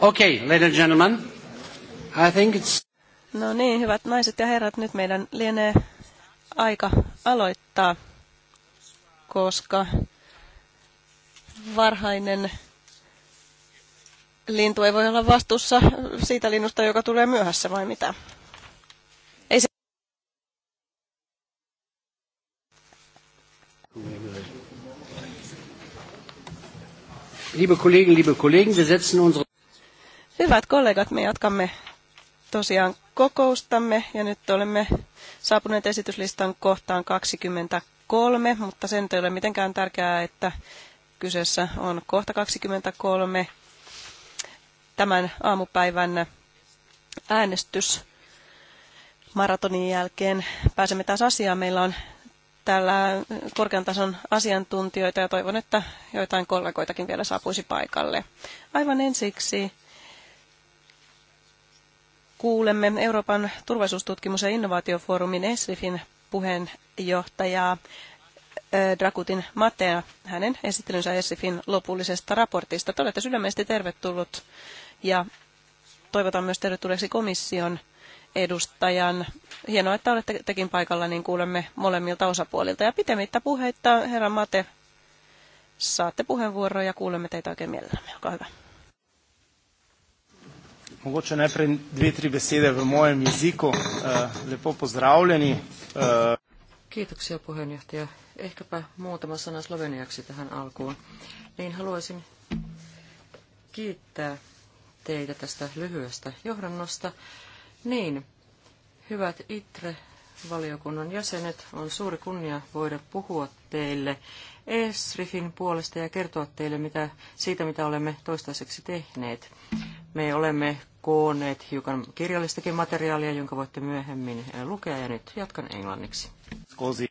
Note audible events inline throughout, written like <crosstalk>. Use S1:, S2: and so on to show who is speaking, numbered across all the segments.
S1: Okay, ladies and gentlemen, I think it's... No niin, hyvät naiset ja herrat, nyt meidän lienee aika aloittaa, koska varhainen lintu ei voi olla vastuussa siitä linnusta, joka tulee myöhässä vai mitä? Ei se... Liebe Kollegen, liebe Kollegen, wir setzen unsere Hyvät kollegat, me jatkamme tosiaan kokoustamme ja nyt olemme saapuneet esityslistan kohtaan 23, mutta sen ei ole mitenkään tärkeää, että kyseessä on kohta 23 tämän aamupäivän äänestys. Maratonin jälkeen pääsemme taas asiaan. Meillä on täällä korkean tason asiantuntijoita ja toivon, että joitain kollegoitakin vielä saapuisi paikalle. Aivan ensiksi kuulemme Euroopan turvallisuustutkimus- ja innovaatiofoorumin ESRIFin puheenjohtajaa Drakutin Matea hänen esittelynsä ESRIFin lopullisesta raportista. Te olette sydämesti tervetullut ja toivotan myös tervetulleeksi komission edustajan. Hienoa, että olette tekin paikalla, niin kuulemme molemmilta osapuolilta. Ja pitemmittä puheitta, herra Mate, saatte puheenvuoroja ja kuulemme teitä oikein mielellämme. Olkaa hyvä.
S2: Mogoče najprej dve, tri besede v mojem jeziku. Eh, lepo pozdravljeni. Eh,
S3: Kiitoksia puheenjohtaja. Ehkäpä muutama sana sloveniaksi tähän alkuun. Niin haluaisin kiittää teitä tästä lyhyestä johdannosta. Niin, hyvät ITRE-valiokunnan jäsenet, on suuri kunnia voida puhua teille Esrifin puolesta ja kertoa teille mitä, siitä, mitä olemme toistaiseksi tehneet. Me olemme koonneet hiukan kirjallistakin materiaalia, jonka voitte myöhemmin eh, lukea, ja nyt jatkan englanniksi. Eh,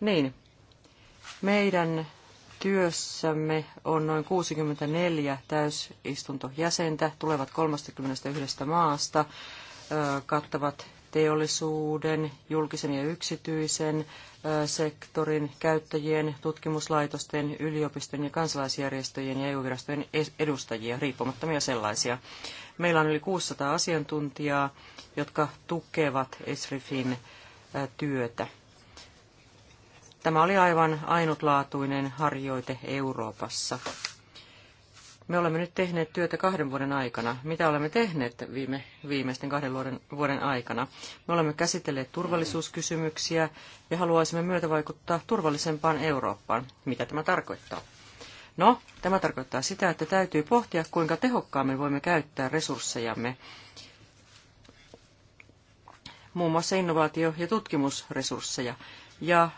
S3: niin. Meidän työssämme on noin 64 täysistuntojäsentä, tulevat 31 maasta, kattavat teollisuuden, julkisen ja yksityisen sektorin, käyttäjien, tutkimuslaitosten, yliopistojen ja kansalaisjärjestöjen ja EU-virastojen edustajia, riippumattomia sellaisia. Meillä on yli 600 asiantuntijaa, jotka tukevat ESRIFin työtä. Tämä oli aivan ainutlaatuinen harjoite Euroopassa. Me olemme nyt tehneet työtä kahden vuoden aikana. Mitä olemme tehneet viime, viimeisten kahden vuoden, vuoden aikana? Me olemme käsitelleet turvallisuuskysymyksiä ja haluaisimme vaikuttaa turvallisempaan Eurooppaan. Mitä tämä tarkoittaa? No, tämä tarkoittaa sitä, että täytyy pohtia, kuinka tehokkaammin voimme käyttää resurssejamme. Muun muassa innovaatio- ja tutkimusresursseja. Ja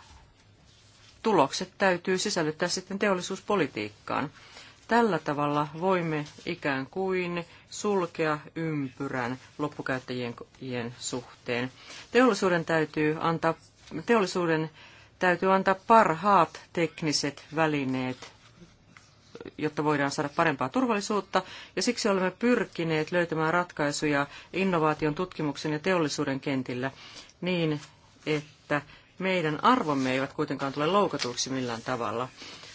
S3: tulokset täytyy sisällyttää sitten teollisuuspolitiikkaan. Tällä tavalla voimme ikään kuin sulkea ympyrän loppukäyttäjien suhteen. Teollisuuden täytyy antaa, teollisuuden täytyy antaa parhaat tekniset välineet, jotta voidaan saada parempaa turvallisuutta, ja siksi olemme pyrkineet löytämään ratkaisuja innovaation, tutkimuksen ja teollisuuden kentillä niin, että meidän arvomme eivät kuitenkaan tule loukatuiksi millään tavalla.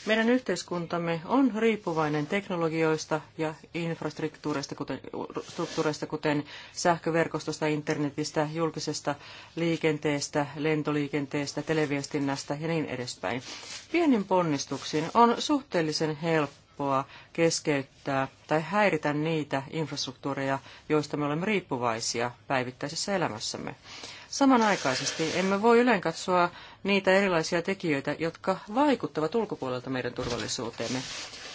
S3: Meidän yhteiskuntamme on riippuvainen teknologioista ja infrastruktuureista, kuten, struktuureista, kuten sähköverkostosta, internetistä, julkisesta liikenteestä, lentoliikenteestä, televiestinnästä ja niin edespäin. Pienin ponnistuksin on suhteellisen helppoa keskeyttää tai häiritä niitä infrastruktuureja, joista me olemme riippuvaisia päivittäisessä elämässämme. Samanaikaisesti emme voi yleensä katsoa niitä erilaisia tekijöitä, jotka vaikuttavat ulkopuolelta meidän turvallisuuteemme.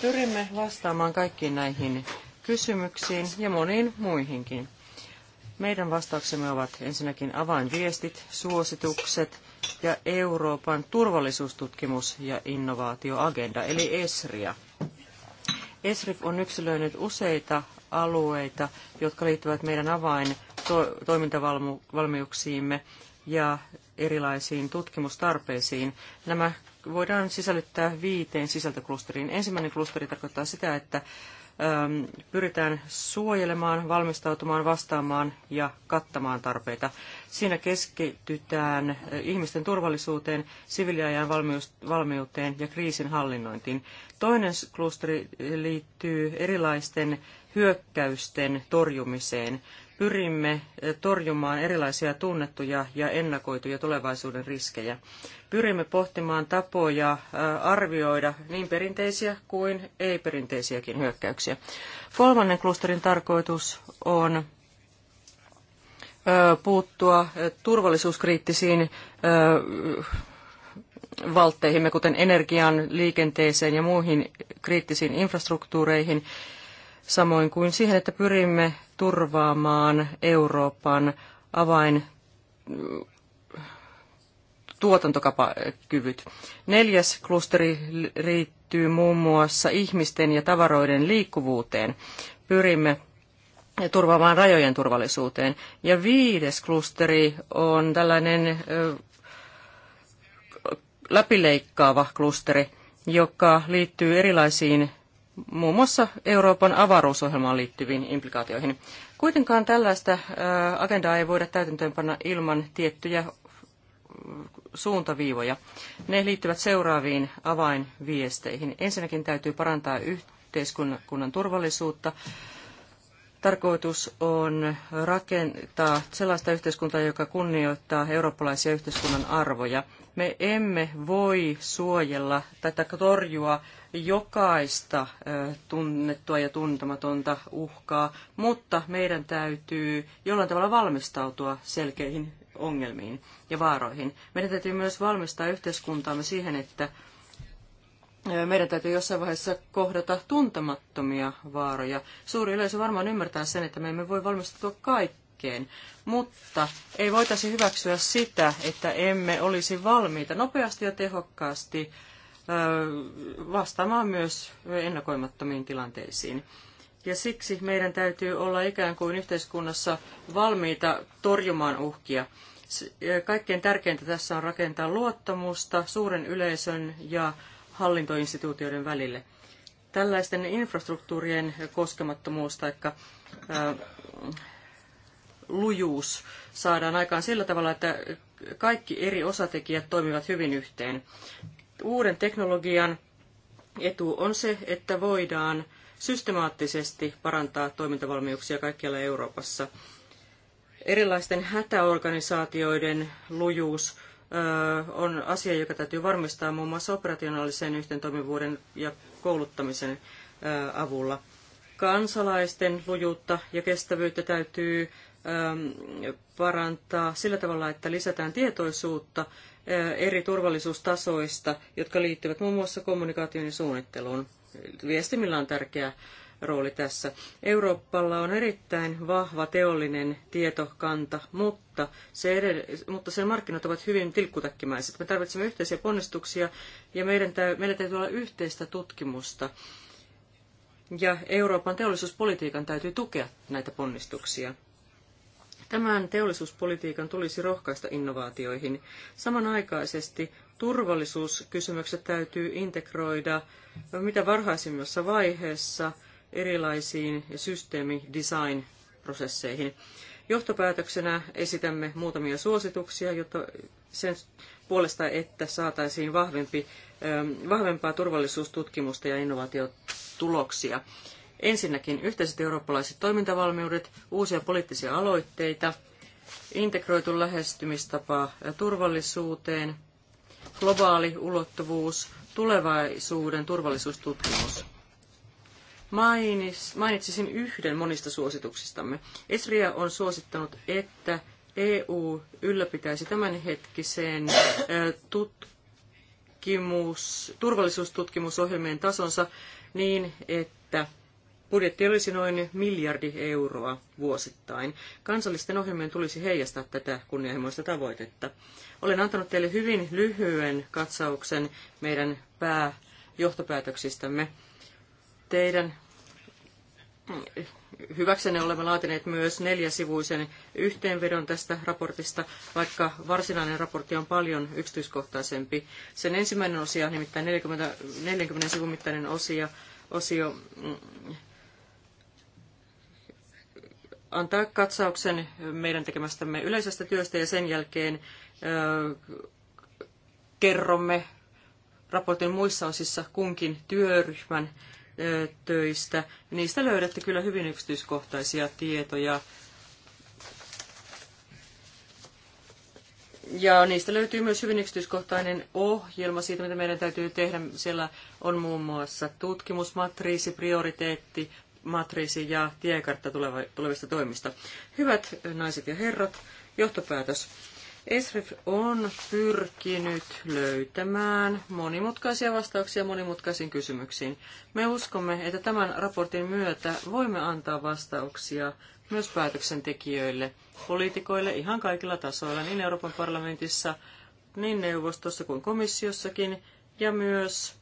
S3: Pyrimme vastaamaan kaikkiin näihin kysymyksiin ja moniin muihinkin. Meidän vastauksemme ovat ensinnäkin avainviestit, suositukset ja Euroopan turvallisuustutkimus- ja innovaatioagenda, eli ESRIA. ESRIF on yksilöinyt useita alueita, jotka liittyvät meidän avain toimintavalmiuksiimme ja erilaisiin tutkimustarpeisiin. Nämä voidaan sisällyttää viiteen sisältöklusteriin. Ensimmäinen klusteri tarkoittaa sitä, että ähm, pyritään suojelemaan, valmistautumaan, vastaamaan ja kattamaan tarpeita. Siinä keskitytään äh, ihmisten turvallisuuteen, siviiliajan valmiuteen ja kriisin hallinnointiin. Toinen klusteri liittyy erilaisten hyökkäysten torjumiseen pyrimme eh, torjumaan erilaisia tunnettuja ja ennakoituja tulevaisuuden riskejä. Pyrimme pohtimaan tapoja eh, arvioida niin perinteisiä kuin ei-perinteisiäkin hyökkäyksiä. Kolmannen klusterin tarkoitus on eh, puuttua turvallisuuskriittisiin valtteihimme, kuten energiaan, liikenteeseen ja muihin kriittisiin infrastruktuureihin, samoin kuin siihen, että pyrimme turvaamaan Euroopan avain tuotantokapakyvyt. Neljäs klusteri liittyy muun muassa ihmisten ja tavaroiden liikkuvuuteen. Pyrimme turvaamaan rajojen turvallisuuteen. Ja viides klusteri on tällainen läpileikkaava klusteri, joka liittyy erilaisiin muun muassa Euroopan avaruusohjelmaan liittyviin implikaatioihin. Kuitenkaan tällaista agendaa ei voida täytäntöönpanna ilman tiettyjä suuntaviivoja. Ne liittyvät seuraaviin avainviesteihin. Ensinnäkin täytyy parantaa yhteiskunnan turvallisuutta. Tarkoitus on rakentaa sellaista yhteiskuntaa, joka kunnioittaa eurooppalaisia yhteiskunnan arvoja. Me emme voi suojella tätä torjua jokaista tunnettua ja tuntematonta uhkaa, mutta meidän täytyy jollain tavalla valmistautua selkeihin ongelmiin ja vaaroihin. Meidän täytyy myös valmistaa yhteiskuntaamme siihen, että meidän täytyy jossain vaiheessa kohdata tuntemattomia vaaroja. Suuri yleisö varmaan ymmärtää sen, että me emme voi valmistautua kaikkeen, mutta ei voitaisi hyväksyä sitä, että emme olisi valmiita nopeasti ja tehokkaasti vastaamaan myös ennakoimattomiin tilanteisiin. Ja siksi meidän täytyy olla ikään kuin yhteiskunnassa valmiita torjumaan uhkia. Kaikkein tärkeintä tässä on rakentaa luottamusta suuren yleisön ja hallintoinstituutioiden välille. Tällaisten infrastruktuurien koskemattomuus tai lujuus saadaan aikaan sillä tavalla, että kaikki eri osatekijät toimivat hyvin yhteen. Uuden teknologian etu on se, että voidaan systemaattisesti parantaa toimintavalmiuksia kaikkialla Euroopassa. Erilaisten hätäorganisaatioiden lujuus on asia, joka täytyy varmistaa muun muassa operationaalisen yhteentoimivuuden ja kouluttamisen avulla. Kansalaisten lujuutta ja kestävyyttä täytyy parantaa sillä tavalla, että lisätään tietoisuutta eri turvallisuustasoista, jotka liittyvät muun muassa kommunikaation ja suunnitteluun. Viestimillä on tärkeä rooli tässä. Euroopalla on erittäin vahva teollinen tietokanta, mutta, se edell- mutta sen markkinat ovat hyvin tilkkutäkkimäiset. Me tarvitsemme yhteisiä ponnistuksia ja meidän tä- meillä täytyy olla yhteistä tutkimusta. Ja Euroopan teollisuuspolitiikan täytyy tukea näitä ponnistuksia. Tämän teollisuuspolitiikan tulisi rohkaista innovaatioihin. Samanaikaisesti turvallisuuskysymykset täytyy integroida mitä varhaisimmassa vaiheessa erilaisiin systeemi-design-prosesseihin. Johtopäätöksenä esitämme muutamia suosituksia, jotta sen puolesta, että saataisiin vahvempi, vahvempaa turvallisuustutkimusta ja innovaatiotuloksia. Ensinnäkin yhteiset eurooppalaiset toimintavalmiudet, uusia poliittisia aloitteita, integroitu lähestymistapa turvallisuuteen, globaali ulottuvuus, tulevaisuuden turvallisuustutkimus. Mainis, mainitsisin yhden monista suosituksistamme. Esria on suosittanut, että EU ylläpitäisi tämänhetkisen tutkimus, turvallisuustutkimusohjelmien tasonsa niin, että Budjetti olisi noin miljardi euroa vuosittain. Kansallisten ohjelmien tulisi heijastaa tätä kunnianhimoista tavoitetta. Olen antanut teille hyvin lyhyen katsauksen meidän pääjohtopäätöksistämme. Teidän hyväksenne olemme laatineet myös neljäsivuisen yhteenvedon tästä raportista, vaikka varsinainen raportti on paljon yksityiskohtaisempi. Sen ensimmäinen osia, nimittäin 40, 40 sivun mittainen osia, osio mm, antaa katsauksen meidän tekemästämme yleisestä työstä ja sen jälkeen kerromme raportin muissa osissa kunkin työryhmän töistä. Niistä löydätte kyllä hyvin yksityiskohtaisia tietoja. Ja niistä löytyy myös hyvin yksityiskohtainen ohjelma siitä, mitä meidän täytyy tehdä. Siellä on muun muassa tutkimusmatriisi, prioriteetti, matriisi ja tiekartta tulevista toimista. Hyvät naiset ja herrat, johtopäätös. Esref on pyrkinyt löytämään monimutkaisia vastauksia monimutkaisiin kysymyksiin. Me uskomme, että tämän raportin myötä voimme antaa vastauksia myös päätöksentekijöille, poliitikoille ihan kaikilla tasoilla, niin Euroopan parlamentissa, niin neuvostossa kuin komissiossakin, ja myös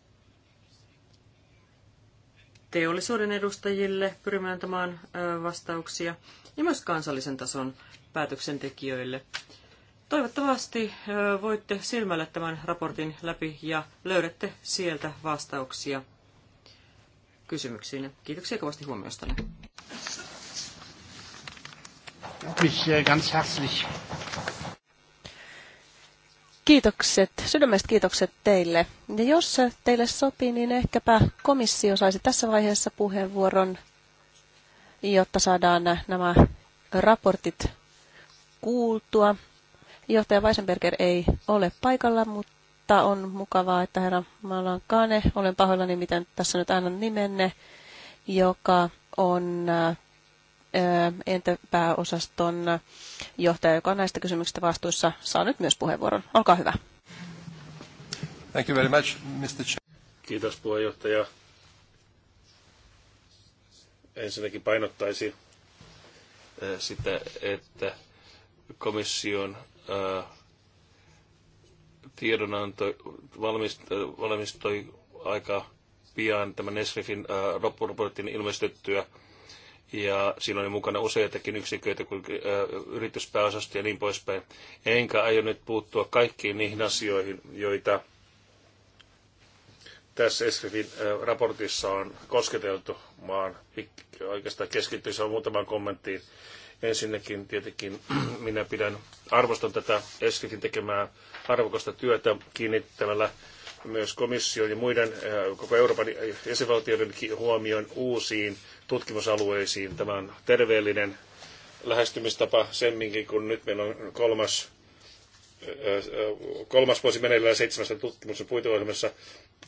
S3: teollisuuden edustajille, pyrimme antamaan vastauksia ja myös kansallisen tason päätöksentekijöille. Toivottavasti voitte silmällä tämän raportin läpi ja löydätte sieltä vastauksia kysymyksiin. Kiitoksia kovasti huomiostanne. Mich äh, ganz herzlich
S1: Kiitokset, sydämestä kiitokset teille. Ja jos se teille sopii, niin ehkäpä komissio saisi tässä vaiheessa puheenvuoron, jotta saadaan nämä raportit kuultua. Johtaja Weisenberger ei ole paikalla, mutta on mukavaa, että herra Kane, olen pahoillani, miten tässä nyt annan nimenne, joka on äh, entä pääosaston johtaja, joka on näistä kysymyksistä vastuussa, saa nyt myös puheenvuoron. Olkaa hyvä.
S3: Thank you very much, Mr.
S2: Chair. Kiitos puheenjohtaja. Ensinnäkin painottaisi sitä, että komission tiedonanto valmistui aika pian tämän Esrifin loppuraportin ilmestyttyä – ja siinä oli mukana useitakin yksiköitä kuin äh, yrityspääosasto ja niin poispäin. Enkä aio nyt puuttua kaikkiin niihin asioihin, joita tässä Esrifin äh, raportissa on kosketeltu, vaan oikeastaan on muutamaan kommenttiin. Ensinnäkin tietenkin <clears throat> minä pidän, arvostan tätä Esrifin tekemää arvokasta työtä kiinnittämällä myös komission ja muiden äh, koko Euroopan jäsenvaltioiden huomion uusiin tutkimusalueisiin. Tämä on terveellinen lähestymistapa semminkin, kun nyt meillä on kolmas, äh, äh, kolmas vuosi meneillään seitsemästä tutkimuksen puiteohjelmassa,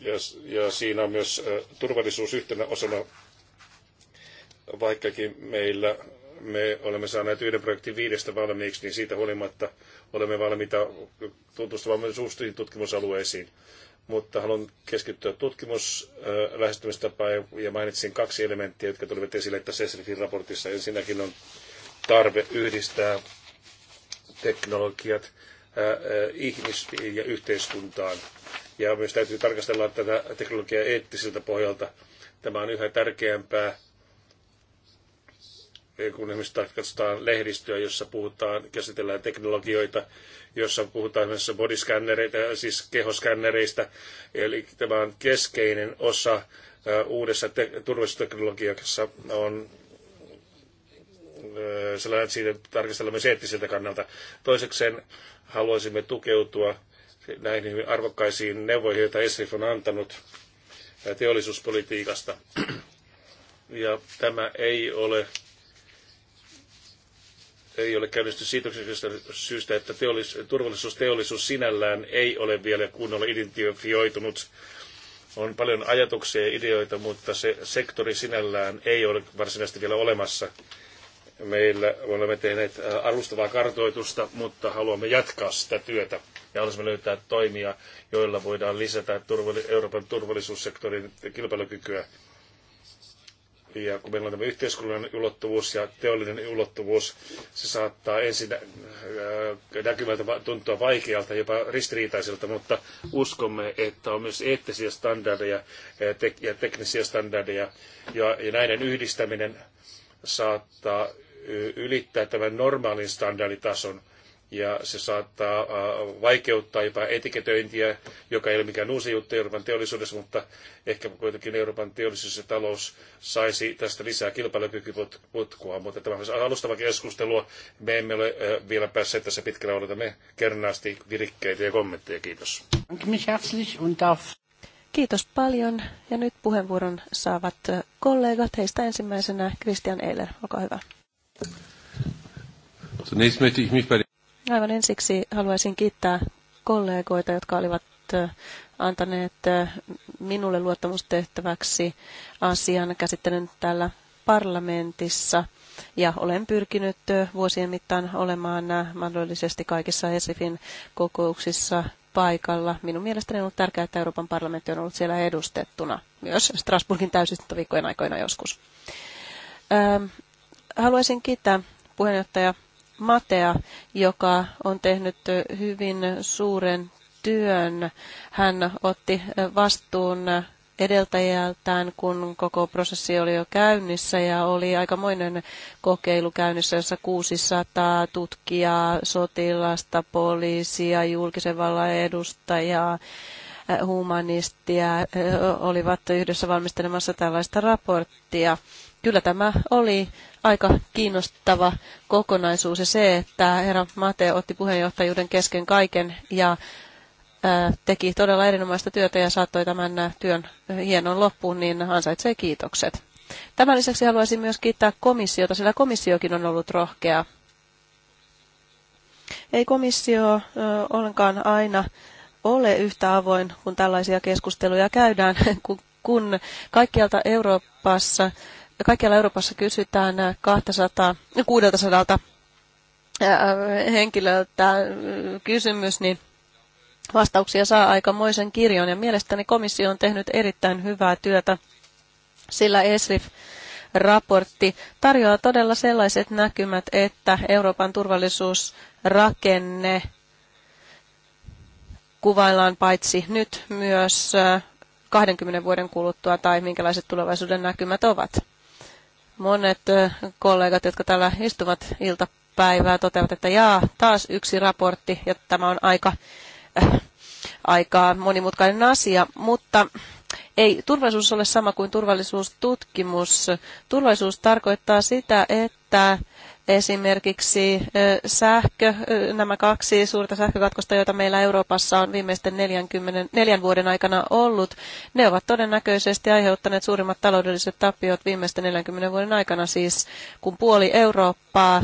S2: ja, ja siinä on myös turvallisuus yhtenä osana, vaikkakin meillä me olemme saaneet yhden projektin viidestä valmiiksi, niin siitä huolimatta olemme valmiita tutustumaan myös uusiin tutkimusalueisiin mutta haluan keskittyä tutkimuslähestymistapaan ja mainitsin kaksi elementtiä, jotka tulivat esille tässä SRFin raportissa. Ensinnäkin on tarve yhdistää teknologiat ihmis- ja yhteiskuntaan. Ja myös täytyy tarkastella tätä teknologiaa eettisiltä pohjalta. Tämä on yhä tärkeämpää kun esimerkiksi katsotaan lehdistöä, jossa puhutaan, käsitellään teknologioita, jossa puhutaan esimerkiksi bodyscannereita, siis kehoskännereistä. Eli tämä on keskeinen osa uudessa te- turvallisuusteknologiassa on sellainen, että siitä tarkastellaan myös eettiseltä kannalta. Toisekseen haluaisimme tukeutua näihin hyvin arvokkaisiin neuvoihin, joita ESRIF on antanut teollisuuspolitiikasta. Ja tämä ei ole ei ole käynnistynyt siitä syystä, että teollis, turvallisuusteollisuus sinällään ei ole vielä kunnolla identifioitunut. On paljon ajatuksia ja ideoita, mutta se sektori sinällään ei ole varsinaisesti vielä olemassa. Meillä olemme tehneet alustavaa kartoitusta, mutta haluamme jatkaa sitä työtä ja haluaisimme löytää toimia, joilla voidaan lisätä Euroopan turvallisuussektorin kilpailukykyä ja kun meillä on tämä yhteiskunnallinen ulottuvuus ja teollinen ulottuvuus, se saattaa ensin äh, näkymältä tuntua vaikealta, jopa ristiriitaiselta, mutta uskomme, että on myös eettisiä standardeja äh, ja teknisiä standardeja, ja näiden yhdistäminen saattaa ylittää tämän normaalin standarditason – ja se saattaa äh, vaikeuttaa jopa etiketöintiä, joka ei ole mikään uusi juttu Euroopan teollisuudessa, mutta ehkä kuitenkin Euroopan teollisuus ja talous saisi tästä lisää kilpailukykypotkua. Mutta tämä on alustava keskustelua. Me emme ole äh, vielä päässeet tässä pitkällä odotamme kernaasti virikkeitä ja kommentteja. Kiitos.
S1: Kiitos paljon. Ja nyt puheenvuoron saavat äh, kollegat. Heistä ensimmäisenä Christian Eiler. Olkaa hyvä.
S2: Zunächst möchte ich mich bei
S1: Aivan ensiksi haluaisin kiittää kollegoita, jotka olivat antaneet minulle luottamustehtäväksi asian käsittelyn täällä parlamentissa. Ja olen pyrkinyt vuosien mittaan olemaan mahdollisesti kaikissa ESIFin kokouksissa paikalla. Minun mielestäni on ollut tärkeää, että Euroopan parlamentti on ollut siellä edustettuna, myös Strasbourgin täysistuntoviikkojen aikoina joskus. Haluaisin kiittää puheenjohtaja Matea, joka on tehnyt hyvin suuren työn. Hän otti vastuun edeltäjältään, kun koko prosessi oli jo käynnissä ja oli aikamoinen kokeilu käynnissä, jossa 600 tutkijaa, sotilasta, poliisia, julkisen vallan edustajaa, humanistia olivat yhdessä valmistelemassa tällaista raporttia kyllä tämä oli aika kiinnostava kokonaisuus ja se, että herra Mate otti puheenjohtajuuden kesken kaiken ja teki todella erinomaista työtä ja saattoi tämän työn hienon loppuun, niin ansaitsee kiitokset. Tämän lisäksi haluaisin myös kiittää komissiota, sillä komissiokin on ollut rohkea. Ei komissio ollenkaan aina ole yhtä avoin, kun tällaisia keskusteluja käydään, <laughs> kun kaikkialta Euroopassa kaikkialla Euroopassa kysytään 200, 600 äh, henkilöltä äh, kysymys, niin vastauksia saa aikamoisen kirjon. Ja mielestäni komissio on tehnyt erittäin hyvää työtä, sillä ESRIF raportti tarjoaa todella sellaiset näkymät, että Euroopan turvallisuusrakenne kuvaillaan paitsi nyt myös 20 äh, vuoden kuluttua tai minkälaiset tulevaisuuden näkymät ovat. Monet kollegat, jotka täällä istuvat iltapäivää, toteavat, että jaa, taas yksi raportti, ja tämä on aika, äh, aika monimutkainen asia, mutta ei turvallisuus ole sama kuin turvallisuustutkimus. Turvallisuus tarkoittaa sitä, että esimerkiksi sähkö, nämä kaksi suurta sähkökatkosta, joita meillä Euroopassa on viimeisten 40, neljän vuoden aikana ollut, ne ovat todennäköisesti aiheuttaneet suurimmat taloudelliset tappiot viimeisten 40 vuoden aikana, siis kun puoli Eurooppaa,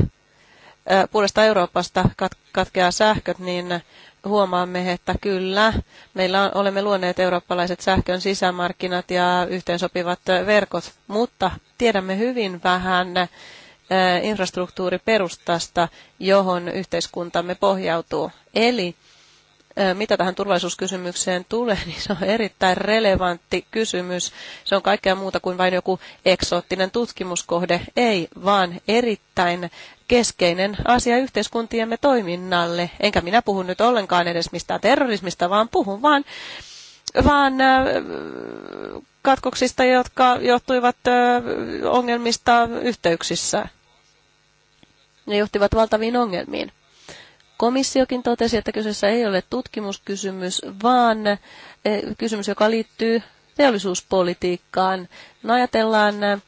S1: puolesta Euroopasta katkeaa sähköt, niin huomaamme, että kyllä, meillä on, olemme luoneet eurooppalaiset sähkön sisämarkkinat ja yhteensopivat verkot, mutta tiedämme hyvin vähän infrastruktuuriperustasta, johon yhteiskuntamme pohjautuu. Eli mitä tähän turvallisuuskysymykseen tulee, <laughs> niin se on erittäin relevantti kysymys. Se on kaikkea muuta kuin vain joku eksoottinen tutkimuskohde, ei, vaan erittäin keskeinen asia yhteiskuntiemme toiminnalle. Enkä minä puhu nyt ollenkaan edes mistään terrorismista, vaan puhun vaan, vaan katkoksista, jotka johtuivat ongelmista yhteyksissä ne johtivat valtaviin ongelmiin. Komissiokin totesi, että kyseessä ei ole tutkimuskysymys, vaan eh, kysymys, joka liittyy teollisuuspolitiikkaan. No ajatellaan eh,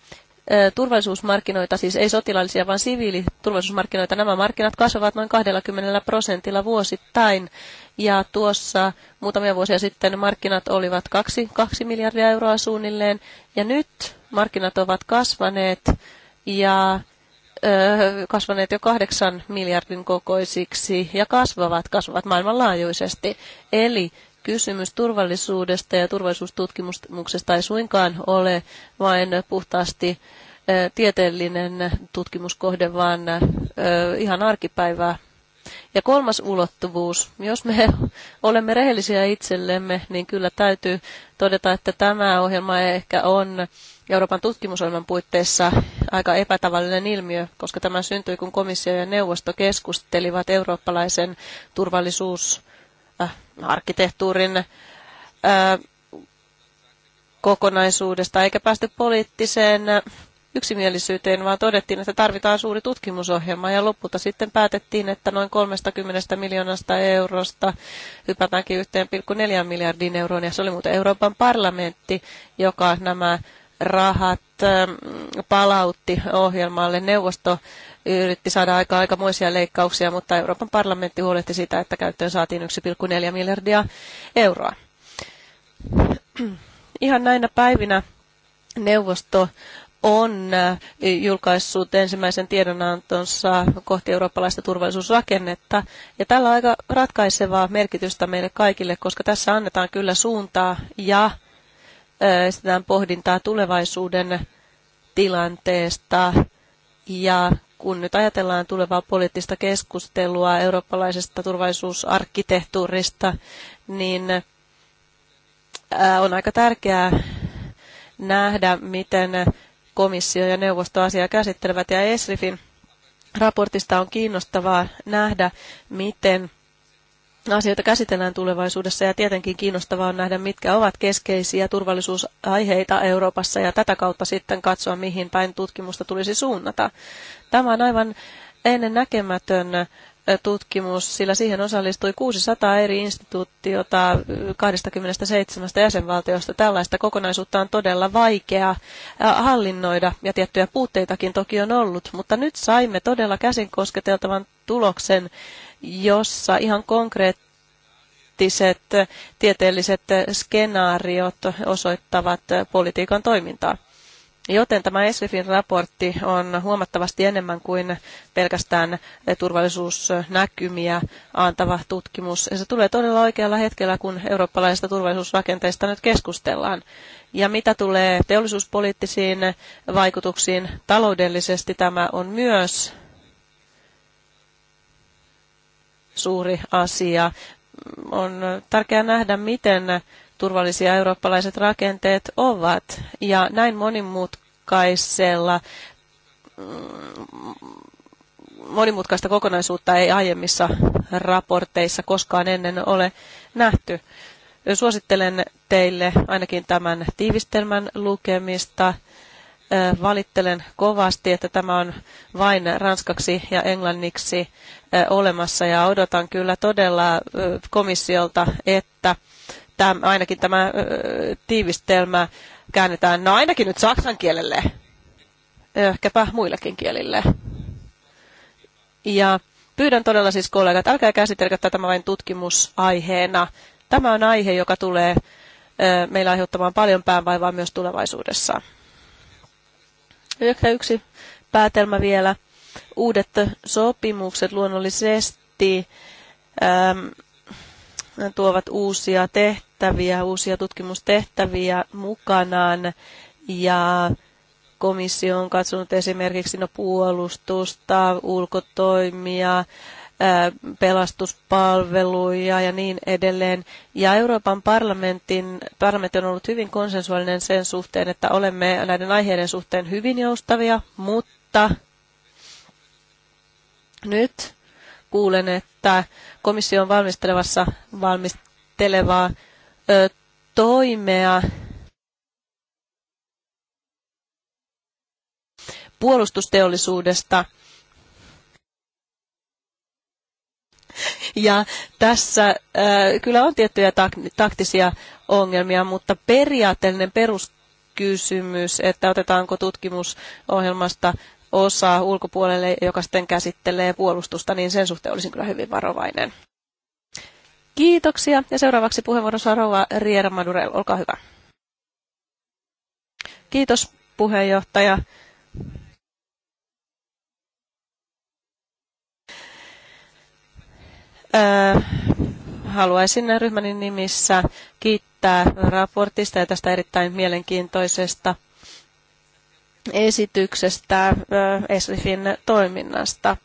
S1: turvallisuusmarkkinoita, siis ei sotilaallisia, vaan siviiliturvallisuusmarkkinoita. Nämä markkinat kasvavat noin 20 prosentilla vuosittain. Ja tuossa muutamia vuosia sitten markkinat olivat 2, 2 miljardia euroa suunnilleen. Ja nyt markkinat ovat kasvaneet ja kasvaneet jo kahdeksan miljardin kokoisiksi ja kasvavat, kasvavat maailmanlaajuisesti. Eli kysymys turvallisuudesta ja turvallisuustutkimuksesta ei suinkaan ole vain puhtaasti tieteellinen tutkimuskohde, vaan ihan arkipäivää. Ja kolmas ulottuvuus. Jos me <laughs> olemme rehellisiä itsellemme, niin kyllä täytyy todeta, että tämä ohjelma ehkä on Euroopan tutkimusohjelman puitteissa aika epätavallinen ilmiö, koska tämä syntyi, kun komissio ja neuvosto keskustelivat eurooppalaisen turvallisuusarkkitehtuurin äh, äh, kokonaisuudesta, eikä päästy poliittiseen äh, yksimielisyyteen, vaan todettiin, että tarvitaan suuri tutkimusohjelma ja lopulta sitten päätettiin, että noin 30 miljoonasta eurosta hypätäänkin 1,4 miljardiin euroon ja se oli muuten Euroopan parlamentti, joka nämä rahat ähm, palautti ohjelmalle. Neuvosto yritti saada aika aikamoisia leikkauksia, mutta Euroopan parlamentti huolehti sitä, että käyttöön saatiin 1,4 miljardia euroa. <clears throat> Ihan näinä päivinä neuvosto on äh, julkaissut ensimmäisen tiedonantonsa kohti eurooppalaista turvallisuusrakennetta. Ja tällä on aika ratkaisevaa merkitystä meille kaikille, koska tässä annetaan kyllä suuntaa ja esitetään pohdintaa tulevaisuuden tilanteesta ja kun nyt ajatellaan tulevaa poliittista keskustelua eurooppalaisesta turvallisuusarkkitehtuurista, niin on aika tärkeää nähdä, miten komissio ja neuvosto asiaa käsittelevät. Ja ESRIFin raportista on kiinnostavaa nähdä, miten asioita käsitellään tulevaisuudessa ja tietenkin kiinnostavaa on nähdä, mitkä ovat keskeisiä turvallisuusaiheita Euroopassa ja tätä kautta sitten katsoa, mihin päin tutkimusta tulisi suunnata. Tämä on aivan ennen näkemätön tutkimus, sillä siihen osallistui 600 eri instituutiota 27 jäsenvaltiosta. Tällaista kokonaisuutta on todella vaikea hallinnoida ja tiettyjä puutteitakin toki on ollut, mutta nyt saimme todella käsin kosketeltavan tuloksen jossa ihan konkreettiset tieteelliset skenaariot osoittavat politiikan toimintaa. Joten tämä ESRIFin raportti on huomattavasti enemmän kuin pelkästään turvallisuusnäkymiä antava tutkimus. Ja se tulee todella oikealla hetkellä, kun eurooppalaisista turvallisuusrakenteista nyt keskustellaan. Ja mitä tulee teollisuuspoliittisiin vaikutuksiin taloudellisesti, tämä on myös suuri asia. On tärkeää nähdä, miten turvallisia eurooppalaiset rakenteet ovat. Ja näin monimutkaisella mm, monimutkaista kokonaisuutta ei aiemmissa raporteissa koskaan ennen ole nähty. Suosittelen teille ainakin tämän tiivistelmän lukemista valittelen kovasti, että tämä on vain ranskaksi ja englanniksi olemassa ja odotan kyllä todella komissiolta, että tämä ainakin tämä tiivistelmä käännetään, no ainakin nyt saksan kielelle, ehkäpä muillekin kielille. Ja pyydän todella siis kollegat, älkää käsitelkö tätä vain tutkimusaiheena. Tämä on aihe, joka tulee meillä aiheuttamaan paljon päänvaivaa myös tulevaisuudessa. Ehkä yksi päätelmä vielä. Uudet sopimukset luonnollisesti äm, tuovat uusia tehtäviä, uusia tutkimustehtäviä mukanaan ja komissio on katsonut esimerkiksi no, puolustusta, ulkotoimia, pelastuspalveluja ja niin edelleen. Ja Euroopan parlamentin, parlamentti on ollut hyvin konsensuaalinen sen suhteen, että olemme näiden aiheiden suhteen hyvin joustavia, mutta nyt kuulen, että komissio on valmistelevassa valmistelevaa ö, toimea puolustusteollisuudesta – Ja tässä äh, kyllä on tiettyjä taktisia ongelmia, mutta periaatteellinen peruskysymys, että otetaanko tutkimusohjelmasta osa ulkopuolelle, joka sitten käsittelee puolustusta, niin sen suhteen olisin kyllä hyvin varovainen. Kiitoksia. Ja seuraavaksi puheenvuoro saa rouva Riera Madurel. Olkaa hyvä. Kiitos puheenjohtaja. Äh, haluaisin ryhmäni nimissä kiittää raportista ja tästä erittäin mielenkiintoisesta esityksestä äh, ESRIFin toiminnasta.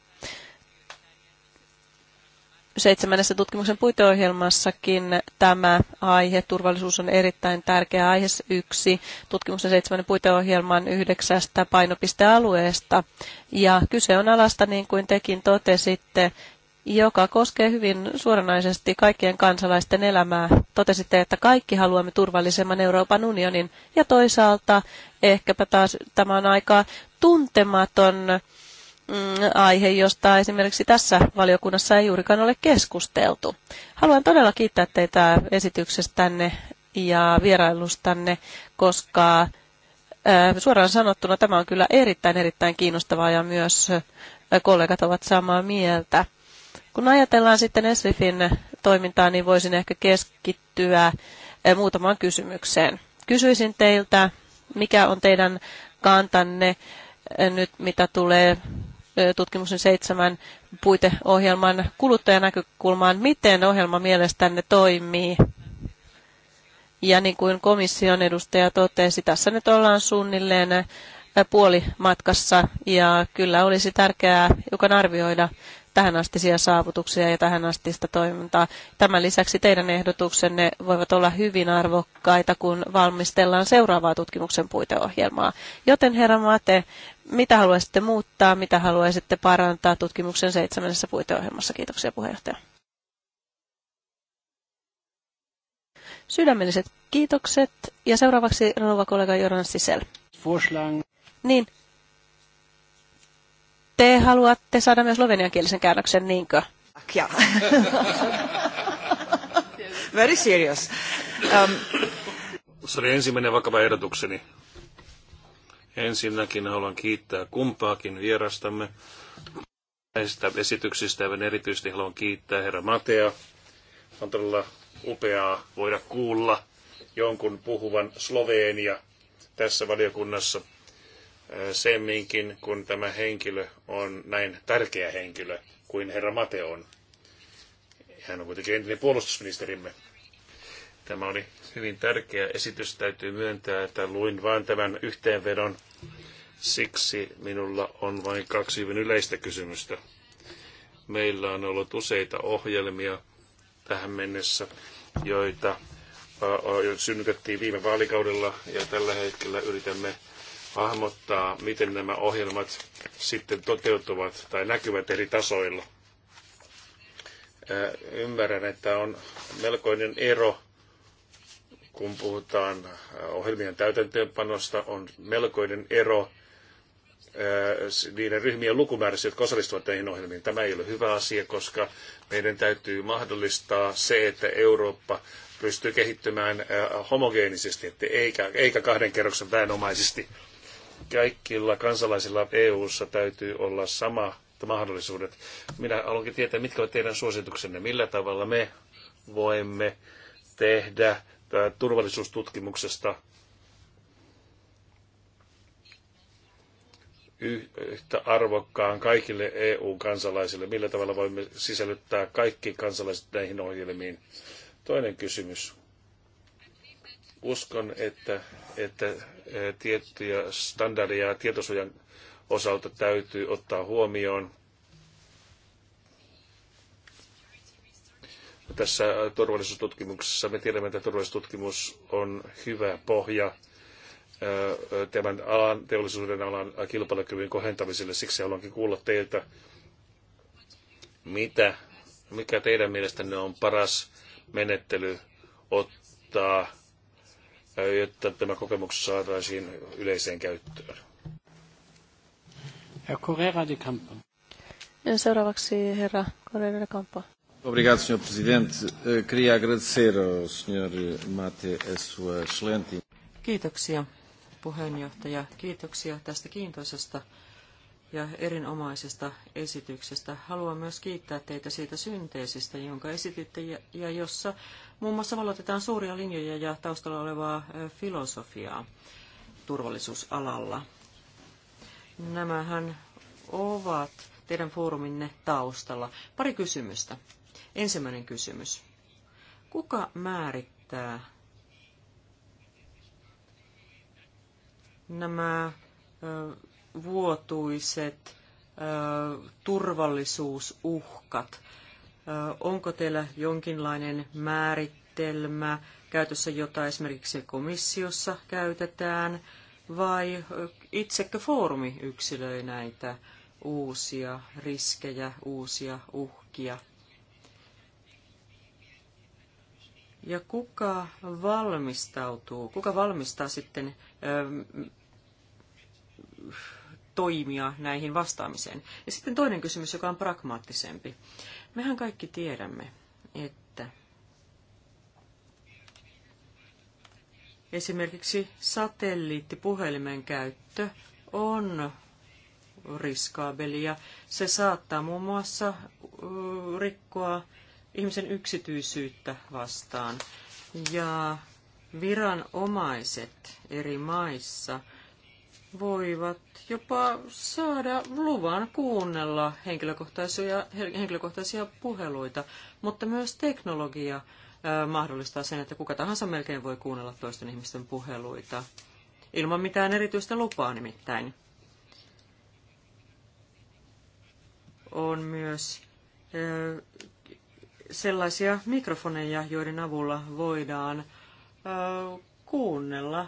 S1: Seitsemännessä tutkimuksen puiteohjelmassakin tämä aihe, turvallisuus on erittäin tärkeä aihe yksi tutkimuksen seitsemännen puiteohjelman yhdeksästä painopistealueesta. Ja kyse on alasta, niin kuin tekin totesitte, joka koskee hyvin suoranaisesti kaikkien kansalaisten elämää. Totesitte, että kaikki haluamme turvallisemman Euroopan unionin ja toisaalta ehkäpä taas tämä on aika tuntematon mm, aihe, josta esimerkiksi tässä valiokunnassa ei juurikaan ole keskusteltu. Haluan todella kiittää teitä esityksestänne ja vierailustanne, koska suoraan sanottuna tämä on kyllä erittäin erittäin kiinnostavaa ja myös kollegat ovat samaa mieltä. Kun ajatellaan sitten Esrifin toimintaa, niin voisin ehkä keskittyä eh, muutamaan kysymykseen. Kysyisin teiltä, mikä on teidän kantanne eh, nyt, mitä tulee eh, tutkimuksen seitsemän puiteohjelman kuluttajanäkökulmaan. Miten ohjelma mielestänne toimii? Ja niin kuin komission edustaja totesi, tässä nyt ollaan suunnilleen puolimatkassa ja kyllä olisi tärkeää hiukan arvioida tähänastisia saavutuksia ja tähänastista toimintaa. Tämän lisäksi teidän ehdotuksenne voivat olla hyvin arvokkaita, kun valmistellaan seuraavaa tutkimuksen puiteohjelmaa. Joten herra Mate, mitä haluaisitte muuttaa, mitä haluaisitte parantaa tutkimuksen seitsemännessä puiteohjelmassa? Kiitoksia puheenjohtaja. Sydämelliset kiitokset ja seuraavaksi rouva kollega Joran Sisel. Niin, te haluatte saada myös kielisen käännöksen, niinkö? Yeah. Very serious. Um.
S3: Se
S2: oli ensimmäinen vakava ehdotukseni. Ensinnäkin haluan kiittää kumpaakin vierastamme näistä esityksistä ja erityisesti haluan kiittää herra Matea. On todella upeaa voida kuulla jonkun puhuvan Sloveenia tässä valiokunnassa semminkin, kun tämä henkilö on näin tärkeä henkilö kuin herra Mate on. Hän on kuitenkin entinen puolustusministerimme. Tämä oli hyvin tärkeä esitys, täytyy myöntää, että luin vain tämän yhteenvedon. Siksi minulla on vain kaksi hyvin yleistä kysymystä. Meillä on ollut useita ohjelmia tähän mennessä, joita synnytettiin viime vaalikaudella ja tällä hetkellä yritämme hahmottaa, miten nämä ohjelmat sitten toteutuvat tai näkyvät eri tasoilla. Ymmärrän, että on melkoinen ero, kun puhutaan ohjelmien täytäntöönpanosta, on melkoinen ero niiden ryhmien lukumäärässä, jotka osallistuvat näihin ohjelmiin. Tämä ei ole hyvä asia, koska meidän täytyy mahdollistaa se, että Eurooppa pystyy kehittymään homogeenisesti, että eikä, eikä kahden kerroksen väenomaisesti kaikilla kansalaisilla EU-ssa täytyy olla sama mahdollisuudet. Minä haluankin tietää, mitkä ovat teidän suosituksenne, millä tavalla me voimme tehdä turvallisuustutkimuksesta yhtä arvokkaan kaikille EU-kansalaisille? Millä tavalla voimme sisällyttää kaikki kansalaiset näihin ohjelmiin? Toinen kysymys. Uskon, että, että tiettyjä standardeja tietosuojan osalta täytyy ottaa huomioon. Tässä turvallisuustutkimuksessa me tiedämme, että turvallisuustutkimus on hyvä pohja tämän alan, teollisuuden alan kilpailukyvyn kohentamiselle. Siksi haluankin kuulla teiltä, mitä, mikä teidän mielestänne on paras menettely ottaa jotta tämä kokemus saataisiin yleiseen käyttöön.
S3: Herra Correa de Campo.
S1: Ja seuraavaksi herra Correa de Campo.
S3: Obrigado,
S2: Sr. Presidente. Eh, queria agradecer ao Sr. Mate a sua excelente...
S3: Kiitoksia, puheenjohtaja. Kiitoksia tästä kiintoisesta ja erinomaisesta esityksestä. Haluan myös kiittää teitä siitä synteesistä, jonka esititte ja jossa Muun muassa valotetaan suuria linjoja ja taustalla olevaa filosofiaa turvallisuusalalla. Nämähän ovat teidän foorumine taustalla. Pari kysymystä. Ensimmäinen kysymys. Kuka määrittää nämä vuotuiset turvallisuusuhkat? Onko teillä jonkinlainen määritelmä käytössä, jota esimerkiksi komissiossa käytetään, vai itsekö foorumi yksilöi näitä uusia riskejä, uusia uhkia? Ja kuka valmistautuu, kuka valmistaa sitten toimia näihin vastaamiseen? Ja sitten toinen kysymys, joka on pragmaattisempi. Mehän kaikki tiedämme, että esimerkiksi satelliittipuhelimen käyttö on riskaabelia. Se saattaa muun muassa rikkoa ihmisen yksityisyyttä vastaan. Ja viranomaiset eri maissa – voivat jopa saada luvan kuunnella henkilökohtaisia, henkilökohtaisia puheluita, mutta myös teknologia mahdollistaa sen, että kuka tahansa melkein voi kuunnella toisten ihmisten puheluita, ilman mitään erityistä lupaa nimittäin. On myös sellaisia mikrofoneja, joiden avulla voidaan kuunnella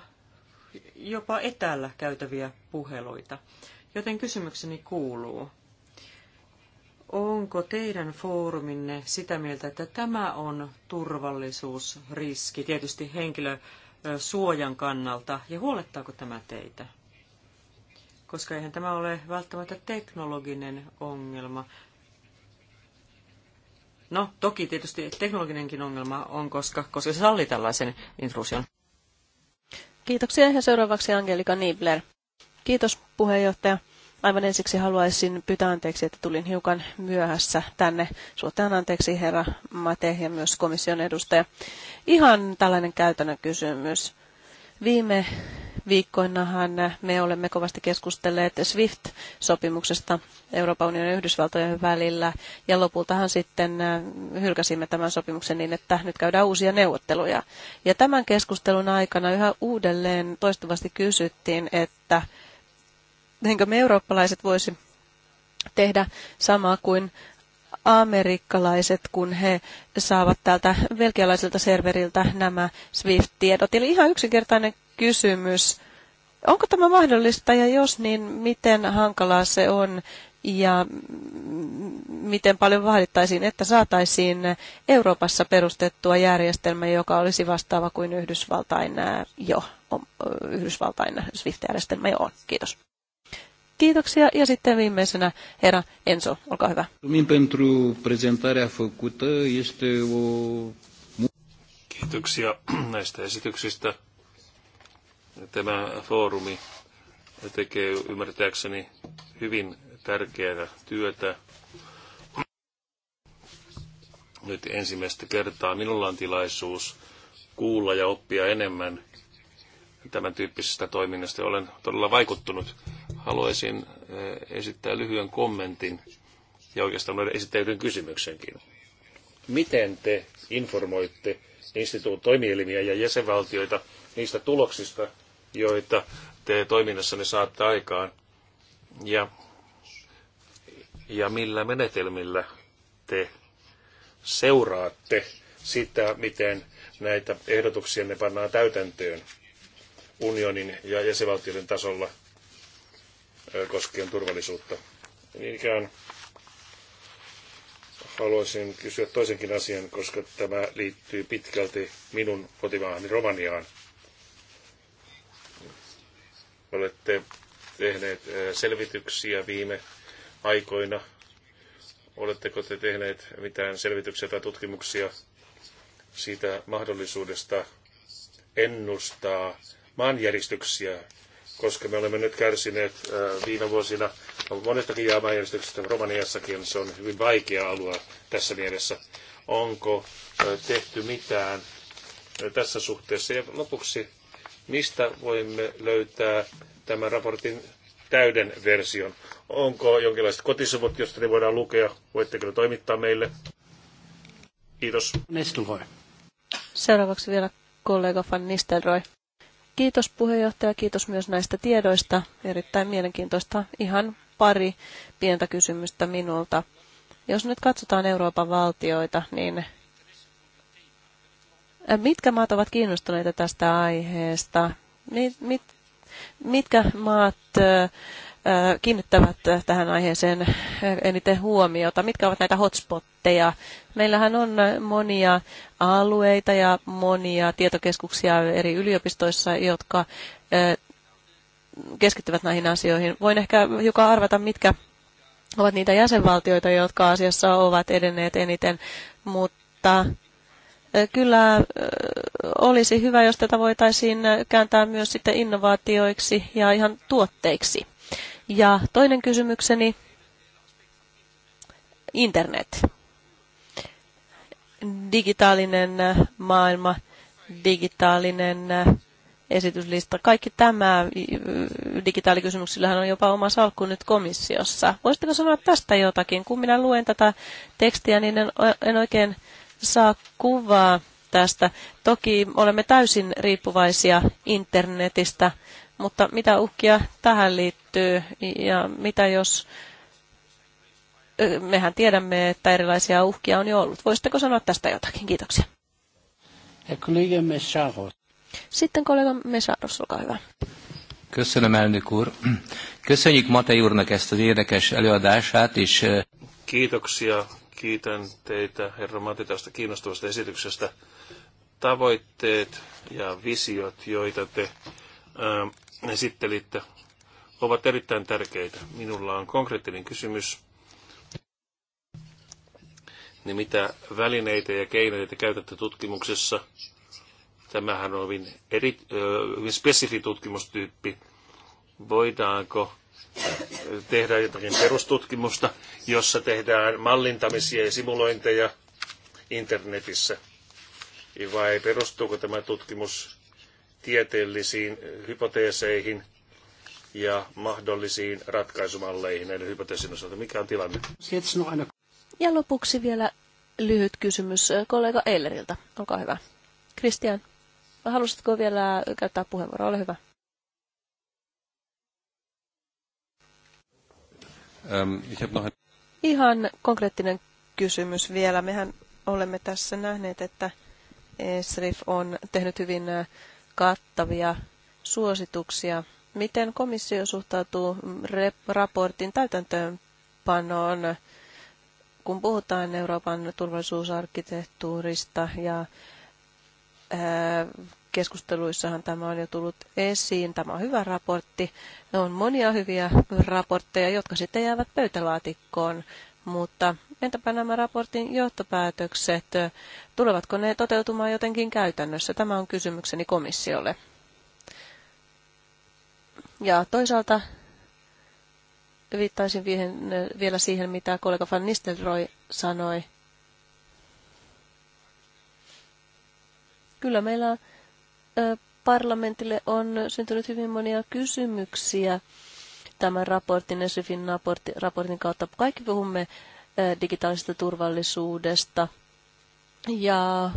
S3: jopa etäällä käytäviä puheluita. Joten kysymykseni kuuluu, onko teidän fooruminne sitä mieltä, että tämä on turvallisuusriski, tietysti henkilösuojan kannalta, ja huolettaako tämä teitä? Koska eihän tämä ole välttämättä teknologinen ongelma. No, toki tietysti teknologinenkin ongelma on, koska, koska se sallii tällaisen intrusion.
S1: Kiitoksia ja seuraavaksi Angelika Niebler. Kiitos puheenjohtaja. Aivan ensiksi haluaisin pyytää anteeksi, että tulin hiukan myöhässä tänne. Suotaan anteeksi herra Mate ja myös komission edustaja. Ihan tällainen käytännön kysymys. Viime viikkoinahan me olemme kovasti keskustelleet SWIFT-sopimuksesta Euroopan unionin ja Yhdysvaltojen välillä, ja lopultahan sitten äh, hylkäsimme tämän sopimuksen niin, että nyt käydään uusia neuvotteluja. Ja tämän keskustelun aikana yhä uudelleen toistuvasti kysyttiin, että enkö me eurooppalaiset voisi tehdä samaa kuin amerikkalaiset, kun he saavat täältä belgialaiselta serveriltä nämä SWIFT-tiedot. Eli ihan yksinkertainen kysymys. Onko tämä mahdollista ja jos niin, miten hankalaa se on ja miten paljon vaadittaisiin, että saataisiin Euroopassa perustettua järjestelmä, joka olisi vastaava kuin Yhdysvaltain äh, jo, Yhdysvaltain SWIFT-järjestelmä jo on. Kiitos. Kiitoksia ja sitten viimeisenä herra Enso, olkaa hyvä.
S2: Kiitoksia <clears throat> näistä esityksistä. Tämä foorumi tekee ymmärtääkseni hyvin tärkeää työtä. Nyt ensimmäistä kertaa minulla on tilaisuus kuulla ja oppia enemmän tämän tyyppisestä toiminnasta. Olen todella vaikuttunut haluaisin eh, esittää lyhyen kommentin ja oikeastaan noiden esittäytyn kysymyksenkin. Miten te informoitte instituutin toimielimiä ja jäsenvaltioita niistä tuloksista, joita te toiminnassanne saatte aikaan? Ja, ja millä menetelmillä te seuraatte sitä, miten näitä ehdotuksia ne pannaan täytäntöön unionin ja jäsenvaltioiden tasolla – koskien turvallisuutta. Niin ikään haluaisin kysyä toisenkin asian, koska tämä liittyy pitkälti minun kotimaahani Romaniaan. Olette tehneet selvityksiä viime aikoina. Oletteko te tehneet mitään selvityksiä tai tutkimuksia siitä mahdollisuudesta ennustaa maanjäristyksiä koska me olemme nyt kärsineet äh, viime vuosina monestakin jäämäjärjestyksestä Romaniassakin. Se on hyvin vaikea alue tässä mielessä. Onko äh, tehty mitään äh, tässä suhteessa? Ja lopuksi, mistä voimme löytää tämän raportin täyden version? Onko jonkinlaiset kotisivut, josta ne voidaan lukea? Voitteko ne toimittaa meille? Kiitos.
S1: Seuraavaksi vielä kollega Van Nistelrooy. Kiitos puheenjohtaja, kiitos myös näistä tiedoista. Erittäin mielenkiintoista. Ihan pari pientä kysymystä minulta. Jos nyt katsotaan Euroopan valtioita, niin mitkä maat ovat kiinnostuneita tästä aiheesta? Mit, mit, mitkä maat kiinnittävät tähän aiheeseen eniten huomiota? Mitkä ovat näitä hotspotteja? Meillähän on monia alueita ja monia tietokeskuksia eri yliopistoissa, jotka keskittyvät näihin asioihin. Voin ehkä joka arvata, mitkä ovat niitä jäsenvaltioita, jotka asiassa ovat edenneet eniten, mutta kyllä olisi hyvä, jos tätä voitaisiin kääntää myös sitten innovaatioiksi ja ihan tuotteiksi. Ja toinen kysymykseni, internet. Digitaalinen maailma, digitaalinen esityslista. Kaikki tämä digitaalikysymyksillähän on jopa oma salkku nyt komissiossa. Voisitteko sanoa tästä jotakin? Kun minä luen tätä tekstiä, niin en, en oikein saa kuvaa tästä. Toki olemme täysin riippuvaisia internetistä, mutta mitä uhkia tähän liittyy ja mitä jos, mehän tiedämme, että erilaisia uhkia on jo ollut. Voisitteko sanoa tästä jotakin? Kiitoksia. Sitten kollega Mesaros, olkaa hyvä.
S2: Köszönöm, elnök úr. Köszönjük Matei úrnak ezt az érdekes
S1: előadását, és...
S2: Kiitoksia, kiitän teitä, herra Mati, tästä kiinnostavasta esityksestä. Tavoitteet ja visiot, joita te esittelitte, ovat erittäin tärkeitä. Minulla on konkreettinen kysymys. Niin mitä välineitä ja keinoja te käytätte tutkimuksessa? Tämähän on hyvin, eri, hyvin spesifi tutkimustyyppi. Voidaanko tehdä jotakin perustutkimusta, jossa tehdään mallintamisia ja simulointeja internetissä? Vai perustuuko tämä tutkimus tieteellisiin hypoteeseihin ja mahdollisiin ratkaisumalleihin näiden hypoteesin osalta. Mikä on tilanne?
S1: Ja lopuksi vielä lyhyt kysymys äh, kollega Eileriltä. Olkaa hyvä. Kristian, halusitko vielä käyttää puheenvuoroa? Ole hyvä. Ähm, Ihan konkreettinen kysymys vielä. Mehän olemme tässä nähneet, että SRIF on tehnyt hyvin äh, kattavia suosituksia. Miten komissio suhtautuu raportin täytäntöönpanoon, kun puhutaan Euroopan turvallisuusarkkitehtuurista ja keskusteluissahan tämä on jo tullut esiin. Tämä on hyvä raportti. On monia hyviä raportteja, jotka sitten jäävät pöytälaatikkoon, mutta entäpä nämä raportin johtopäätökset, tulevatko ne toteutumaan jotenkin käytännössä? Tämä on kysymykseni komissiolle. Ja toisaalta viittaisin vielä siihen, mitä kollega Van Nistelrooy sanoi. Kyllä meillä parlamentille on syntynyt hyvin monia kysymyksiä tämän raportin, Esifin raportin kautta. Kaikki puhumme digitaalisesta turvallisuudesta. Ja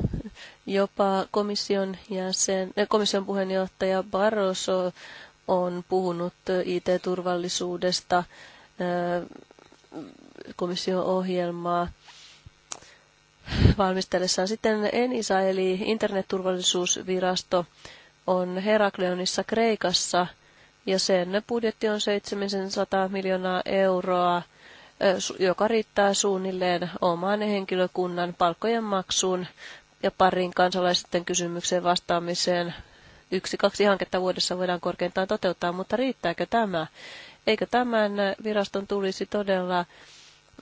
S1: jopa komission, jäsen, komission puheenjohtaja Barroso on puhunut IT-turvallisuudesta komission ohjelmaa valmistellessaan. Sitten ENISA eli internetturvallisuusvirasto on Herakleonissa Kreikassa ja sen budjetti on 700 miljoonaa euroa joka riittää suunnilleen omaan henkilökunnan palkkojen maksuun ja parin kansalaisten kysymykseen vastaamiseen. Yksi, kaksi hanketta vuodessa voidaan korkeintaan toteuttaa, mutta riittääkö tämä? Eikö tämän viraston tulisi todella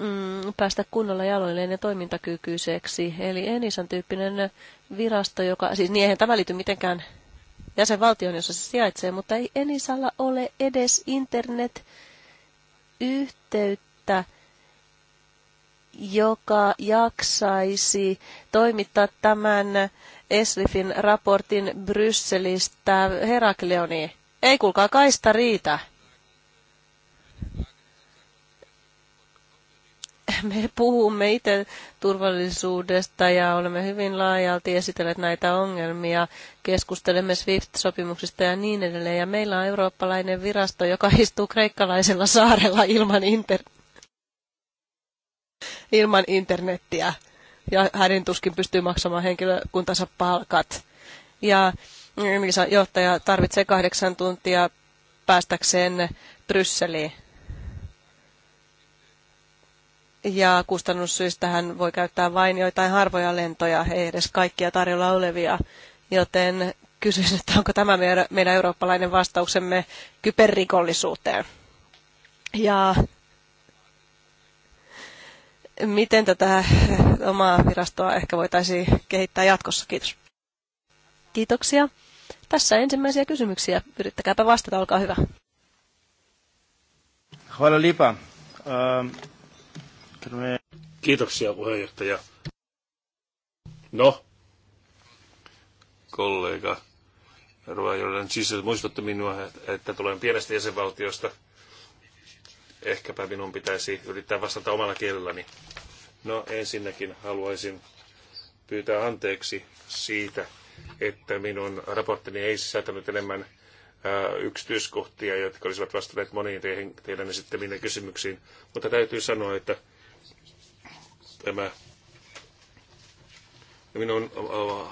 S1: mm, päästä kunnolla jaloilleen ja toimintakykyiseksi? Eli Enisan tyyppinen virasto, joka, siis niin eihän tämä liity mitenkään jäsenvaltioon, jossa se sijaitsee, mutta ei Enisalla ole edes internet-yhteyttä että joka jaksaisi toimittaa tämän eslifin raportin Brysselistä Herakleoniin. Ei kuulkaa kaista riitä. Me puhumme itse turvallisuudesta ja olemme hyvin laajalti esitelleet näitä ongelmia. Keskustelemme SWIFT-sopimuksista ja niin edelleen. Ja meillä on eurooppalainen virasto, joka istuu kreikkalaisella saarella ilman internet ilman internettiä. Ja hänen tuskin pystyy maksamaan henkilökuntansa palkat. Ja johtaja tarvitsee kahdeksan tuntia päästäkseen Brysseliin. Ja kustannussyistä hän voi käyttää vain joitain harvoja lentoja, ei edes kaikkia tarjolla olevia. Joten kysyisin, että onko tämä meidän eurooppalainen vastauksemme kyberrikollisuuteen. Ja miten tätä eh, omaa virastoa ehkä voitaisiin kehittää jatkossa. Kiitos. Kiitoksia. Tässä ensimmäisiä kysymyksiä. Yrittäkääpä vastata, olkaa hyvä.
S2: Hvala lipa. Ähm, Kiitoksia puheenjohtaja. No, kollega Ruojolen sisällä muistutte minua, että tulen pienestä jäsenvaltiosta – ehkäpä minun pitäisi yrittää vastata omalla kielelläni. No ensinnäkin haluaisin pyytää anteeksi siitä, että minun raporttini ei sisältänyt enemmän äh, yksityiskohtia, jotka olisivat vastanneet moniin teidän, teidän esittämiin kysymyksiin. Mutta täytyy sanoa, että tämä minun äh,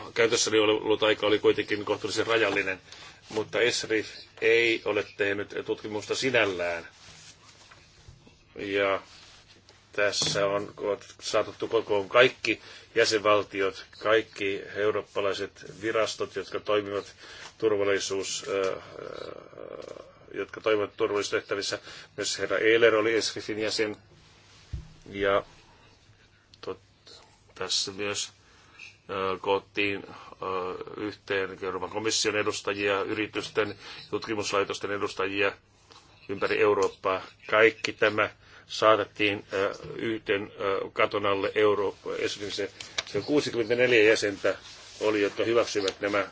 S2: äh, käytössäni ollut aika oli kuitenkin kohtuullisen rajallinen, mutta Esri ei ole tehnyt tutkimusta sinällään ja tässä on saatettu kokoon kaikki jäsenvaltiot, kaikki eurooppalaiset virastot, jotka toimivat turvallisuus, jotka toimivat turvallisuustehtävissä. Myös herra Eiler oli Esrifin jäsen. Ja tot, tässä myös koottiin yhteen Euroopan komission edustajia, yritysten, tutkimuslaitosten edustajia ympäri Eurooppaa. Kaikki tämä saatettiin yhden katon alle euro, esimerkiksi se 64 jäsentä oli, jotka hyväksyivät nämä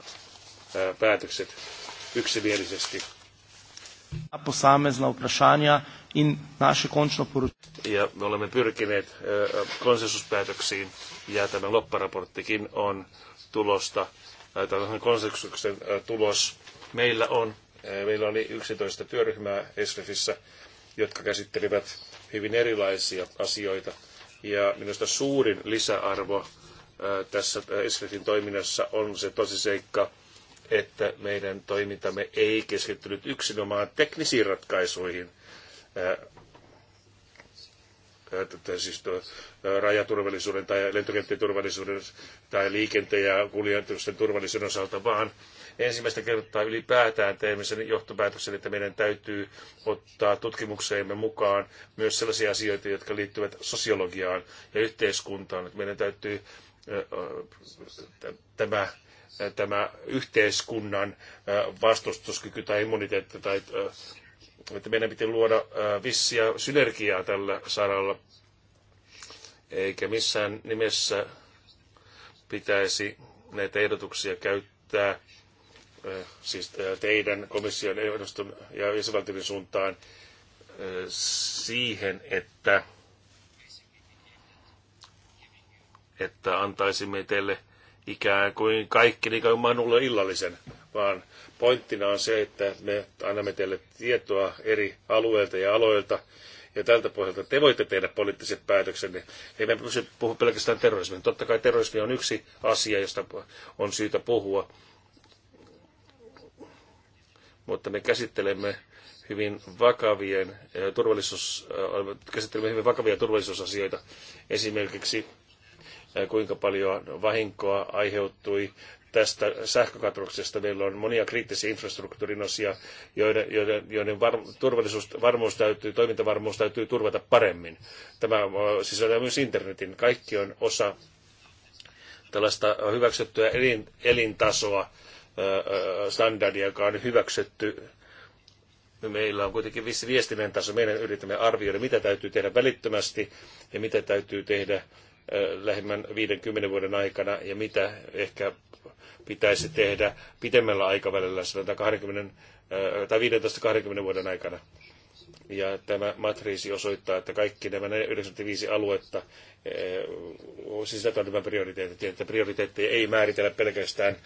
S2: päätökset yksimielisesti. Ja me olemme pyrkineet konsensuspäätöksiin ja tämä lopparaporttikin on tulosta, tämän konsensuksen tulos. Meillä on Meillä oli 11 työryhmää Esrefissä, jotka käsittelivät hyvin erilaisia asioita. Ja minusta suurin lisäarvo tässä Esretin toiminnassa on se tosiseikka, että meidän toimintamme ei keskittynyt yksinomaan teknisiin ratkaisuihin, siis rajaturvallisuuden tai lentokenttien turvallisuuden tai liikenteen ja kuljetusten turvallisuuden osalta, vaan ensimmäistä kertaa ylipäätään teemme sen johtopäätöksen, että meidän täytyy ottaa tutkimukseemme mukaan myös sellaisia asioita, jotka liittyvät sosiologiaan ja yhteiskuntaan. Että meidän täytyy tämä tämä yhteiskunnan vastustuskyky tai immuniteetti tai että meidän piti luoda vissiä synergiaa tällä saralla, eikä missään nimessä pitäisi näitä ehdotuksia käyttää siis teidän komission ehdoston ja jäsenvaltioiden suuntaan siihen, että, että antaisimme teille ikään kuin kaikki niin kuin manulle illallisen, vaan pointtina on se, että me annamme teille tietoa eri alueilta ja aloilta, ja tältä pohjalta te voitte tehdä poliittiset päätöksenne. Niin ei me puhu pelkästään terrorismin. Totta kai terrorismi on yksi asia, josta on syytä puhua, mutta me käsittelemme hyvin vakavien eh, turvallisuus, eh, käsittelemme hyvin vakavia turvallisuusasioita. Esimerkiksi eh, kuinka paljon vahinkoa aiheutui tästä sähkökatroksesta. Meillä on monia kriittisiä infrastruktuurin osia, joiden, joiden, joiden var, turvallisuus, varmuus täytyy, toimintavarmuus täytyy turvata paremmin. Tämä sisältää myös internetin. Kaikki on osa tällaista hyväksyttyä elin, elintasoa standardia, joka on hyväksytty. Meillä on kuitenkin viestinnän taso. Meidän yritämme arvioida, mitä täytyy tehdä välittömästi ja mitä täytyy tehdä lähemmän 50 vuoden aikana ja mitä ehkä pitäisi tehdä pitemmällä aikavälillä, sanotaan 20 tai 15-20 vuoden aikana. Ja tämä matriisi osoittaa, että kaikki nämä 95 aluetta eh, sisältävät nämä prioriteetit. Että prioriteetteja ei määritellä pelkästään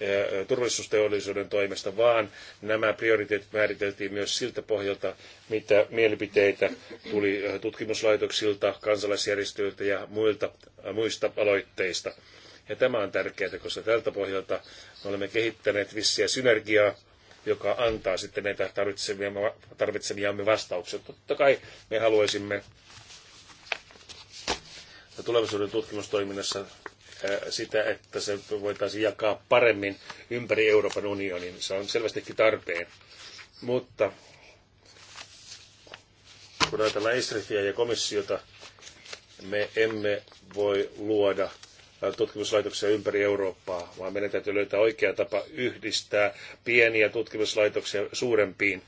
S2: eh, turvallisuusteollisuuden toimesta, vaan nämä prioriteetit määriteltiin myös siltä pohjalta, mitä mielipiteitä tuli eh, tutkimuslaitoksilta, kansalaisjärjestöiltä ja muilta, muista aloitteista. Ja tämä on tärkeää, koska tältä pohjalta me olemme kehittäneet vissiä synergiaa joka antaa sitten näitä tarvitsemiamme vastauksia. Totta kai me haluaisimme tulevaisuuden tutkimustoiminnassa sitä, että se voitaisiin jakaa paremmin ympäri Euroopan unionin. Se on selvästikin tarpeen. Mutta kun ajatellaan Esrifiä ja komissiota, me emme voi luoda tutkimuslaitoksia ympäri Eurooppaa, vaan meidän täytyy löytää oikea tapa yhdistää pieniä tutkimuslaitoksia suurempiin.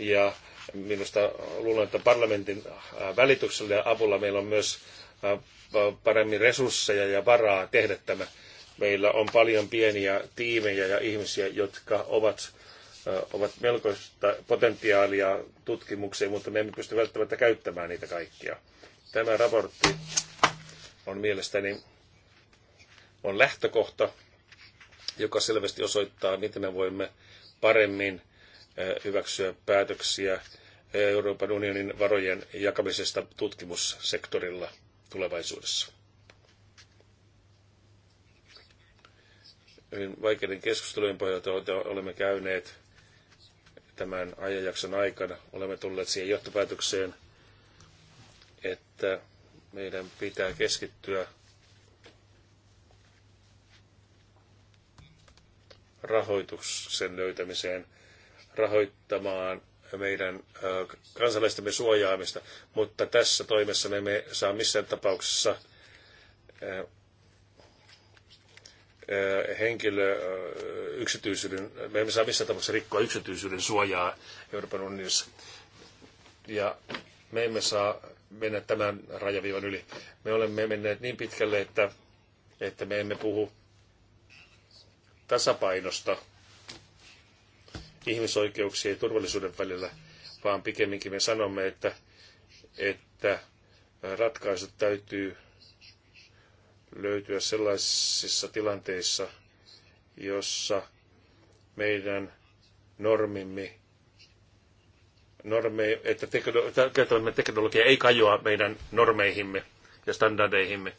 S2: Ja minusta luulen, että parlamentin välityksellä ja avulla meillä on myös paremmin resursseja ja varaa tehdä tämä. Meillä on paljon pieniä tiimejä ja ihmisiä, jotka ovat, ovat melkoista potentiaalia tutkimukseen, mutta me emme pysty välttämättä käyttämään niitä kaikkia. Tämä raportti on mielestäni on lähtökohta, joka selvästi osoittaa, miten me voimme paremmin hyväksyä päätöksiä Euroopan unionin varojen jakamisesta tutkimussektorilla tulevaisuudessa. Hyvin vaikeiden keskustelujen pohjalta olemme käyneet tämän ajanjakson aikana. Olemme tulleet siihen johtopäätökseen, että meidän pitää keskittyä rahoituksen löytämiseen rahoittamaan meidän kansalaistemme suojaamista, mutta tässä toimessa me emme saa missään tapauksessa henkilö yksityisyyden, me emme saa missään tapauksessa rikkoa yksityisyyden suojaa Euroopan unionissa. Ja me emme saa mennä tämän rajaviivan yli. Me olemme menneet niin pitkälle, että, että me emme puhu tasapainosta ihmisoikeuksien ja turvallisuuden välillä, vaan pikemminkin me sanomme, että, että ratkaisut täytyy löytyä sellaisissa tilanteissa, jossa meidän normimme, norme, että teknologia, teknologia ei kajoa meidän normeihimme ja standardeihimme.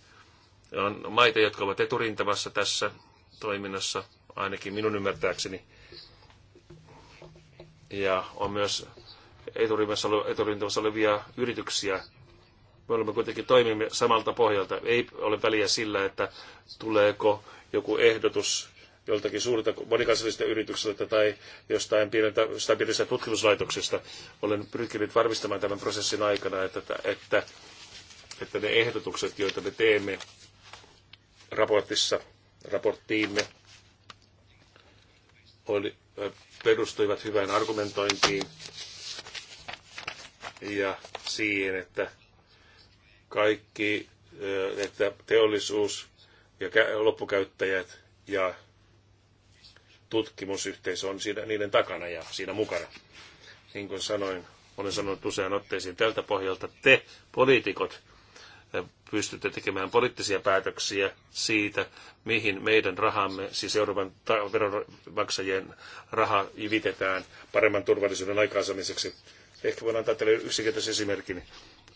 S2: On maita, jotka ovat eturintamassa tässä toiminnassa, ainakin minun ymmärtääkseni. Ja on myös eturintamassa olevia yrityksiä. Me olemme kuitenkin toimimme samalta pohjalta. Ei ole väliä sillä, että tuleeko joku ehdotus joltakin suurta monikansallisilta yrityksiltä tai jostain pieneltä, jostain pieneltä tutkimuslaitoksesta. Olen pyrkinyt varmistamaan tämän prosessin aikana, että, että, että ne ehdotukset, joita me teemme raportissa, raporttiimme oli, perustuivat hyvään argumentointiin ja siihen, että kaikki, että teollisuus ja loppukäyttäjät ja tutkimusyhteisö on siinä, niiden takana ja siinä mukana. Niin kuin sanoin, olen sanonut usean otteeseen tältä pohjalta, te poliitikot pystytte tekemään poliittisia päätöksiä siitä, mihin meidän rahamme, siis Euroopan veronmaksajien raha, ivitetään paremman turvallisuuden aikaansaamiseksi. Ehkä voin antaa teille yksinkertaisen esimerkin.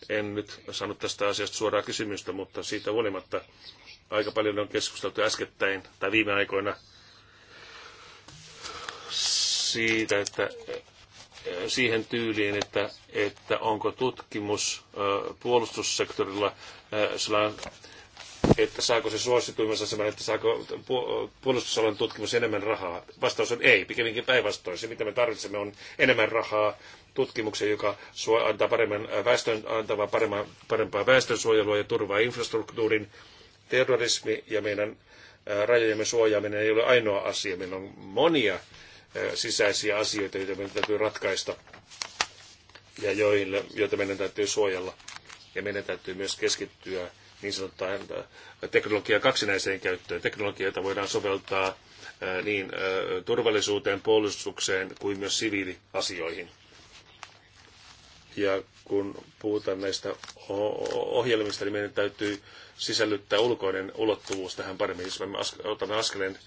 S2: En nyt saanut tästä asiasta suoraa kysymystä, mutta siitä huolimatta aika paljon on keskusteltu äskettäin tai viime aikoina siitä, että siihen tyyliin, että, että onko tutkimus puolustussektorilla että saako se suosituimmassa aseman, että saako puolustusalan tutkimus enemmän rahaa. Vastaus on ei, pikemminkin päinvastoin. Se, mitä me tarvitsemme, on enemmän rahaa tutkimukseen, joka antaa paremman väestön, antavaa paremmin, parempaa väestönsuojelua ja turvaa infrastruktuurin. Terrorismi ja meidän rajojemme suojaaminen ei ole ainoa asia. Meillä on monia sisäisiä asioita, joita meidän täytyy ratkaista ja joille, joita meidän täytyy suojella. Ja meidän täytyy myös keskittyä niin sanotaan teknologian kaksinäiseen käyttöön. Teknologioita voidaan soveltaa niin turvallisuuteen, puolustukseen kuin myös siviiliasioihin. Ja kun puhutaan näistä ohjelmista, niin meidän täytyy sisällyttää ulkoinen ulottuvuus tähän paremmin. Jos me otamme askeleen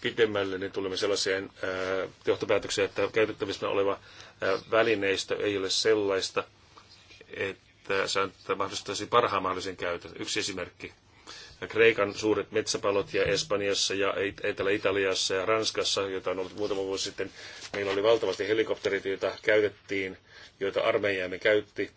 S2: pidemmälle, niin tulemme sellaiseen johtopäätökseen, että käytettävissä oleva välineistö ei ole sellaista, että se mahdollistaisi parhaan mahdollisen käytön. Yksi esimerkki. Kreikan suuret metsäpalot ja Espanjassa ja Etelä-Italiassa ja Ranskassa, joita on ollut muutama vuosi sitten, meillä oli valtavasti helikopterit, joita käytettiin, joita armeijamme käytti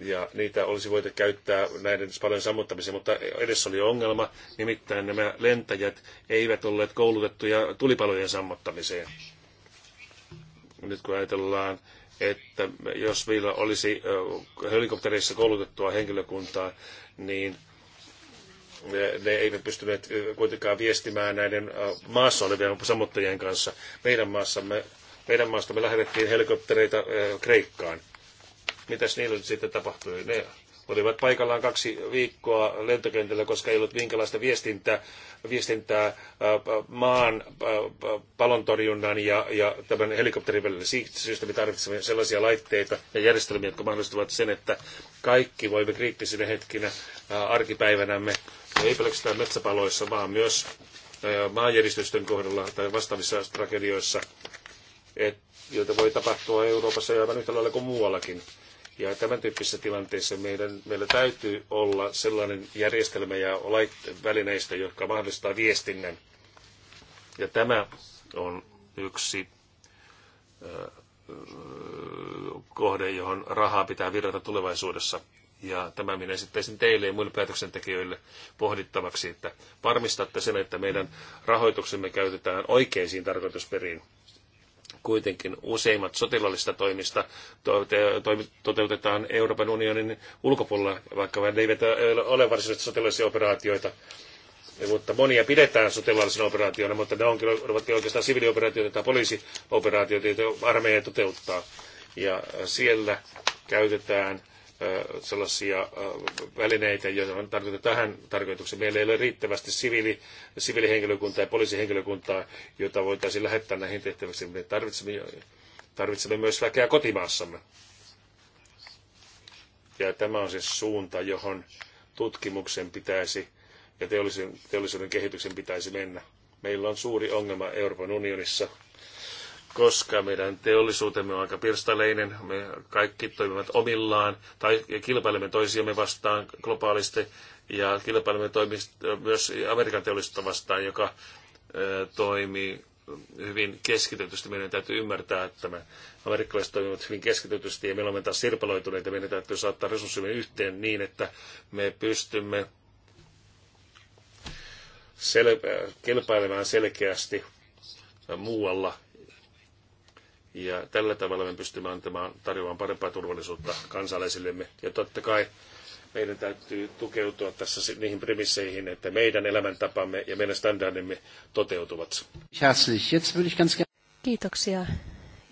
S2: ja niitä olisi voitu käyttää näiden spadojen sammuttamiseen, mutta edessä oli ongelma, nimittäin nämä lentäjät eivät olleet koulutettuja tulipalojen sammuttamiseen. Nyt kun ajatellaan, että jos vielä olisi helikoptereissa koulutettua henkilökuntaa, niin ne eivät pystyneet kuitenkaan viestimään näiden maassa olevien sammuttajien kanssa. Meidän maassamme meidän maastamme lähetettiin helikoptereita Kreikkaan mitäs niille sitten tapahtui? Ne olivat paikallaan kaksi viikkoa lentokentällä, koska ei ollut minkälaista viestintää, viestintää maan palontorjunnan ja, ja tämän helikopterin välillä. Siitä syystä me tarvitsemme sellaisia laitteita ja järjestelmiä, jotka mahdollistavat sen, että kaikki voimme kriittisinä hetkinä arkipäivänämme, ei pelkästään metsäpaloissa, vaan myös maanjäristysten kohdalla tai vastaavissa tragedioissa, et, joita voi tapahtua Euroopassa ja aivan yhtä lailla kuin muuallakin ja tämän tyyppisissä tilanteissa meidän, meillä täytyy olla sellainen järjestelmä ja välineistä, jotka joka mahdollistaa viestinnän. Ja tämä on yksi kohde, johon rahaa pitää virrata tulevaisuudessa. Ja tämä minä esittäisin teille ja muille päätöksentekijöille pohdittavaksi, että varmistatte sen, että meidän rahoituksemme käytetään oikeisiin tarkoitusperiin kuitenkin useimmat sotilallista toimista toteutetaan Euroopan unionin ulkopuolella, vaikka ne eivät ole varsinaisesti sotilaallisia operaatioita. Mutta monia pidetään sotilaallisina operaatioina, mutta ne onkin, ovatkin oikeastaan siviilioperaatioita tai poliisioperaatioita, joita armeija toteuttaa. Ja siellä käytetään sellaisia välineitä, joita on tarkoitettu tähän tarkoitukseen. Meillä ei ole riittävästi siviili, siviilihenkilökuntaa ja poliisihenkilökuntaa, jota voitaisiin lähettää näihin tehtäväksi. Me tarvitsemme, tarvitsemme myös väkeä kotimaassamme. Ja tämä on se suunta, johon tutkimuksen pitäisi ja teollisuuden, teollisuuden kehityksen pitäisi mennä. Meillä on suuri ongelma Euroopan unionissa – koska meidän teollisuutemme on aika pirstaleinen, me kaikki toimivat omillaan tai kilpailemme toisiamme vastaan globaalisti ja kilpailemme myös Amerikan teollisuutta vastaan, joka toimii hyvin keskitetysti. Meidän täytyy ymmärtää, että me amerikkalaiset toimivat hyvin keskitetysti ja me olemme taas sirpaloituneita. Meidän täytyy saattaa resurssimme yhteen niin, että me pystymme sel- kilpailemaan selkeästi muualla ja tällä tavalla me pystymme antamaan, tarjoamaan parempaa turvallisuutta kansalaisillemme. Ja totta kai meidän täytyy tukeutua tässä niihin premisseihin, että meidän elämäntapamme ja meidän standardimme toteutuvat.
S1: Kiitoksia.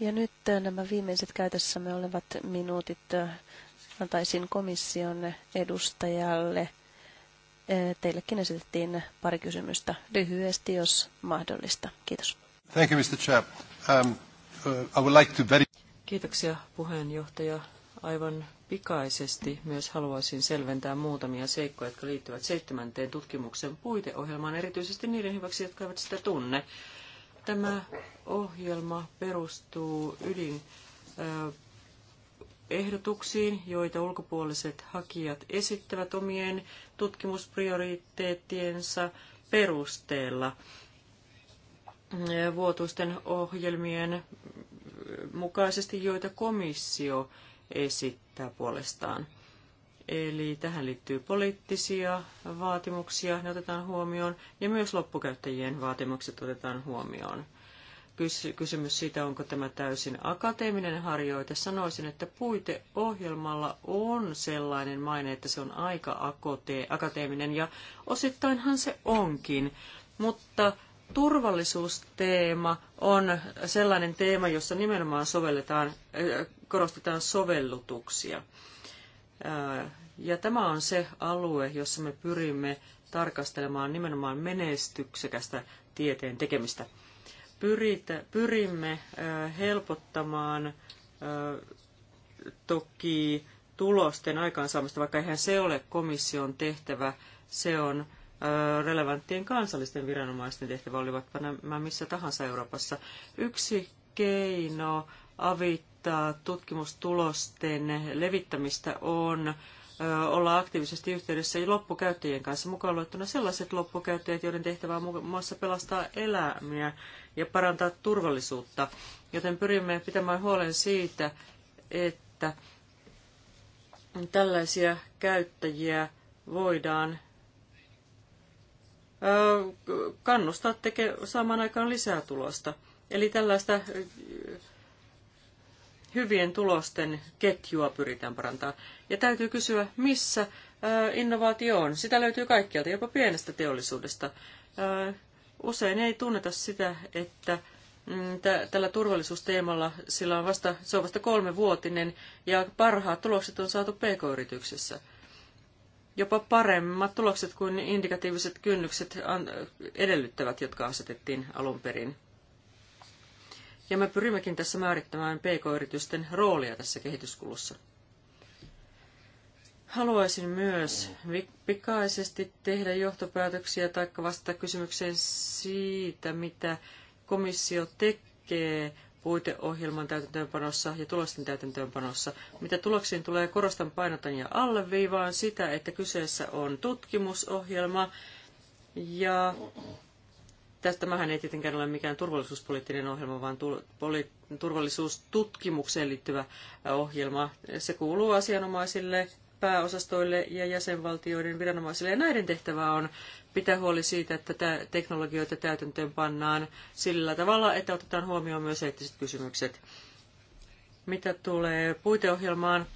S1: Ja nyt äh, nämä viimeiset käytössämme olevat minuutit äh, antaisin komission edustajalle. Äh, teillekin esitettiin pari kysymystä lyhyesti, jos mahdollista. Kiitos.
S3: Thank you, Mr. Chair. Um... Uh, I would like to very...
S1: Kiitoksia puheenjohtaja. Aivan
S3: pikaisesti myös haluaisin selventää muutamia seikkoja, jotka liittyvät seitsemänteen tutkimuksen puiteohjelmaan, erityisesti niiden hyväksi, jotka eivät sitä tunne. Tämä ohjelma perustuu ydin ehdotuksiin, joita ulkopuoliset hakijat esittävät omien tutkimusprioriteettiensa perusteella vuotuisten ohjelmien mukaisesti, joita komissio esittää puolestaan. Eli tähän liittyy poliittisia vaatimuksia, ne otetaan huomioon, ja myös loppukäyttäjien vaatimukset otetaan huomioon. Kysymys siitä, onko tämä täysin akateeminen harjoite. Sanoisin, että puiteohjelmalla on sellainen maine, että se on aika akateeminen, ja osittainhan se onkin. Mutta turvallisuusteema on sellainen teema, jossa nimenomaan sovelletaan, äh, korostetaan sovellutuksia. Äh, ja tämä on se alue, jossa me pyrimme tarkastelemaan nimenomaan menestyksekästä tieteen tekemistä. Pyritä, pyrimme äh, helpottamaan toki tulosten aikaansaamista, vaikka eihän se ole komission tehtävä, se on relevanttien kansallisten viranomaisten tehtävä, olivatpa nämä missä tahansa Euroopassa. Yksi keino avittaa tutkimustulosten levittämistä on olla aktiivisesti yhteydessä loppukäyttäjien kanssa, mukaan luettuna sellaiset loppukäyttäjät, joiden tehtävä on muun muassa pelastaa elämiä ja parantaa turvallisuutta. Joten pyrimme pitämään huolen siitä, että tällaisia käyttäjiä voidaan kannustaa teke, saamaan aikaan lisää tulosta. Eli tällaista hyvien tulosten ketjua pyritään parantaa. Ja täytyy kysyä, missä innovaatio on. Sitä löytyy kaikkialta, jopa pienestä teollisuudesta. Usein ei tunneta sitä, että mm, tällä turvallisuusteemalla sillä on vasta, se on vasta kolmevuotinen ja parhaat tulokset on saatu pk-yrityksessä – jopa paremmat tulokset kuin indikatiiviset kynnykset edellyttävät, jotka asetettiin alun perin. Ja me pyrimmekin tässä määrittämään pk-yritysten roolia tässä kehityskulussa. Haluaisin myös pikaisesti tehdä johtopäätöksiä tai vastata kysymykseen siitä, mitä komissio tekee puiteohjelman täytäntöönpanossa ja tulosten täytäntöönpanossa. Mitä tuloksiin tulee, korostan, painotan ja alleviivaan sitä, että kyseessä on tutkimusohjelma ja Tämähän ei tietenkään ole mikään turvallisuuspoliittinen ohjelma, vaan turvallisuustutkimukseen liittyvä ohjelma. Se kuuluu asianomaisille pääosastoille ja jäsenvaltioiden viranomaisille. Ja näiden tehtävä on pitää huoli siitä, että teknologioita täytäntöön pannaan sillä tavalla, että otetaan huomioon myös eettiset kysymykset. Mitä tulee puiteohjelmaan,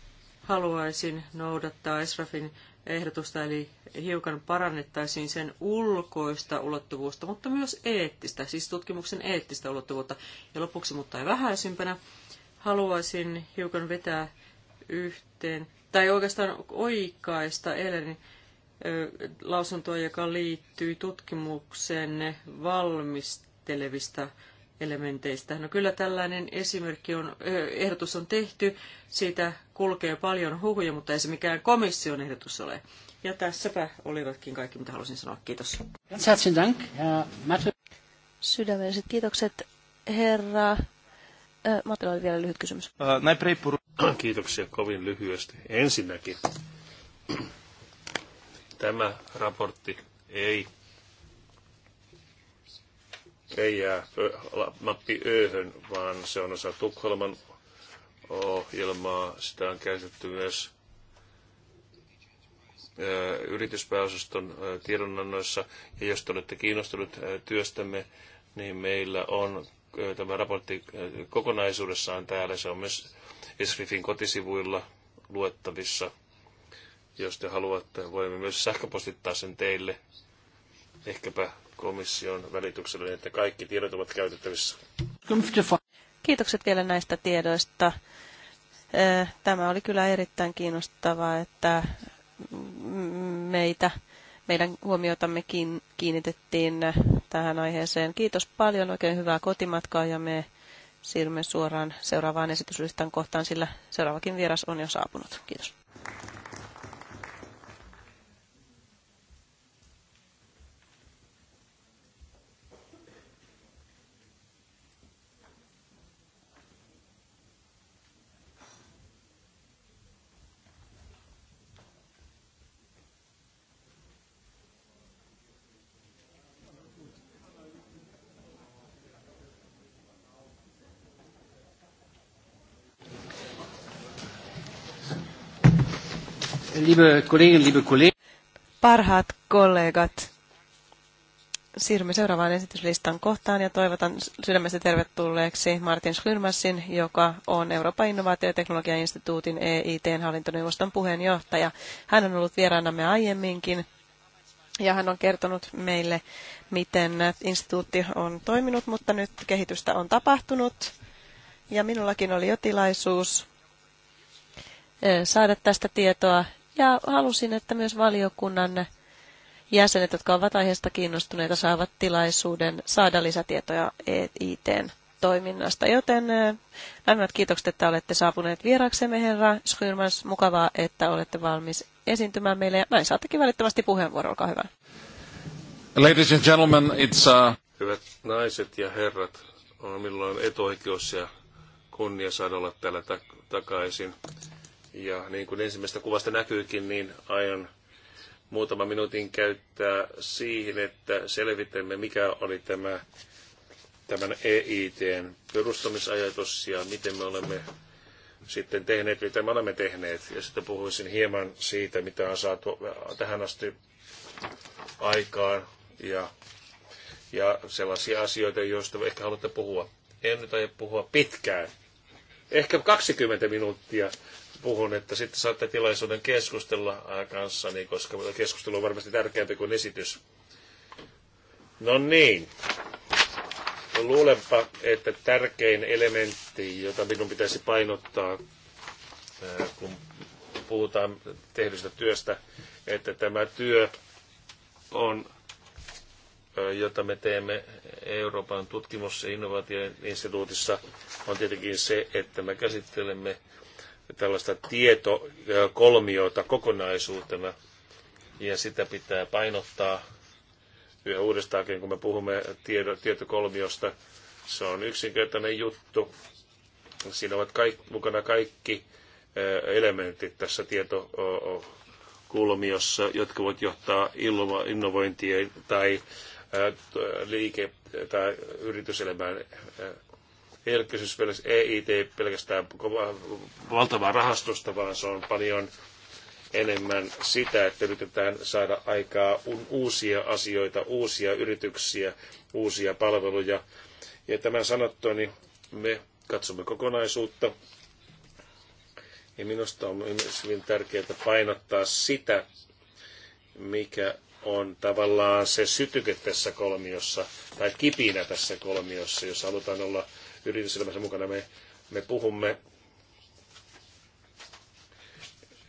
S3: haluaisin noudattaa Esrafin ehdotusta, eli hiukan parannettaisiin sen ulkoista ulottuvuutta, mutta myös eettistä, siis tutkimuksen eettistä ulottuvuutta. Ja lopuksi, mutta ei vähäisimpänä, haluaisin hiukan vetää yhteen, tai oikeastaan oikaista Elenin lausuntoa, joka liittyy tutkimukseen valmistelevista elementeistä. No kyllä tällainen esimerkki on, ehdotus on tehty, siitä kulkee paljon huhuja, mutta ei se mikään komission ehdotus ole. Ja tässäpä olivatkin kaikki, mitä halusin sanoa. Kiitos.
S1: Sydämelliset kiitokset, herra. Matilla oli vielä lyhyt kysymys.
S2: Äh, <clears throat> Kiitoksia kovin lyhyesti. Ensinnäkin Tämä raportti ei, ei jää mappi ööhön, vaan se on osa Tukholman ohjelmaa. Sitä on käytetty myös yrityspääosaston tiedonannoissa. Ja jos te olette kiinnostunut työstämme, niin meillä on tämä raportti kokonaisuudessaan täällä. Se on myös Esrifin kotisivuilla luettavissa. Jos te haluatte, voimme myös sähköpostittaa sen teille. Ehkäpä komission välityksellä, niin että kaikki tiedot ovat käytettävissä.
S1: Kiitokset vielä näistä tiedoista. Tämä oli kyllä erittäin kiinnostavaa, että meitä, meidän huomiotamme kiinnitettiin tähän aiheeseen. Kiitos paljon, oikein hyvää kotimatkaa ja me siirrymme suoraan seuraavaan esityslistan kohtaan, sillä seuraavakin vieras on jo saapunut. Kiitos.
S3: liebe Kolleginnen, liebe Kollegen.
S1: Parhaat kollegat, siirrymme seuraavaan esityslistan kohtaan ja toivotan sydämestä tervetulleeksi Martin Schlynmassin, joka on Euroopan innovaatio- ja teknologiainstituutin EITn hallintoneuvoston puheenjohtaja. Hän on ollut vieraanamme aiemminkin ja hän on kertonut meille, miten instituutti on toiminut, mutta nyt kehitystä on tapahtunut. Ja minullakin oli jo tilaisuus eh, saada tästä tietoa ja halusin, että myös valiokunnan jäsenet, jotka ovat aiheesta kiinnostuneita, saavat tilaisuuden saada lisätietoja e ITn toiminnasta. Joten lämmät kiitokset, että olette saapuneet vieraksemme, herra Schürmans. Mukavaa, että olette valmis esiintymään meille. näin saattekin välittömästi puheenvuoro, olkaa hyvä.
S2: Ladies and gentlemen, it's a... Uh, Hyvät naiset ja herrat, on milloin on etuoikeus ja kunnia saada olla täällä takaisin. Ja niin kuin ensimmäisestä kuvasta näkyykin, niin aion muutama minuutin käyttää siihen, että selvitämme, mikä oli tämä, tämän EITn perustamisajatus ja miten me olemme sitten tehneet, mitä me olemme tehneet. Ja sitten puhuisin hieman siitä, mitä on saatu tähän asti aikaan ja, ja sellaisia asioita, joista ehkä haluatte puhua. En nyt aio puhua pitkään. Ehkä 20 minuuttia puhun, että sitten saatte tilaisuuden keskustella kanssani, koska keskustelu on varmasti tärkeämpi kuin esitys. No niin. No luulenpa, että tärkein elementti, jota minun pitäisi painottaa, kun puhutaan tehdystä työstä, että tämä työ on, jota me teemme Euroopan tutkimus- ja innovaatioinstituutissa, on tietenkin se, että me käsittelemme tällaista tietokolmiota kokonaisuutena, ja sitä pitää painottaa yhä uudestaankin, kun me puhumme tiedo, tietokolmiosta. Se on yksinkertainen juttu. Siinä ovat kaikki, mukana kaikki eh, elementit tässä tietokulmiossa, jotka voivat johtaa innovointiin tai eh, liike- tai yrityselämään eh, ei ole kysymys EIT pelkästään valtavaa rahastusta, vaan se on paljon enemmän sitä, että yritetään saada aikaa uusia asioita, uusia yrityksiä, uusia palveluja. Ja tämän sanottuani niin me katsomme kokonaisuutta. Ja minusta on myös hyvin tärkeää painottaa sitä, mikä on tavallaan se sytyke tässä kolmiossa, tai kipinä tässä kolmiossa, jos halutaan olla yrityselämässä mukana. Me, me puhumme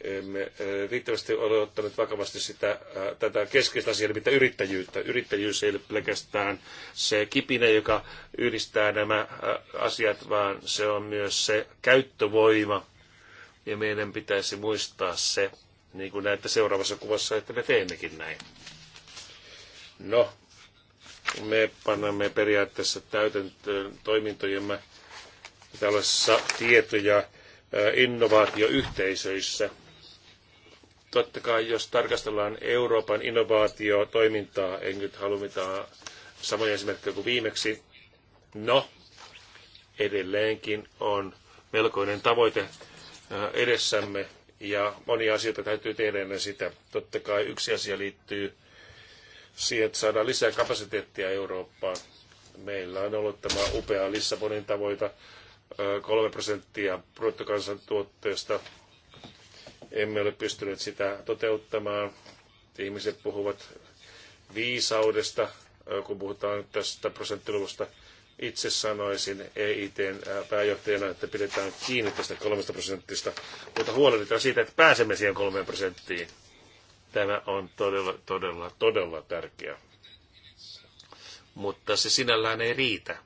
S2: emme riittävästi ole ottaneet vakavasti sitä, tätä keskeistä asiaa, mitä yrittäjyyttä. Yrittäjyys ei ole pelkästään se kipinä, joka yhdistää nämä asiat, vaan se on myös se käyttövoima. Ja meidän pitäisi muistaa se, niin kuin näette seuraavassa kuvassa, että me teemmekin näin. No, me panemme periaatteessa täytäntöön toimintojemme tällaisissa tieto- ja innovaatioyhteisöissä. Totta kai, jos tarkastellaan Euroopan innovaatiotoimintaa, en nyt halua mitään samoja esimerkkejä kuin viimeksi. No, edelleenkin on melkoinen tavoite edessämme ja monia asioita täytyy tehdä ennen sitä. Totta kai yksi asia liittyy siihen, että saadaan lisää kapasiteettia Eurooppaan. Meillä on ollut tämä upea Lissabonin tavoite, 3 prosenttia bruttokansantuotteesta. Emme ole pystyneet sitä toteuttamaan. Ihmiset puhuvat viisaudesta, kun puhutaan tästä prosenttiluvusta. Itse sanoisin EITn pääjohtajana, että pidetään kiinni tästä kolmesta prosentista, mutta huolehditaan siitä, että pääsemme siihen kolmeen prosenttiin. Tämä on todella, todella, todella tärkeä. Mutta se sinällään ei riitä.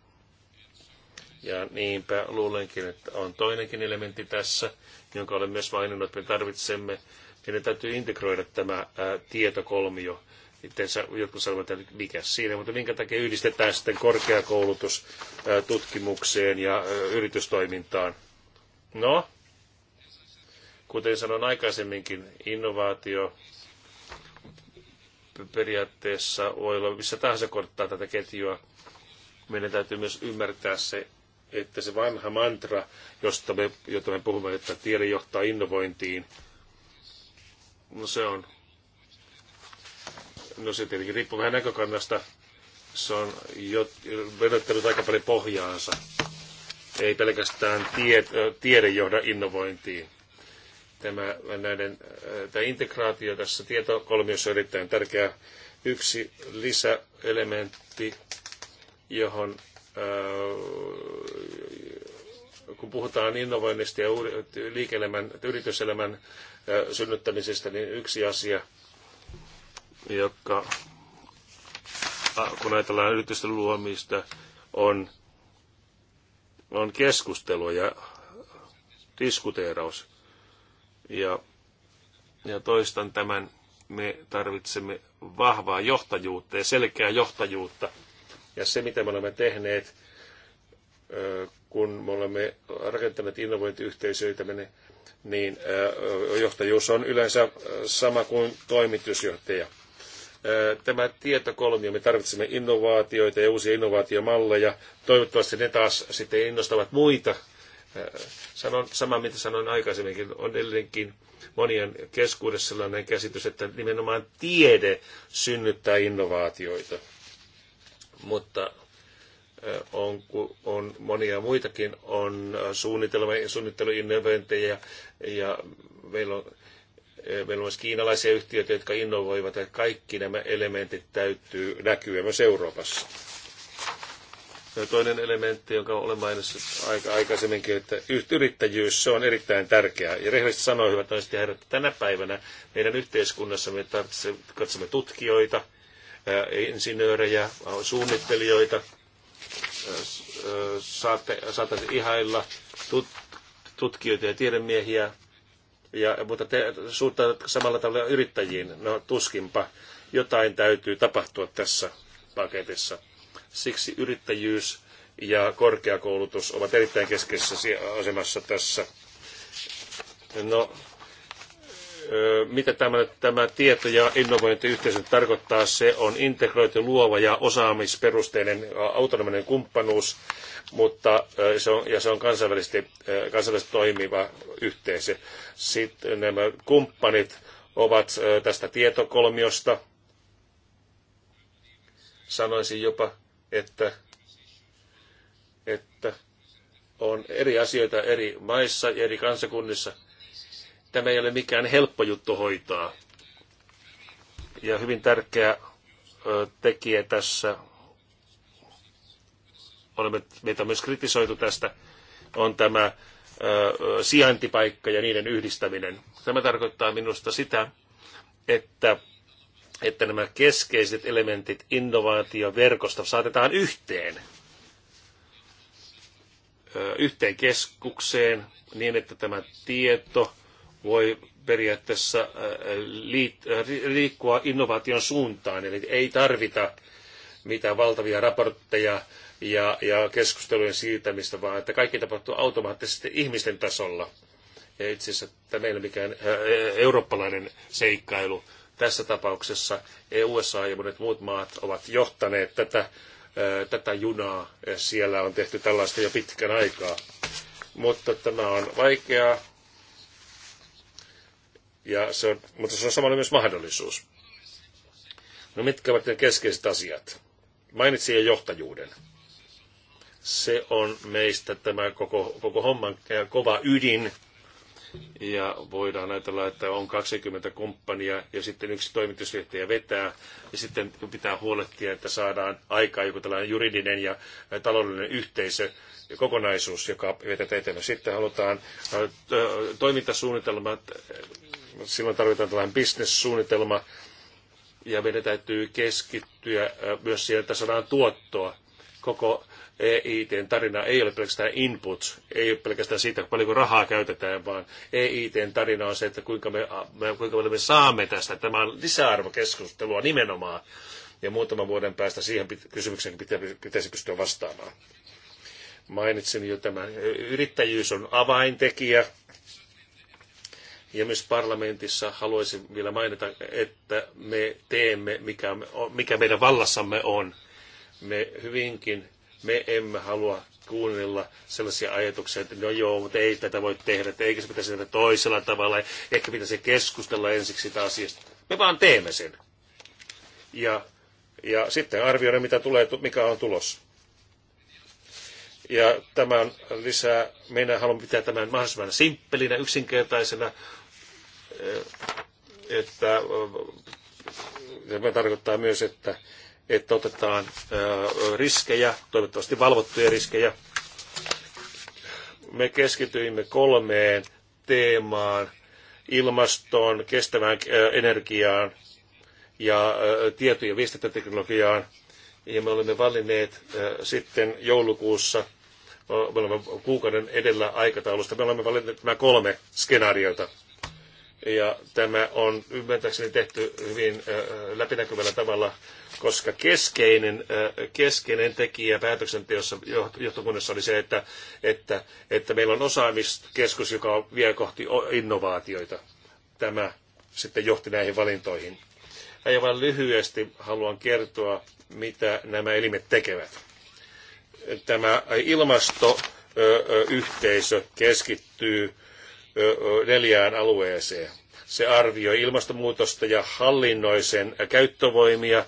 S2: Ja niinpä luulenkin, että on toinenkin elementti tässä, jonka olen myös maininnut, että me tarvitsemme, meidän täytyy integroida tämä ää, tietokolmio. Sitten jotkut sanovat, että mikä siinä, mutta minkä takia yhdistetään sitten korkeakoulutus ää, tutkimukseen ja ää, yritystoimintaan. No, kuten sanoin aikaisemminkin, innovaatio periaatteessa voi olla missä tahansa korttaa tätä ketjua. Meidän täytyy myös ymmärtää se, että se vanha mantra, josta me, jota me puhumme, että tiede johtaa innovointiin, no se on, no se tietenkin riippuu vähän näkökannasta, se on jo venyttänyt aika paljon pohjaansa. Ei pelkästään tie, tiede johda innovointiin. Tämä, näiden, äh, tämä integraatio tässä tietokolmiossa on erittäin tärkeä yksi lisäelementti, johon äh, kun puhutaan innovoinnista ja liike-elämän, yrityselämän äh, synnyttämisestä, niin yksi asia, joka kun ajatellaan yritysten luomista, on, on keskustelu ja diskuteeraus. Ja, ja toistan tämän, me tarvitsemme vahvaa johtajuutta ja selkeää johtajuutta. Ja se, mitä me olemme tehneet, kun me olemme rakentaneet innovointiyhteisöitä, niin, niin johtajuus on yleensä sama kuin toimitusjohtaja. Tämä tietokolmio, me tarvitsemme innovaatioita ja uusia innovaatiomalleja. Toivottavasti ne taas sitten innostavat muita sanon samaa, mitä sanoin aikaisemminkin, on edelleenkin monien keskuudessa sellainen käsitys, että nimenomaan tiede synnyttää innovaatioita. Mutta on, on monia muitakin, on suunnitelma, suunnitteluinnovointeja ja meillä on, meillä on myös kiinalaisia yhtiöitä, jotka innovoivat ja kaikki nämä elementit täytyy näkyä myös Euroopassa. Toinen elementti, jonka olen mainittu aika aikaisemminkin, että yrittäjyys, se on erittäin tärkeää. Ja rehellisesti sanoin hyvät naiset ja herrat, tänä päivänä meidän yhteiskunnassa me katsomme tutkijoita, insinöörejä, suunnittelijoita, saatte, saatte ihailla tut, tutkijoita ja tiedemiehiä, ja, mutta te suhtaudutte samalla tavalla yrittäjiin. No tuskinpa jotain täytyy tapahtua tässä paketissa Siksi yrittäjyys ja korkeakoulutus ovat erittäin keskeisessä asemassa tässä. No, mitä tämä, tämä tieto- ja innovointiyhteisö tarkoittaa, se on integroitu, luova ja osaamisperusteinen autonominen kumppanuus, mutta se on, ja se on kansainvälisesti, kansainvälisesti toimiva yhteisö. Sitten nämä kumppanit ovat tästä tietokolmiosta, sanoisin jopa että, että on eri asioita eri maissa ja eri kansakunnissa. Tämä ei ole mikään helppo juttu hoitaa. Ja hyvin tärkeä tekijä tässä, olemme, meitä on myös kritisoitu tästä, on tämä sijaintipaikka ja niiden yhdistäminen. Tämä tarkoittaa minusta sitä, että että nämä keskeiset elementit innovaatioverkosta saatetaan yhteen, yhteen keskukseen niin, että tämä tieto voi periaatteessa liikkua innovaation suuntaan. Eli ei tarvita mitään valtavia raportteja ja, ja keskustelujen siirtämistä, vaan että kaikki tapahtuu automaattisesti ihmisten tasolla. Ja itse asiassa tämä ei ole mikään eurooppalainen seikkailu, tässä tapauksessa e USA ja monet muut maat ovat johtaneet tätä, tätä junaa. E, siellä on tehty tällaista jo pitkän aikaa. Mutta tämä on vaikeaa, ja se on, mutta se on samalla myös mahdollisuus. No mitkä ovat ne keskeiset asiat? Mainitsin jo johtajuuden. Se on meistä tämä koko, koko homman kova ydin ja voidaan ajatella, että on 20 kumppania ja sitten yksi toimitusjohtaja vetää ja sitten pitää huolehtia, että saadaan aikaan joku tällainen juridinen ja taloudellinen yhteisö ja kokonaisuus, joka vetetään eteenpäin. Sitten halutaan toimintasuunnitelmat, silloin tarvitaan tällainen bisnessuunnitelma ja meidän täytyy keskittyä myös siihen, että saadaan tuottoa koko EITn tarina ei ole pelkästään input, ei ole pelkästään siitä, paljonko rahaa käytetään, vaan EITn tarina on se, että kuinka me, kuinka me saamme tästä. Tämä on lisäarvokeskustelua nimenomaan. Ja muutaman vuoden päästä siihen kysymykseen pitäisi pystyä vastaamaan. Mainitsin jo tämän. Yrittäjyys on avaintekijä. Ja myös parlamentissa haluaisin vielä mainita, että me teemme, mikä, mikä meidän vallassamme on. Me hyvinkin me emme halua kuunnella sellaisia ajatuksia, että no joo, mutta ei tätä voi tehdä, että eikö se pitäisi tehdä toisella tavalla, ehkä pitäisi keskustella ensiksi sitä asiasta. Me vaan teemme sen. Ja, ja sitten arvioida, mitä tulee, mikä on tulos. Ja tämän lisää, minä haluan pitää tämän mahdollisimman simppelinä, yksinkertaisena, eh, että eh, se tarkoittaa myös, että että otetaan riskejä, toivottavasti valvottuja riskejä. Me keskityimme kolmeen teemaan, ilmastoon, kestävään energiaan ja tieto- ja viestintäteknologiaan. Ja me olemme valinneet sitten joulukuussa, me olemme kuukauden edellä aikataulusta, me olemme valinneet nämä kolme skenaariota. Ja tämä on ymmärtääkseni tehty hyvin läpinäkyvällä tavalla koska keskeinen, keskeinen tekijä päätöksenteossa johtokunnassa oli se, että, että, että meillä on osaamiskeskus, joka vie kohti innovaatioita. Tämä sitten johti näihin valintoihin. Aivan lyhyesti haluan kertoa, mitä nämä elimet tekevät. Tämä ilmastoyhteisö keskittyy neljään alueeseen. Se arvioi ilmastonmuutosta ja hallinnoi sen käyttövoimia,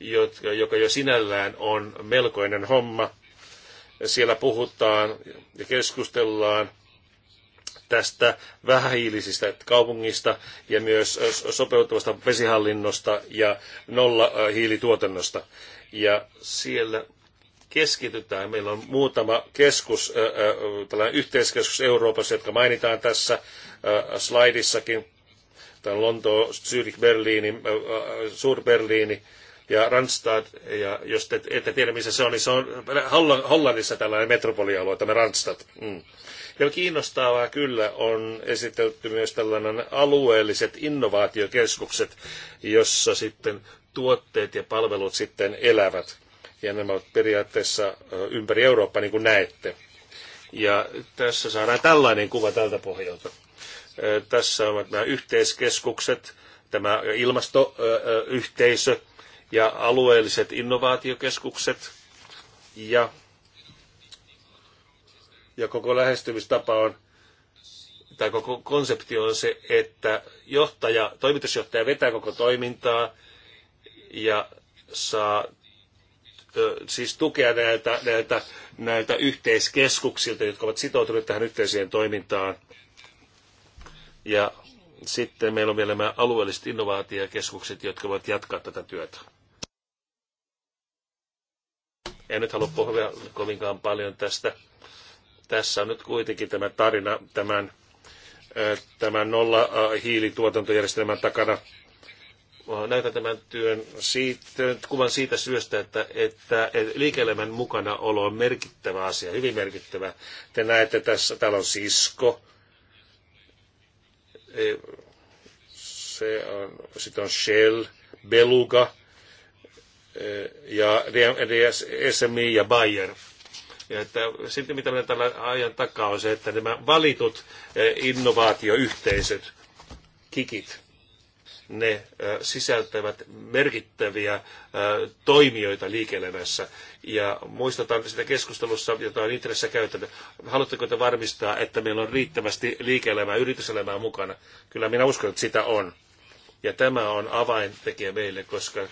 S2: jotka, joka jo sinällään on melkoinen homma. Siellä puhutaan ja keskustellaan tästä vähähiilisistä kaupungista ja myös sopeutuvasta vesihallinnosta ja nollahiilituotannosta. Ja siellä keskitytään. Meillä on muutama keskus, tällainen yhteiskeskus Euroopassa, jotka mainitaan tässä slaidissakin. Tämä on Lonto, Zürich, Berliini, Suur-Berliini ja Randstad, ja jos te ette tiedä missä se on, niin se on Hollannissa tällainen metropolialue, tämä Randstad. Mm. Ja kiinnostavaa kyllä on esitelty myös tällainen alueelliset innovaatiokeskukset, jossa sitten tuotteet ja palvelut sitten elävät. Ja nämä ovat periaatteessa ympäri Eurooppaa, niin kuin näette. Ja tässä saadaan tällainen kuva tältä pohjalta. Tässä ovat nämä yhteiskeskukset, tämä ilmastoyhteisö, ja alueelliset innovaatiokeskukset ja, ja koko lähestymistapa on, tai koko konsepti on se, että johtaja, toimitusjohtaja vetää koko toimintaa ja saa siis tukea näiltä, näiltä, näiltä yhteiskeskuksilta, jotka ovat sitoutuneet tähän yhteiseen toimintaan. Ja sitten meillä on vielä nämä alueelliset innovaatiokeskukset, jotka voivat jatkaa tätä työtä. En nyt halua puhua kovinkaan paljon tästä. Tässä on nyt kuitenkin tämä tarina tämän, tämän nolla hiilituotantojärjestelmän takana. Näytän tämän työn siitä, kuvan siitä syystä, että, että liike-elämän olo on merkittävä asia, hyvin merkittävä. Te näette tässä, täällä on sisko, e, se on, sitten on Shell, Beluga, Eh, ja SMI ja Bayer. Ja että sitten mitä meidän tällä ajan takaa on se, että nämä valitut eh, innovaatioyhteisöt, kikit, ne eh, sisältävät merkittäviä toimijoita liikelemässä. Ja muistetaan sitä keskustelussa, jota on intressissä käytänyt. Haluatteko te varmistaa, että meillä on riittävästi liike-elämää, yrityselämää mukana? Kyllä minä uskon, että sitä on. Ja tämä on avaintekijä meille, koska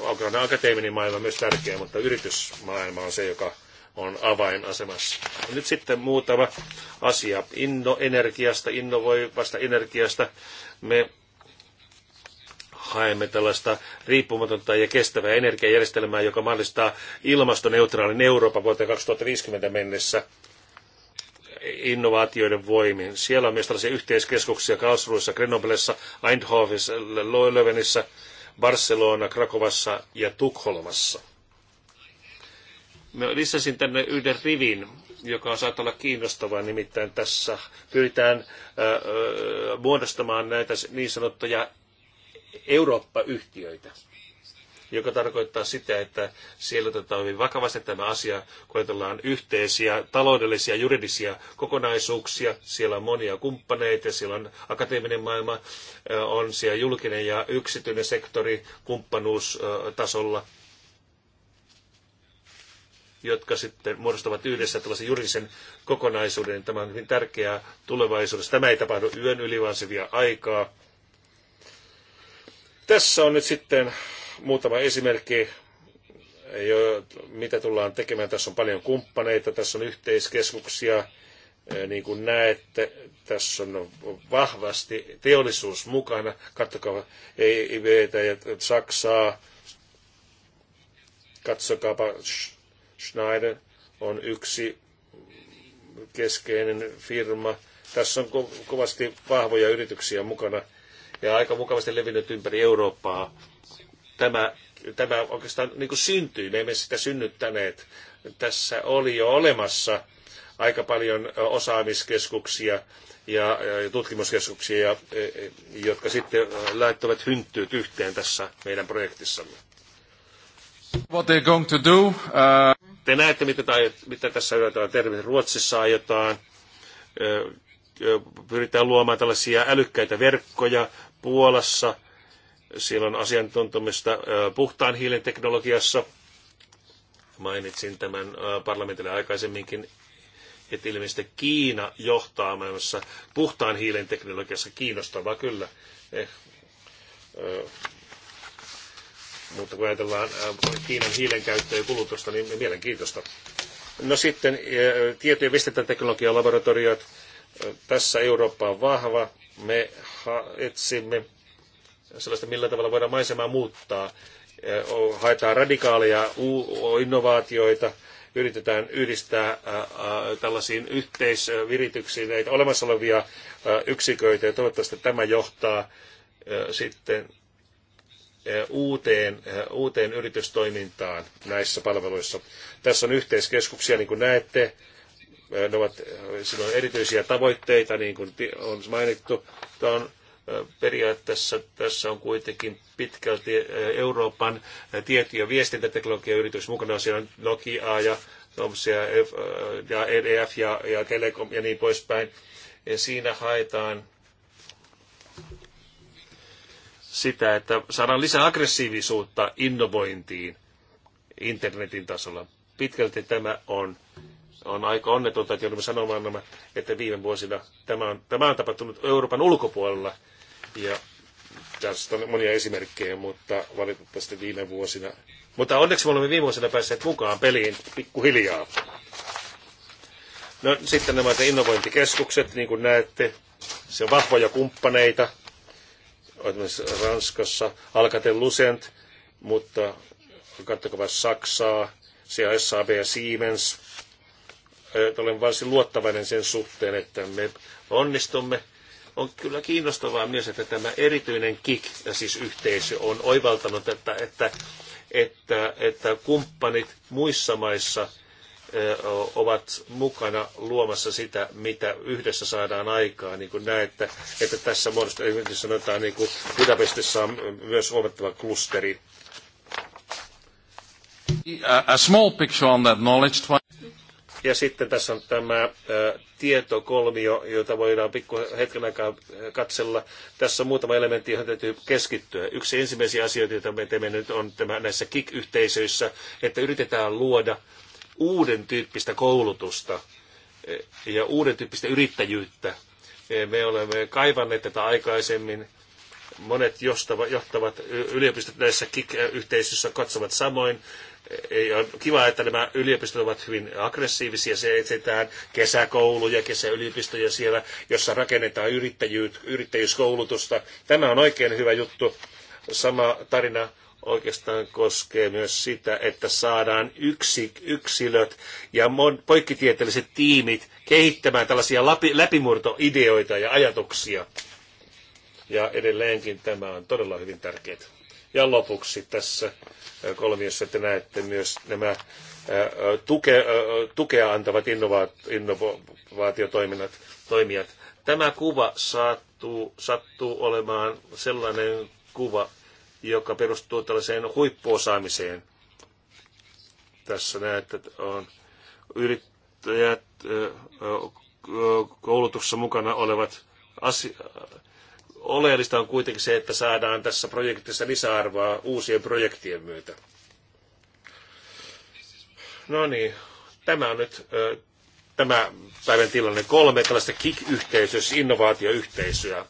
S2: on akateeminen maailma myös tärkeä, mutta yritysmaailma on se, joka on avainasemassa. Nyt sitten muutama asia innoenergiasta, innovoivasta energiasta. Me haemme tällaista riippumatonta ja kestävää energiajärjestelmää, joka mahdollistaa ilmastoneutraalin Euroopan vuoteen 2050 mennessä innovaatioiden voimin. Siellä on myös tällaisia yhteiskeskuksia Karlsruissa, Grenoblessa, Eindhovissa, Löövenissä, Barcelona, Krakovassa ja Tukholmassa. Mä lisäsin tänne yhden rivin, joka saattaa olla kiinnostava, nimittäin tässä pyritään muodostamaan näitä niin sanottuja Eurooppa-yhtiöitä joka tarkoittaa sitä, että siellä otetaan hyvin vakavasti tämä asia, koetellaan yhteisiä taloudellisia, juridisia kokonaisuuksia. Siellä on monia kumppaneita, siellä on akateeminen maailma, on siellä julkinen ja yksityinen sektori kumppanuustasolla jotka sitten muodostavat yhdessä tällaisen juridisen kokonaisuuden. Tämä on hyvin tärkeää tulevaisuudessa. Tämä ei tapahdu yön yli, vaan se vie aikaa. Tässä on nyt sitten Muutama esimerkki, jo, mitä tullaan tekemään. Tässä on paljon kumppaneita, tässä on yhteiskeskuksia. Niin kuin näette, tässä on vahvasti teollisuus mukana. Katsokaa EIVtä ja Saksaa. Katsokaapa Schneider on yksi keskeinen firma. Tässä on kovasti vahvoja yrityksiä mukana ja aika mukavasti levinnyt ympäri Eurooppaa tämä, tämä oikeastaan niin kuin syntyi, me emme sitä synnyttäneet. Tässä oli jo olemassa aika paljon osaamiskeskuksia ja tutkimuskeskuksia, ja, e, e, jotka sitten laittavat hynttyyt yhteen tässä meidän projektissamme. What they're going to do, uh... Te näette, mitä, mitä tässä yritetään tehdä, Ruotsissa aiotaan. Pyritään luomaan tällaisia älykkäitä verkkoja Puolassa. Siellä on asiantuntemusta puhtaan hiilen teknologiassa. Mainitsin tämän parlamentille aikaisemminkin, että ilmeisesti Kiina johtaa maailmassa puhtaan hiilen teknologiassa. Kiinnostavaa kyllä. Eh, mutta kun ajatellaan Kiinan hiilen käyttöä ja kulutusta, niin mielenkiintoista. No sitten tieto- ja viestintäteknologialaboratoriot. Tässä Eurooppa on vahva. Me etsimme sellaista, millä tavalla voidaan maisemaa muuttaa. Eh, haetaan radikaaleja innovaatioita, yritetään yhdistää tällaisiin yhteisvirityksiin näitä olemassa olevia yksiköitä, ja toivottavasti tämä johtaa sitten uuteen, uuteen yritystoimintaan näissä palveluissa. Tässä on yhteiskeskuksia, niin kuin näette. Ne ovat, siinä on erityisiä tavoitteita, niin kuin on mainittu. Tämä on periaatteessa tässä on kuitenkin pitkälti Euroopan tieto- ja viestintäteknologiayritys mukana. Siellä on ja ja, ja e EDF ja, ja Telekom ja niin poispäin. Ja siinä haetaan sitä, että saadaan lisää aggressiivisuutta innovointiin internetin tasolla. Pitkälti tämä on on aika onnetonta, että joudumme sanomaan nämä, että viime vuosina tämä on, tämä on tapahtunut Euroopan ulkopuolella. Ja tästä on monia esimerkkejä, mutta valitettavasti viime vuosina. Mutta onneksi me olemme viime vuosina päässeet mukaan peliin pikkuhiljaa. No sitten nämä innovointikeskukset, niin kuin näette, se on vahvoja kumppaneita, esimerkiksi Ranskassa, Alcatel Lucent, mutta katsokaa Saksaa, siellä SAB ja Siemens. Olen varsin luottavainen sen suhteen, että me onnistumme on kyllä kiinnostavaa myös, että tämä erityinen KIK, siis yhteisö, on oivaltanut, että, että, että, että kumppanit muissa maissa ovat mukana luomassa sitä, mitä yhdessä saadaan aikaa, Niin kuin näin, että tässä muodossa esimerkiksi sanotaan, niin kuin Budapestissa on myös huomattava klusteri. A, small picture on that knowledge. Ja sitten tässä on tämä äh, tietokolmio, jota voidaan pikku hetken aikaa äh, katsella. Tässä on muutama elementti, johon täytyy keskittyä. Yksi ensimmäisiä asioita, joita me teemme nyt on tämä näissä KIK-yhteisöissä, että yritetään luoda uuden tyyppistä koulutusta äh, ja uuden tyyppistä yrittäjyyttä. Me olemme kaivanneet tätä aikaisemmin. Monet johtavat yliopistot näissä KIK-yhteisöissä katsovat samoin on kiva, että nämä yliopistot ovat hyvin aggressiivisia. Se etsitään kesäkouluja, kesäyliopistoja siellä, jossa rakennetaan yrittäjyyskoulutusta. Tämä on oikein hyvä juttu. Sama tarina oikeastaan koskee myös sitä, että saadaan yksi, yksilöt ja mon, poikkitieteelliset tiimit kehittämään tällaisia läpi, läpimurtoideoita ja ajatuksia. Ja edelleenkin tämä on todella hyvin tärkeää. Ja lopuksi tässä kolmiossa te näette myös nämä tuke, tukea antavat innovaatiotoiminnat. Toimijat. Tämä kuva sattuu, sattuu olemaan sellainen kuva, joka perustuu tällaiseen huippuosaamiseen. Tässä näette, että on yrittäjät, koulutuksessa mukana olevat asiat. Oleellista on kuitenkin se, että saadaan tässä projektissa lisäarvoa uusien projektien myötä. No niin, tämä on nyt ö, tämä päivän tilanne kolme tällaista KIK-yhteisöä, innovaatioyhteisöä.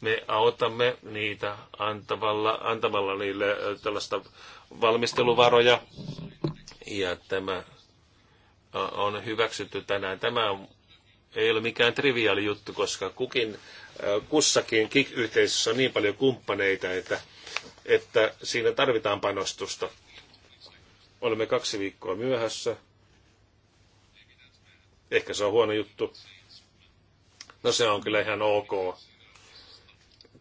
S2: Me autamme niitä antamalla, antamalla niille tällaista valmisteluvaroja. Ja tämä on hyväksytty tänään. Tämä ei ole mikään triviaali juttu, koska kukin kussakin KIK-yhteisössä on niin paljon kumppaneita, että, että siinä tarvitaan panostusta. Olemme kaksi viikkoa myöhässä. Ehkä se on huono juttu. No se on kyllä ihan ok.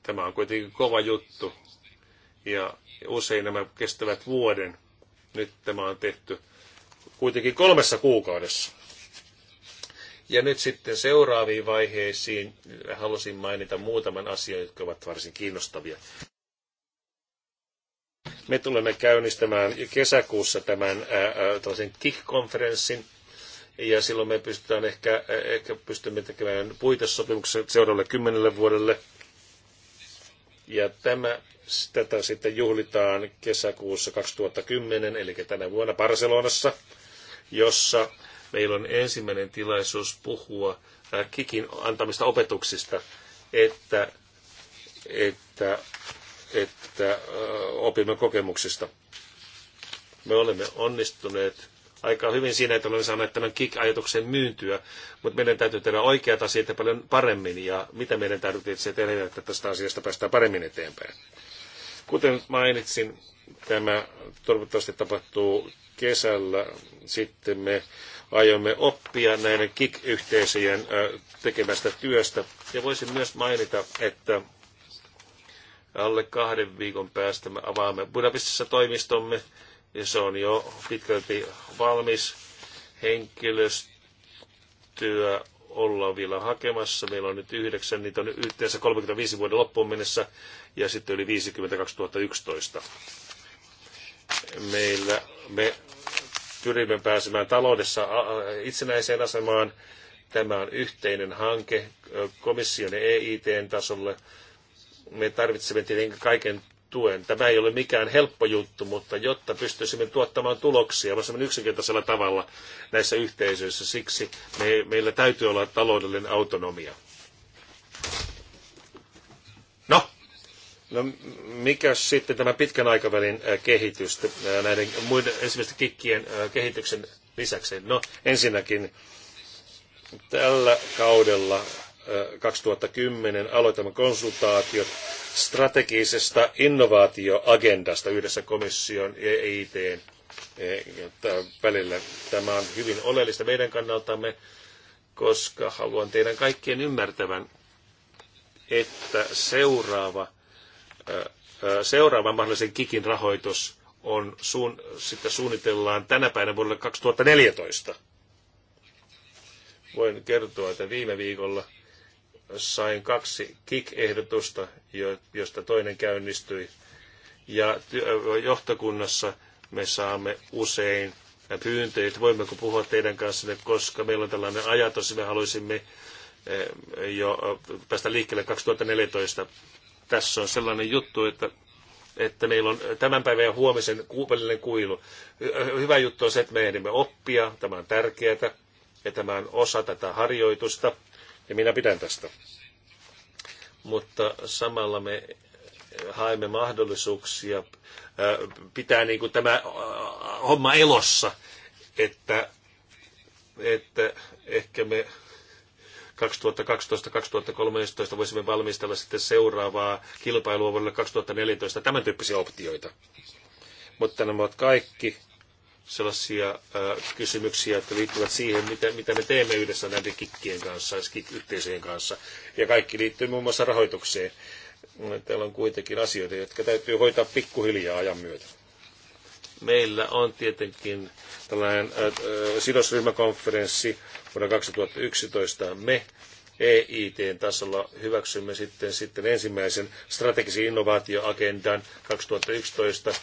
S2: Tämä on kuitenkin kova juttu. Ja usein nämä kestävät vuoden. Nyt tämä on tehty kuitenkin kolmessa kuukaudessa. Ja nyt sitten seuraaviin vaiheisiin halusin mainita muutaman asian, jotka ovat varsin kiinnostavia. Me tulemme käynnistämään kesäkuussa tämän tällaisen KIK-konferenssin, ja silloin me pystytään ehkä, ehkä pystymme tekemään puitesopimuksen seuraavalle kymmenelle vuodelle. Ja tämä, tätä sitten juhlitaan kesäkuussa 2010, eli tänä vuonna Barcelonassa, jossa meillä on ensimmäinen tilaisuus puhua äh, Kikin antamista opetuksista, että, että, että äh, opimme kokemuksista. Me olemme onnistuneet aika hyvin siinä, että olemme saaneet tämän kick-ajatuksen myyntyä, mutta meidän täytyy tehdä oikeat asiat paljon paremmin ja mitä meidän täytyy tehdä, että tästä asiasta päästään paremmin eteenpäin. Kuten mainitsin, tämä toivottavasti tapahtuu kesällä. Sitten me aiomme oppia näiden KIK-yhteisöjen tekemästä työstä. Ja voisin myös mainita, että alle kahden viikon päästä me avaamme Budapestissa toimistomme, ja se on jo pitkälti valmis. Henkilöstöä ollaan vielä hakemassa. Meillä on nyt yhdeksän, niitä on yhteensä 35 vuoden loppuun mennessä ja sitten yli 50 2011. Meillä me pyrimme pääsemään taloudessa itsenäiseen asemaan. Tämä on yhteinen hanke komission ja EITn tasolle. Me tarvitsemme tietenkin kaiken tuen. Tämä ei ole mikään helppo juttu, mutta jotta pystyisimme tuottamaan tuloksia mahdollisimman yksinkertaisella tavalla näissä yhteisöissä, siksi me, meillä täytyy olla taloudellinen autonomia. No mikä sitten tämä pitkän aikavälin kehitys näiden muiden esimerkiksi kikkien kehityksen lisäksi? No ensinnäkin tällä kaudella 2010 aloitamme konsultaatiot strategisesta innovaatioagendasta yhdessä komission ja EIT välillä. Tämä on hyvin oleellista meidän kannaltamme, koska haluan teidän kaikkien ymmärtävän, että seuraava – seuraavan mahdollisen kikin rahoitus on, suun, sitten suunnitellaan tänä päivänä vuodelle 2014. Voin kertoa, että viime viikolla sain kaksi kik ehdotusta joista toinen käynnistyi. Ja johtokunnassa me saamme usein pyyntöjä, että voimmeko puhua teidän kanssanne, koska meillä on tällainen ajatus, että me haluaisimme jo päästä liikkeelle 2014 tässä on sellainen juttu, että että meillä on tämän päivän ja huomisen välinen kuilu. Hyvä juttu on se, että me ehdimme oppia, tämä on tärkeää, ja tämä on osa tätä harjoitusta, ja minä pidän tästä. Mutta samalla me eh, haemme mahdollisuuksia eh, pitää niin kuin tämä eh, homma elossa, että, että ehkä me 2012-2013 voisimme valmistella sitten seuraavaa kilpailua vuodelle 2014, tämän tyyppisiä optioita. Mutta nämä ovat kaikki sellaisia äh, kysymyksiä, jotka liittyvät siihen, mitä, mitä me teemme yhdessä näiden kikkien kanssa, yhteisöjen kanssa. Ja kaikki liittyy muun muassa rahoitukseen. Täällä on kuitenkin asioita, jotka täytyy hoitaa pikkuhiljaa ajan myötä. Meillä on tietenkin tällainen sidosryhmäkonferenssi vuonna 2011. Me EITn tasolla hyväksymme sitten, sitten ensimmäisen strategisen innovaatioagendan 2011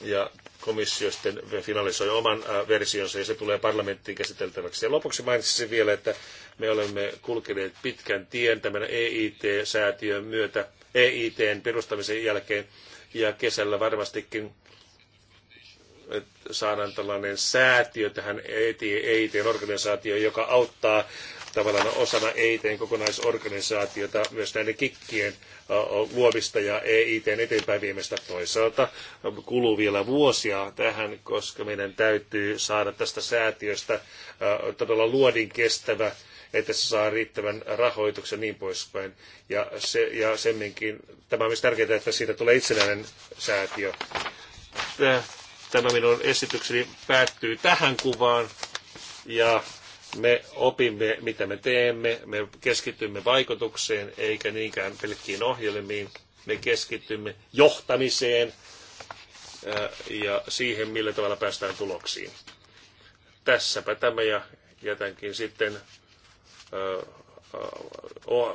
S2: ja komissio sitten finalisoi oman versionsa ja se tulee parlamenttiin käsiteltäväksi. Ja lopuksi mainitsisin vielä, että me olemme kulkeneet pitkän tien tämän EIT-säätiön myötä, EITn perustamisen jälkeen ja kesällä varmastikin että saadaan tällainen säätiö tähän EIT-organisaatioon, joka auttaa tavallaan osana EITn kokonaisorganisaatiota myös näiden kikkien luomista ja EITn eteenpäin toisaalta. Kuluu vielä vuosia tähän, koska meidän täytyy saada tästä säätiöstä todella luodin kestävä että se saa riittävän rahoituksen ja niin poispäin. Ja, se, ja semminkin, tämä on myös tärkeää, että siitä tulee itsenäinen säätiö tämä minun esitykseni päättyy tähän kuvaan ja me opimme, mitä me teemme, me keskitymme vaikutukseen eikä niinkään pelkkiin ohjelmiin, me keskitymme johtamiseen äh, ja siihen, millä tavalla päästään tuloksiin. Tässäpä tämä ja jätänkin sitten äh,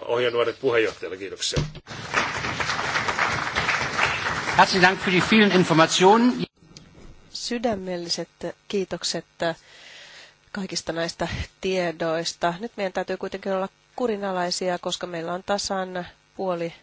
S2: ohjenuoret puheenjohtajalle. Kiitoksia.
S3: Herzlichen Dank für die vielen Informationen
S1: sydämelliset kiitokset kaikista näistä tiedoista. Nyt meidän täytyy kuitenkin olla kurinalaisia, koska meillä on tasan puoli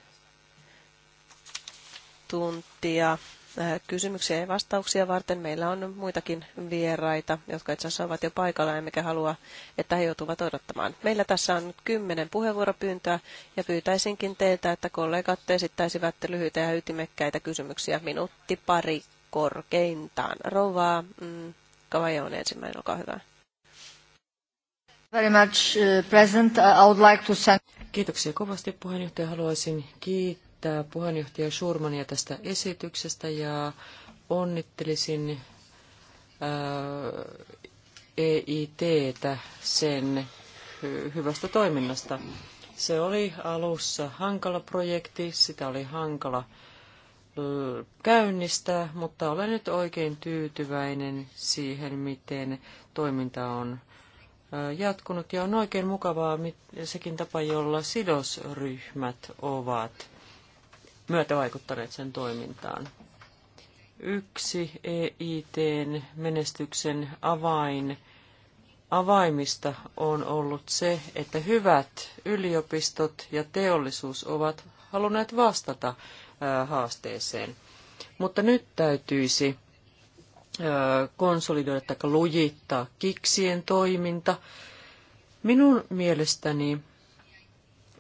S1: tuntia äh, kysymyksiä ja vastauksia varten. Meillä on muitakin vieraita, jotka itse asiassa ovat jo paikalla, emmekä halua, että he joutuvat odottamaan. Meillä tässä on nyt kymmenen puheenvuoropyyntöä ja pyytäisinkin teiltä, että kollegat esittäisivät lyhyitä ja ytimekkäitä kysymyksiä minuutti pari korkeintaan. Rovaa, mm, Kavaja on ensimmäinen, olkaa hyvä. Very
S3: much, uh, President. Uh, I would like to send... Kiitoksia kovasti puheenjohtaja. Haluaisin kiittää puheenjohtaja Schurmania tästä esityksestä ja onnittelisin äh, EITtä sen hyvästä toiminnasta. Se oli alussa hankala projekti, sitä oli hankala käynnistää, mutta olen nyt oikein tyytyväinen siihen, miten toiminta on jatkunut. Ja on oikein mukavaa sekin tapa, jolla sidosryhmät ovat myötävaikuttaneet sen toimintaan. Yksi EITn menestyksen avain avaimista on ollut se, että hyvät yliopistot ja teollisuus ovat halunneet vastata haasteeseen. Mutta nyt täytyisi konsolidoida tai lujittaa kiksien toiminta. Minun mielestäni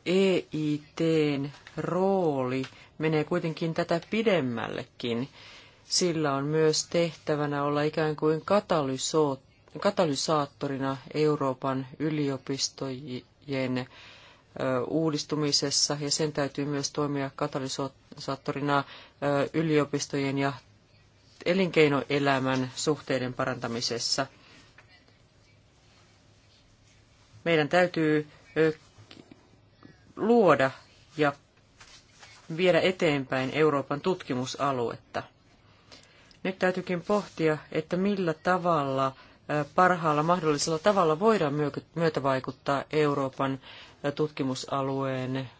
S3: EITn rooli menee kuitenkin tätä pidemmällekin. Sillä on myös tehtävänä olla ikään kuin katalysaattorina Euroopan yliopistojen uudistumisessa ja sen täytyy myös toimia katalysaattorina yliopistojen ja elinkeinoelämän suhteiden parantamisessa. Meidän täytyy luoda ja viedä eteenpäin Euroopan tutkimusaluetta. Nyt täytyykin pohtia, että millä tavalla parhaalla mahdollisella tavalla voidaan myötävaikuttaa Euroopan tutkimusalueen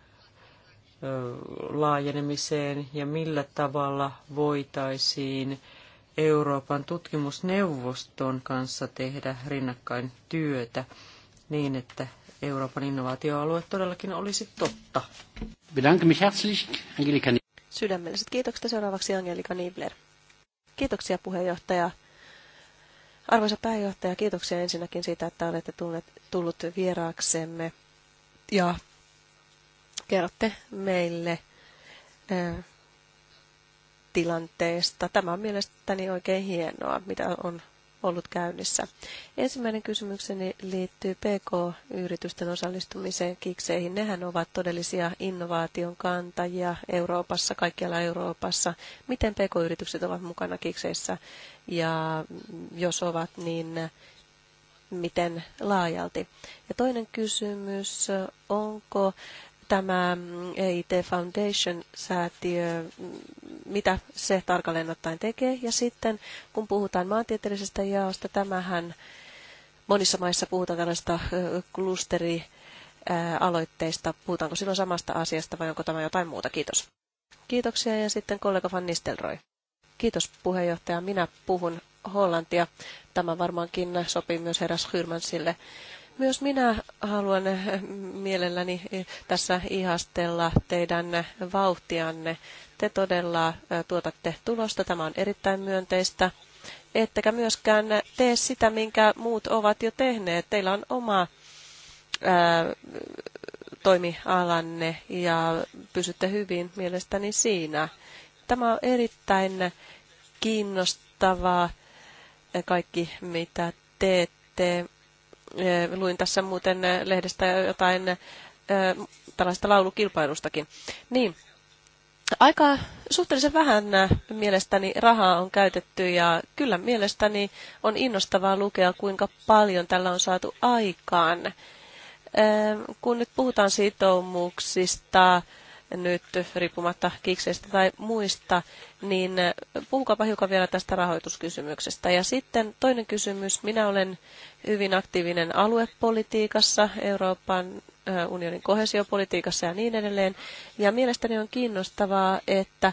S3: laajenemiseen ja millä tavalla voitaisiin Euroopan tutkimusneuvoston kanssa tehdä rinnakkain työtä niin, että Euroopan innovaatioalue todellakin olisi totta.
S1: Bedanke mich herzlich, Angelika Sydämelliset kiitokset seuraavaksi Angelika Niebler. Kiitoksia puheenjohtaja. Arvoisa pääjohtaja, kiitoksia ensinnäkin siitä, että olette tullut, tullut vieraaksemme ja kerrotte meille äh, tilanteesta. Tämä on mielestäni oikein hienoa, mitä on ollut käynnissä. Ensimmäinen kysymykseni liittyy PK-yritysten osallistumiseen kikseihin. Nehän ovat todellisia innovaation kantajia Euroopassa, kaikkialla Euroopassa. Miten PK-yritykset ovat mukana kikseissä ja jos ovat, niin miten laajalti. Ja toinen kysymys, onko tämä EIT Foundation-säätiö, mitä se tarkalleen ottaen tekee. Ja sitten kun puhutaan maantieteellisestä jaosta, tämähän monissa maissa puhutaan tällaista klusteri aloitteista. Puhutaanko silloin samasta asiasta vai onko tämä jotain muuta? Kiitos. Kiitoksia ja sitten kollega Van Nistelrooy. Kiitos puheenjohtaja. Minä puhun Hollantia. Tämä varmaankin sopii myös herras Hyrmansille. Myös minä haluan mielelläni tässä ihastella teidän vauhtianne. Te todella tuotatte tulosta, tämä on erittäin myönteistä. Ettekä myöskään tee sitä, minkä muut ovat jo tehneet. Teillä on oma ää, toimialanne ja pysytte hyvin mielestäni siinä. Tämä on erittäin kiinnostavaa kaikki, mitä teette. Luin tässä muuten lehdestä jotain tällaista laulukilpailustakin. Niin, aika suhteellisen vähän mielestäni rahaa on käytetty ja kyllä mielestäni on innostavaa lukea, kuinka paljon tällä on saatu aikaan. Kun nyt puhutaan sitoumuksista, nyt riippumatta kikseistä tai muista, niin puhukaapa hiukan vielä tästä rahoituskysymyksestä. Ja sitten toinen kysymys. Minä olen hyvin aktiivinen aluepolitiikassa, Euroopan unionin kohesiopolitiikassa ja niin edelleen. Ja mielestäni on kiinnostavaa, että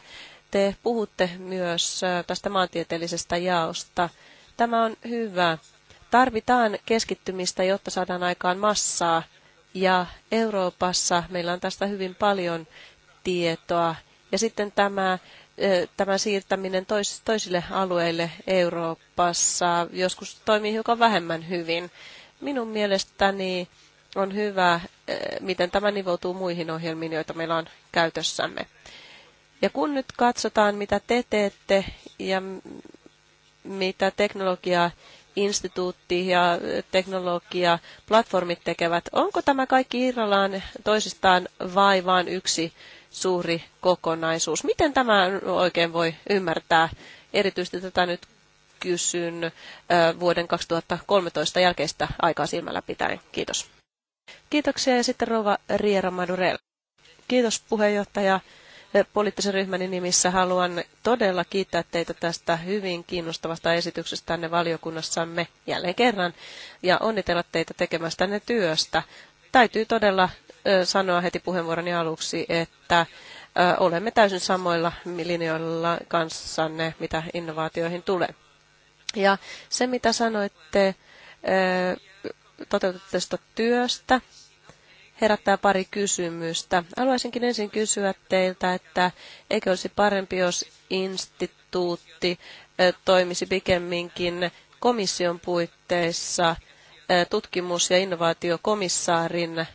S1: te puhutte myös tästä maantieteellisestä jaosta. Tämä on hyvä. Tarvitaan keskittymistä, jotta saadaan aikaan massaa ja Euroopassa meillä on tästä hyvin paljon tietoa. Ja sitten tämä tämä siirtäminen tois, toisille alueille Euroopassa joskus toimii hiukan vähemmän hyvin. Minun mielestäni on hyvä, miten tämä nivoutuu muihin ohjelmiin, joita meillä on käytössämme. Ja kun nyt katsotaan, mitä te teette ja mitä teknologiaa instituutti ja teknologia, platformit tekevät. Onko tämä kaikki irrallaan toisistaan vai vain yksi suuri kokonaisuus? Miten tämä oikein voi ymmärtää? Erityisesti tätä nyt kysyn vuoden 2013 jälkeistä aikaa silmällä pitäen. Kiitos. Kiitoksia ja sitten Rova Riera Madurel. Kiitos puheenjohtaja poliittisen ryhmäni nimissä haluan todella kiittää teitä tästä hyvin kiinnostavasta esityksestä tänne valiokunnassamme jälleen kerran ja onnitella teitä tekemästänne työstä. Täytyy todella sanoa heti puheenvuoroni aluksi, että olemme täysin samoilla linjoilla kanssanne, mitä innovaatioihin tulee. Ja se, mitä sanoitte toteutetusta työstä, herättää pari kysymystä. Haluaisinkin ensin kysyä teiltä, että eikö olisi parempi, jos instituutti toimisi pikemminkin komission puitteissa tutkimus- ja innovaatiokomissaarin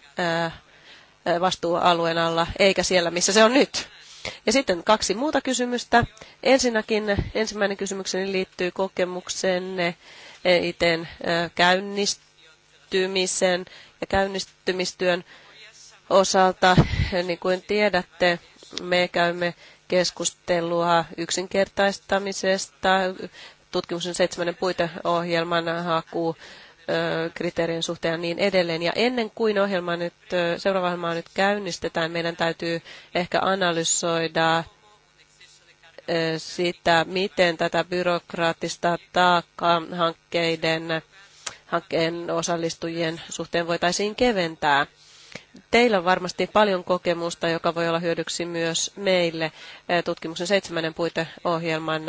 S1: vastuualueen alla, eikä siellä, missä se on nyt. Ja sitten kaksi muuta kysymystä. Ensinnäkin ensimmäinen kysymykseni liittyy kokemuksenne itse käynnistä kehittymisen ja käynnistymistyön osalta, niin kuin tiedätte, me käymme keskustelua yksinkertaistamisesta, tutkimuksen seitsemännen puiteohjelman haku kriteerien suhteen ja niin edelleen. Ja ennen kuin ohjelma nyt, seuraava ohjelma nyt käynnistetään, meidän täytyy ehkä analysoida sitä, miten tätä byrokraattista taakkaa hankkeiden hankkeen osallistujien suhteen voitaisiin keventää. Teillä on varmasti paljon kokemusta, joka voi olla hyödyksi myös meille tutkimuksen seitsemännen puiteohjelman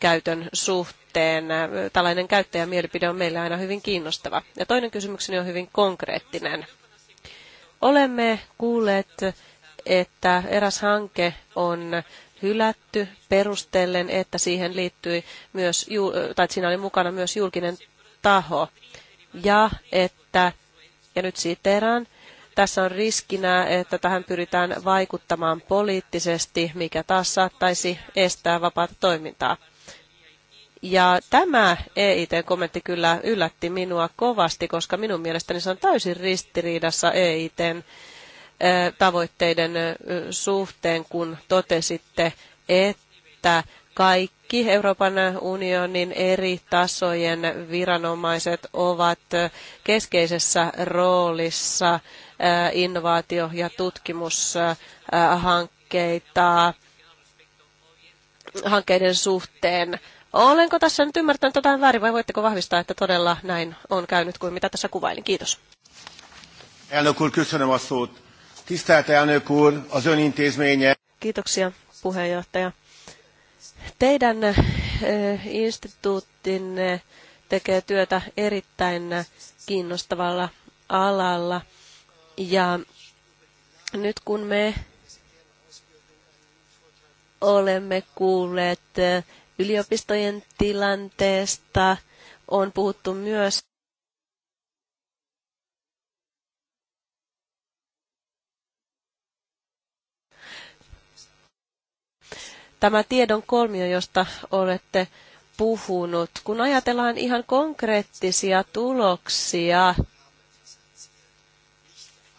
S1: käytön suhteen. Tällainen käyttäjämielipide on meille aina hyvin kiinnostava. Ja toinen kysymykseni on hyvin konkreettinen. Olemme kuulleet, että eräs hanke on hylätty perustellen, että siihen liittyi myös, tai että siinä oli mukana myös julkinen taho. Ja että, ja nyt siteeraan, tässä on riskinä, että tähän pyritään vaikuttamaan poliittisesti, mikä taas saattaisi estää vapaata toimintaa. Ja tämä EIT-kommentti kyllä yllätti minua kovasti, koska minun mielestäni se on täysin ristiriidassa EITn tavoitteiden suhteen, kun totesitte, että kaikki Euroopan unionin eri tasojen viranomaiset ovat keskeisessä roolissa innovaatio- ja tutkimushankkeita hankkeiden suhteen. Olenko tässä nyt ymmärtänyt jotain väärin vai voitteko vahvistaa, että todella näin on käynyt kuin mitä tässä kuvailin? Kiitos.
S2: Elnök úr, köszönöm a Tisztelt elnök úr, az ön intézménye.
S1: Kiitoksia, puheenjohtaja. Teidän instituuttinne tekee työtä erittäin kiinnostavalla alalla. Ja nyt kun me olemme kuulleet yliopistojen tilanteesta, on puhuttu myös Tämä tiedon kolmio, josta olette puhunut, kun ajatellaan ihan konkreettisia tuloksia,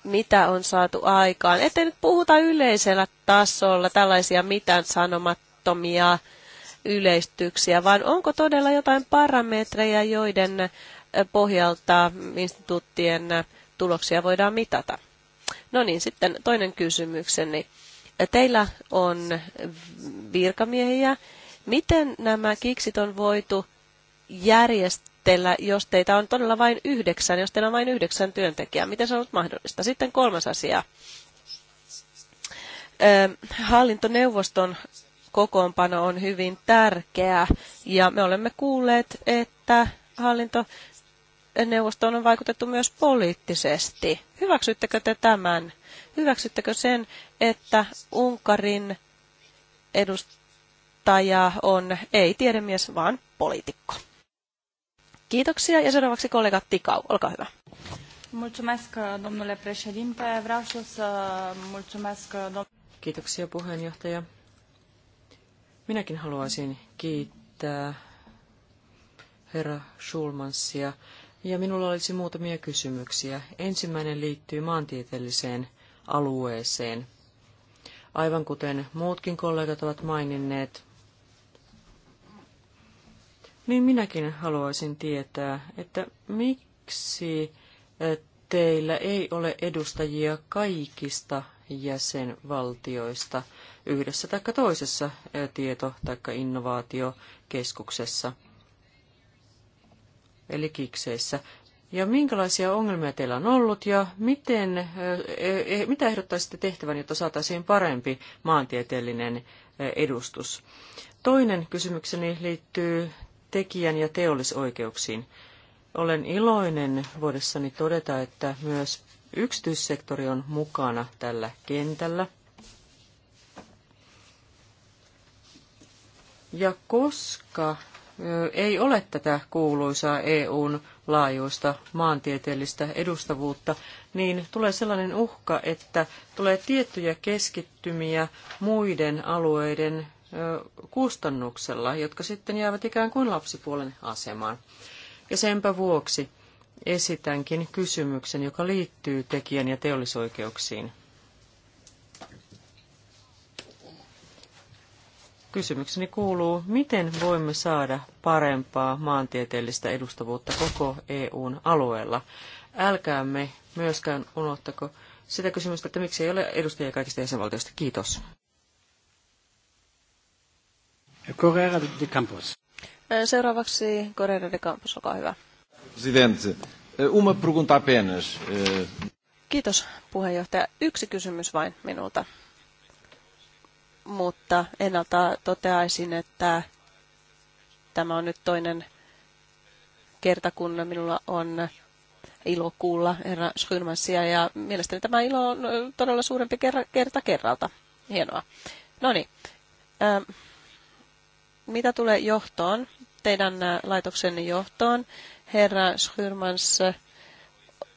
S1: mitä on saatu aikaan. Ettei nyt puhuta yleisellä tasolla tällaisia mitään sanomattomia yleistyksiä, vaan onko todella jotain parametreja, joiden pohjalta instituuttien tuloksia voidaan mitata? No niin, sitten toinen kysymykseni teillä on virkamiehiä. Miten nämä kiksit on voitu järjestellä, jos teitä on todella vain yhdeksän, jos teillä on vain yhdeksän työntekijää? Miten se on ollut mahdollista? Sitten kolmas asia. Hallintoneuvoston kokoonpano on hyvin tärkeä ja me olemme kuulleet, että hallintoneuvostoon on vaikutettu myös poliittisesti. Hyväksyttekö te tämän? Hyväksyttekö sen, että Unkarin edustaja on ei tiedemies, vaan poliitikko? Kiitoksia ja seuraavaksi kollega Tikau, olkaa hyvä. Mulțumesc, domnule președinte. Vreau și să mulțumesc,
S3: Kiitoksia puheenjohtaja. Minäkin haluaisin kiittää herra Schulmansia ja minulla olisi muutamia kysymyksiä. Ensimmäinen liittyy maantieteelliseen alueeseen. Aivan kuten muutkin kollegat ovat maininneet, niin minäkin haluaisin tietää, että miksi teillä ei ole edustajia kaikista jäsenvaltioista yhdessä tai toisessa tieto- tai innovaatiokeskuksessa, eli kikseissä. Ja minkälaisia ongelmia teillä on ollut ja miten, e, e, mitä ehdottaisitte tehtävän, jotta saataisiin parempi maantieteellinen edustus? Toinen kysymykseni liittyy tekijän ja teollisoikeuksiin. Olen iloinen vuodessani todeta, että myös yksityissektori on mukana tällä kentällä. Ja koska ei ole tätä kuuluisaa EUn laajuista maantieteellistä edustavuutta, niin tulee sellainen uhka, että tulee tiettyjä keskittymiä muiden alueiden kustannuksella, jotka sitten jäävät ikään kuin lapsipuolen asemaan. Ja senpä vuoksi esitänkin kysymyksen, joka liittyy tekijän ja teollisoikeuksiin. Kysymykseni kuuluu, miten voimme saada parempaa maantieteellistä edustavuutta koko EUn alueella? Älkäämme myöskään unohtako sitä kysymystä, että miksi ei ole edustajia kaikista jäsenvaltioista. Kiitos. Correa de Campos.
S1: Seuraavaksi Correa de Campos, olkaa hyvä.
S3: Presidente, uma
S2: pergunta apenas.
S1: Kiitos puheenjohtaja. Yksi kysymys vain minulta mutta ennalta toteaisin, että tämä on nyt toinen kerta, kun minulla on ilo kuulla herra Schürmansia, ja mielestäni tämä ilo on todella suurempi kerta, kerta kerralta. Hienoa. No niin. Ähm, mitä tulee johtoon, teidän äh, laitoksenne johtoon, herra Schürmans äh,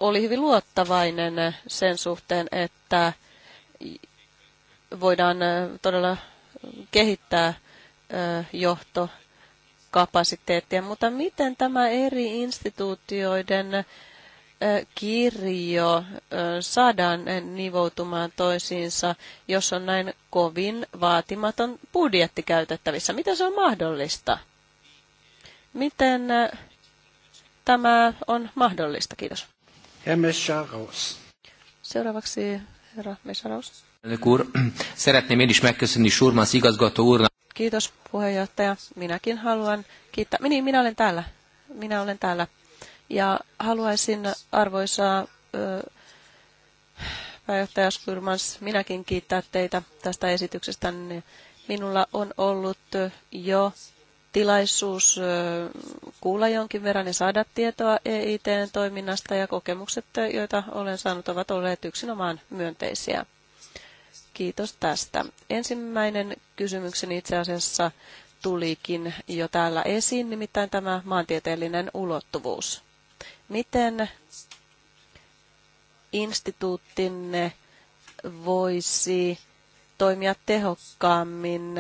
S1: oli hyvin luottavainen sen suhteen, että voidaan todella kehittää johtokapasiteettia, mutta miten tämä eri instituutioiden kirjo saadaan nivoutumaan toisiinsa, jos on näin kovin vaatimaton budjetti käytettävissä? Miten se on mahdollista? Miten tämä on mahdollista? Kiitos. Herra Seuraavaksi herra Mesaraus. Elnök úr, szeretném én is megköszönni igazgató úrnak. Kiitos puheenjohtaja. Minäkin haluan kiittää. Minä, minä olen täällä. Minä olen täällä. Ja haluaisin ö, pääjohtaja Skurmans, minäkin kiittää teitä tästä esityksestä. Minulla on ollut jo tilaisuus kuulla jonkin verran ja saada tietoa eit toiminnasta ja kokemukset, joita olen saanut, ovat olleet yksinomaan myönteisiä. Kiitos tästä. Ensimmäinen kysymykseni itse asiassa tulikin jo täällä esiin, nimittäin tämä maantieteellinen ulottuvuus. Miten instituuttinne voisi toimia tehokkaammin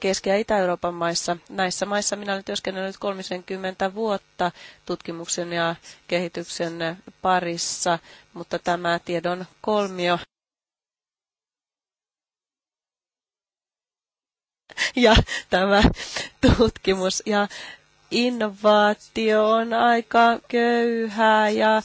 S1: Keski- ja Itä-Euroopan maissa. Näissä maissa minä olen työskennellyt 30 vuotta tutkimuksen ja kehityksen parissa, mutta tämä tiedon kolmio <laughs> ja tämä tutkimus ja innovaatio on aika köyhää ja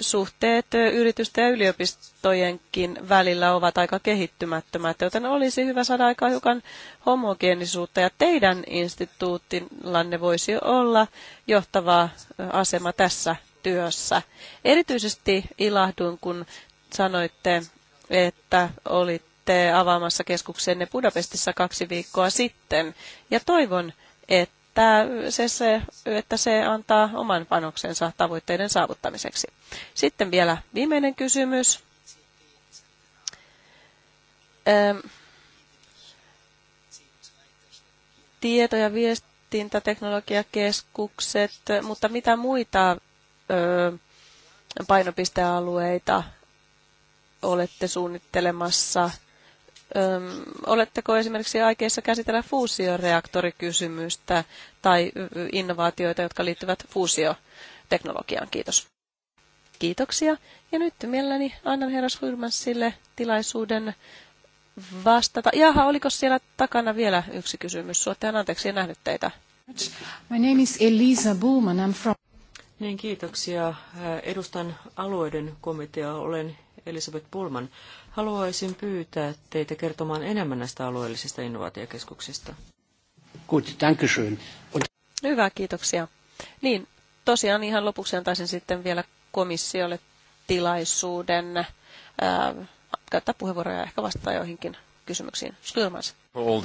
S1: suhteet yritysten ja yliopistojenkin välillä ovat aika kehittymättömät, joten olisi hyvä saada aika hiukan homogeenisuutta ja teidän instituuttillanne voisi olla johtava asema tässä työssä. Erityisesti ilahduin, kun sanoitte, että olitte avaamassa keskuksenne Budapestissa kaksi viikkoa sitten ja toivon, että että se, se, että se antaa oman panoksensa tavoitteiden saavuttamiseksi. Sitten vielä viimeinen kysymys. Ähm, tieto- ja viestintäteknologiakeskukset, mutta mitä muita ö, painopistealueita olette suunnittelemassa Oletteko esimerkiksi aikeissa käsitellä fuusioreaktorikysymystä tai innovaatioita, jotka liittyvät fuusioteknologiaan? Kiitos. Kiitoksia. Ja nyt mielelläni annan herras Hyrmänsille tilaisuuden vastata. Jaha, oliko siellä takana vielä yksi kysymys? Suottajan anteeksi, en nähnyt teitä. My name is Elisa Bulman. I'm from... Niin, kiitoksia. Edustan alueiden komitea.
S3: Olen Elisabeth Bulman. Haluaisin pyytää teitä kertomaan enemmän näistä alueellisista innovaatiokeskuksista. Gut, danke schön. Und...
S1: Hyvä, kiitoksia. Niin, tosiaan ihan lopuksi antaisin sitten vielä komissiolle tilaisuuden ää, äh, käyttää puheenvuoroja ja ehkä vastata joihinkin kysymyksiin. Styrmans.
S2: Uh,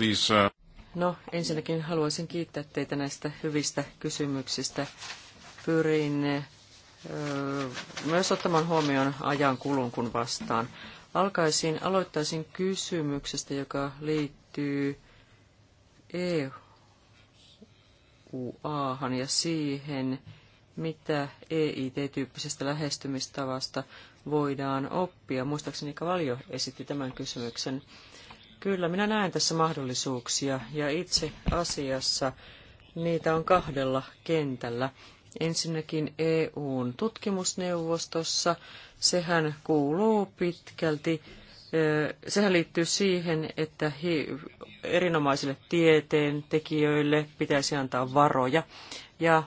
S3: no, ensinnäkin haluaisin kiittää teitä näistä hyvistä kysymyksistä. Pyrin äh, myös ottamaan huomioon ajan kulun, kun vastaan. Alkaisin, aloittaisin kysymyksestä, joka liittyy EUAhan ja siihen, mitä EIT-tyyppisestä lähestymistavasta voidaan oppia. Muistaakseni Kavalio esitti tämän kysymyksen. Kyllä, minä näen tässä mahdollisuuksia ja itse asiassa niitä on kahdella kentällä. Ensinnäkin EUn tutkimusneuvostossa sehän kuuluu pitkälti, sehän liittyy siihen, että erinomaisille tieteen tekijöille pitäisi antaa varoja. Ja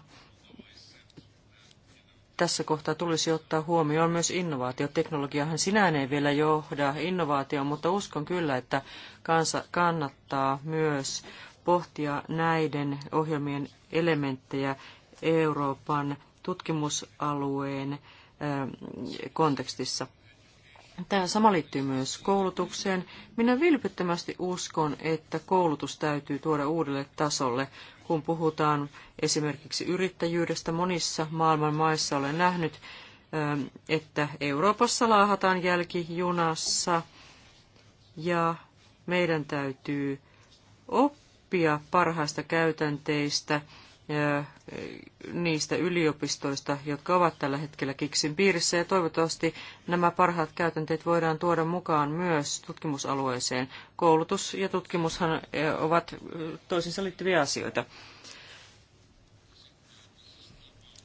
S3: tässä kohtaa tulisi ottaa huomioon myös innovaatio. Teknologiahan sinään ei vielä johda innovaatioon, mutta uskon kyllä, että kansa, kannattaa myös pohtia näiden ohjelmien elementtejä Euroopan tutkimusalueen kontekstissa. Tämä sama liittyy myös koulutukseen. Minä vilpittömästi uskon, että koulutus täytyy tuoda uudelle tasolle. Kun puhutaan esimerkiksi yrittäjyydestä monissa maailman maissa, olen nähnyt, ähm, että Euroopassa laahataan jälkijunassa ja meidän täytyy oppia parhaista käytänteistä – E, niistä yliopistoista, jotka ovat tällä hetkellä Kiksin piirissä, ja toivottavasti nämä parhaat käytänteet voidaan tuoda mukaan myös tutkimusalueeseen. Koulutus ja tutkimushan e, ovat e, toisiinsa liittyviä asioita.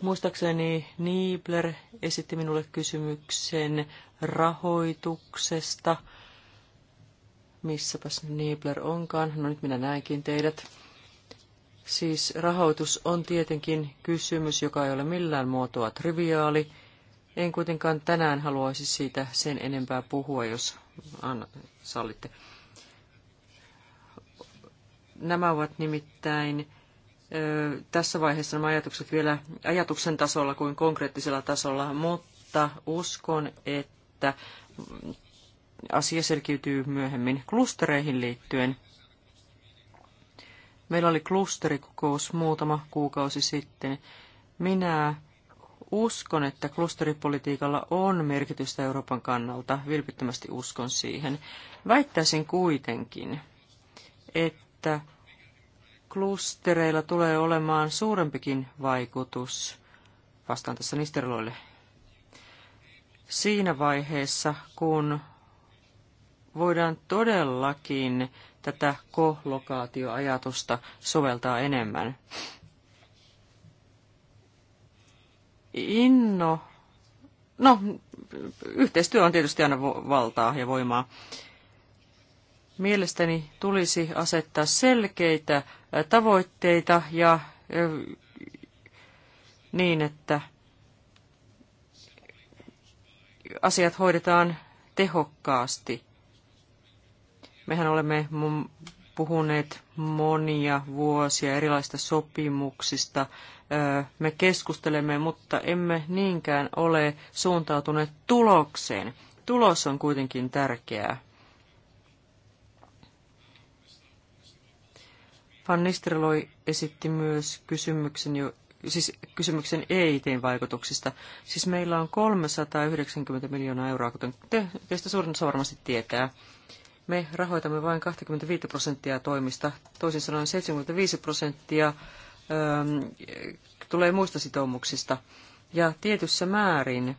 S3: Muistaakseni Niebler esitti minulle kysymyksen rahoituksesta. Missäpäs Niebler onkaan? No nyt minä näinkin teidät. Siis rahoitus on tietenkin kysymys, joka ei ole millään muotoa triviaali. En kuitenkaan tänään haluaisi siitä sen enempää puhua, jos anna, sallitte. Nämä ovat nimittäin ö, tässä vaiheessa nämä ajatukset vielä ajatuksen tasolla kuin konkreettisella tasolla, mutta uskon, että asia selkiytyy myöhemmin klustereihin liittyen – Meillä oli klusterikokous muutama kuukausi sitten. Minä uskon, että klusteripolitiikalla on merkitystä Euroopan kannalta. Vilpittömästi uskon siihen. Väittäisin kuitenkin, että klustereilla tulee olemaan suurempikin vaikutus, vastaan tässä nisterloille, siinä vaiheessa, kun voidaan todellakin tätä kollokaatioajatusta soveltaa enemmän. Inno. No, yhteistyö on tietysti aina valtaa ja voimaa. Mielestäni tulisi asettaa selkeitä tavoitteita ja niin, että asiat hoidetaan tehokkaasti Mehän olemme puhuneet monia vuosia erilaisista sopimuksista. Me keskustelemme, mutta emme niinkään ole suuntautuneet tulokseen. Tulos on kuitenkin tärkeää. Van Nistelrooy esitti myös kysymyksen, jo, siis kysymyksen EITn vaikutuksista. Siis meillä on 390 miljoonaa euroa, kuten te, teistä suurin osa varmasti tietää me rahoitamme vain 25 prosenttia toimista. Toisin sanoen 75 prosenttia ähm, tulee muista sitoumuksista. Ja tietyssä määrin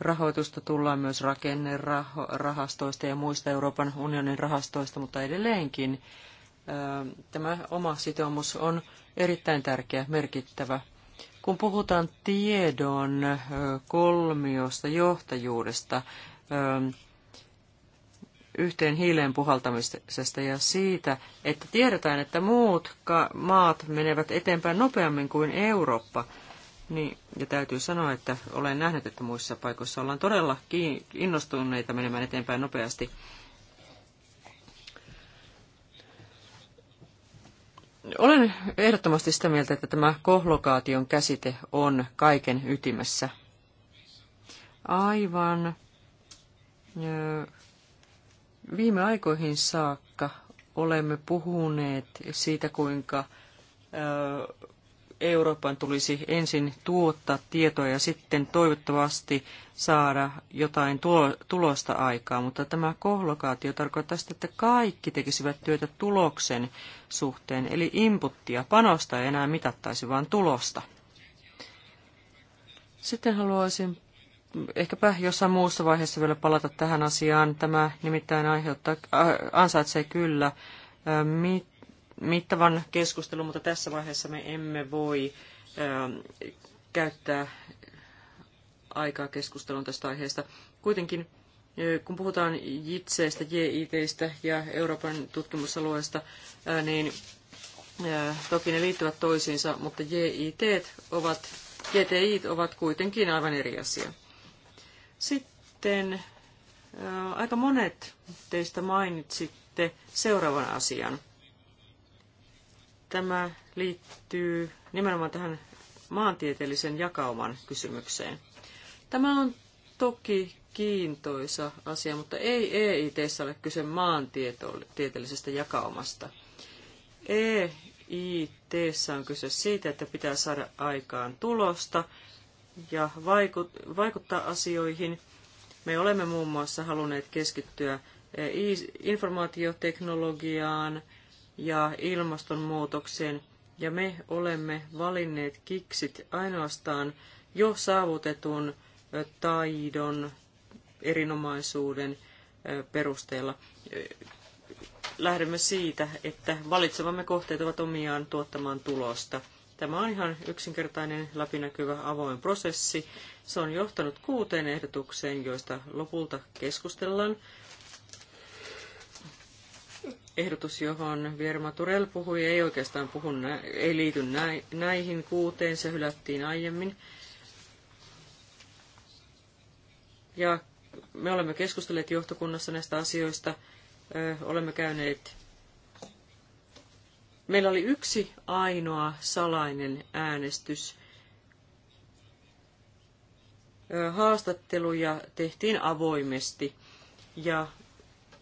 S3: rahoitusta tullaan myös rakennerahastoista ja muista Euroopan unionin rahastoista, mutta edelleenkin ähm, tämä oma sitoumus on erittäin tärkeä, merkittävä. Kun puhutaan tiedon äh, kolmiosta, johtajuudesta, ähm, yhteen hiileen puhaltamisesta ja siitä, että tiedetään, että muut maat menevät eteenpäin nopeammin kuin Eurooppa. Niin, ja täytyy sanoa, että olen nähnyt, että muissa paikoissa ollaan todella innostuneita menemään eteenpäin nopeasti. Olen ehdottomasti sitä mieltä, että tämä kohlokaation käsite on kaiken ytimessä. Aivan Viime aikoihin saakka olemme puhuneet siitä, kuinka Euroopan tulisi ensin tuottaa tietoa ja sitten toivottavasti saada jotain tulosta aikaa, mutta tämä kohlokaatio tarkoittaa sitä, että kaikki tekisivät työtä tuloksen suhteen, eli inputtia, panosta ei enää mitattaisi, vaan tulosta. Sitten haluaisin ehkäpä jossain muussa vaiheessa vielä palata tähän asiaan. Tämä nimittäin aiheuttaa, äh, ansaitsee kyllä äh, mit, mittavan keskustelun, mutta tässä vaiheessa me emme voi äh, käyttää aikaa keskustelun tästä aiheesta. Kuitenkin äh, kun puhutaan JITSEistä, JITistä ja Euroopan tutkimusalueesta, äh, niin äh, toki ne liittyvät toisiinsa, mutta JIT ovat, JTI ovat kuitenkin aivan eri asia. Sitten äh, aika monet teistä mainitsitte seuraavan asian. Tämä liittyy nimenomaan tähän maantieteellisen jakauman kysymykseen. Tämä on toki kiintoisa asia, mutta ei EITssä ole kyse maantieteellisestä jakaumasta. EITssä on kyse siitä, että pitää saada aikaan tulosta ja vaikuttaa asioihin. Me olemme muun muassa halunneet keskittyä eh, informaatioteknologiaan ja ilmastonmuutokseen, ja me olemme valinneet kiksit ainoastaan jo saavutetun eh, taidon erinomaisuuden eh, perusteella. Lähdemme siitä, että valitsemamme kohteet ovat omiaan tuottamaan tulosta – Tämä on ihan yksinkertainen, läpinäkyvä, avoin prosessi. Se on johtanut kuuteen ehdotukseen, joista lopulta keskustellaan. Ehdotus, johon Vierma Turel puhui, ei oikeastaan puhu, ei liity näihin kuuteen, se hylättiin aiemmin. Ja me olemme keskustelleet johtokunnassa näistä asioista, olemme käyneet Meillä oli yksi ainoa salainen äänestys. Haastatteluja tehtiin avoimesti ja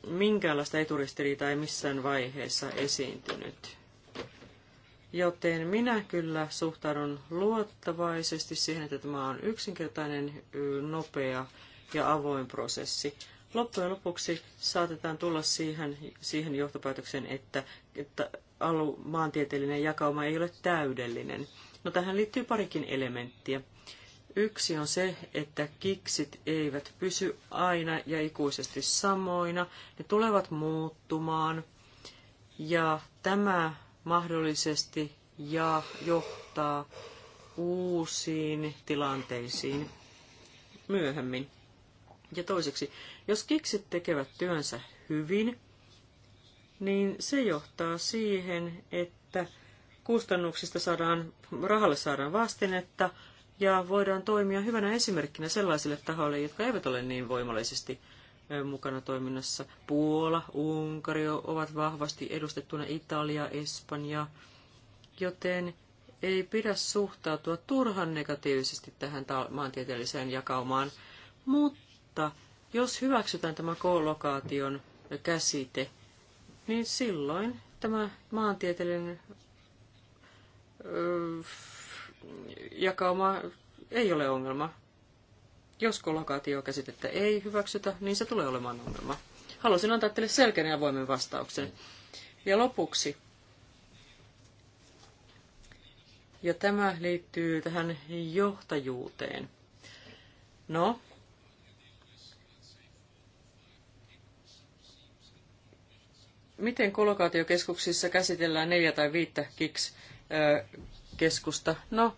S3: minkäänlaista eturistiriitaa ei missään vaiheessa esiintynyt. Joten minä kyllä suhtaudun luottavaisesti siihen, että tämä on yksinkertainen, nopea ja avoin prosessi. Loppujen lopuksi saatetaan tulla siihen, siihen johtopäätökseen, että, että alu, maantieteellinen jakauma ei ole täydellinen. No tähän liittyy parikin elementtiä. Yksi on se, että kiksit eivät pysy aina ja ikuisesti samoina. Ne tulevat muuttumaan ja tämä mahdollisesti ja johtaa uusiin tilanteisiin myöhemmin. Ja toiseksi, jos kiksit tekevät työnsä hyvin, niin se johtaa siihen, että kustannuksista saadaan, rahalle saadaan vastinetta ja voidaan toimia hyvänä esimerkkinä sellaisille tahoille, jotka eivät ole niin voimallisesti mukana toiminnassa. Puola, Unkari ovat vahvasti edustettuna Italia, Espanja, joten ei pidä suhtautua turhan negatiivisesti tähän maantieteelliseen jakaumaan, mutta jos hyväksytään tämä kollokaation käsite, niin silloin tämä maantieteellinen jakauma ei ole ongelma. Jos kollokaatiokäsitettä ei hyväksytä, niin se tulee olemaan ongelma. Halusin antaa teille selkeän ja avoimen vastauksen. Ja lopuksi, ja tämä liittyy tähän johtajuuteen. No, miten kolokaatiokeskuksissa käsitellään neljä tai viittä KIKS-keskusta? No,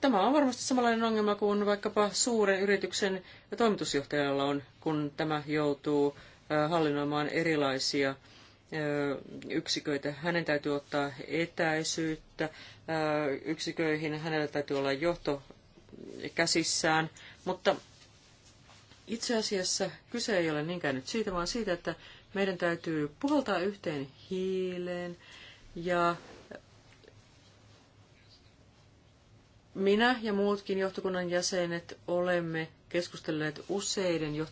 S3: tämä on varmasti samanlainen ongelma kuin vaikkapa suuren yrityksen toimitusjohtajalla on, kun tämä joutuu hallinnoimaan erilaisia yksiköitä. Hänen täytyy ottaa etäisyyttä yksiköihin, hänellä täytyy olla johto käsissään, mutta itse asiassa kyse ei ole niinkään nyt siitä, vaan siitä, että meidän täytyy puhaltaa yhteen hiileen ja minä ja muutkin johtokunnan jäsenet olemme keskustelleet useiden jo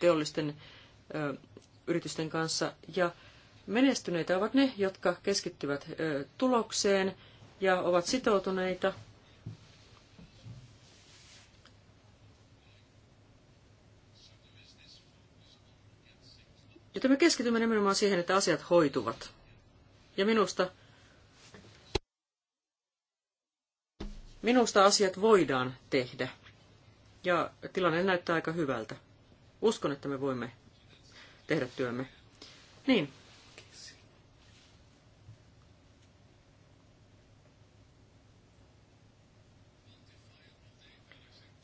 S3: teollisten ö, yritysten kanssa ja menestyneitä ovat ne, jotka keskittyvät ö, tulokseen ja ovat sitoutuneita Joten me keskitymme nimenomaan siihen, että asiat hoituvat. Ja minusta, minusta asiat voidaan tehdä. Ja tilanne näyttää aika hyvältä. Uskon, että me voimme tehdä työmme. Niin.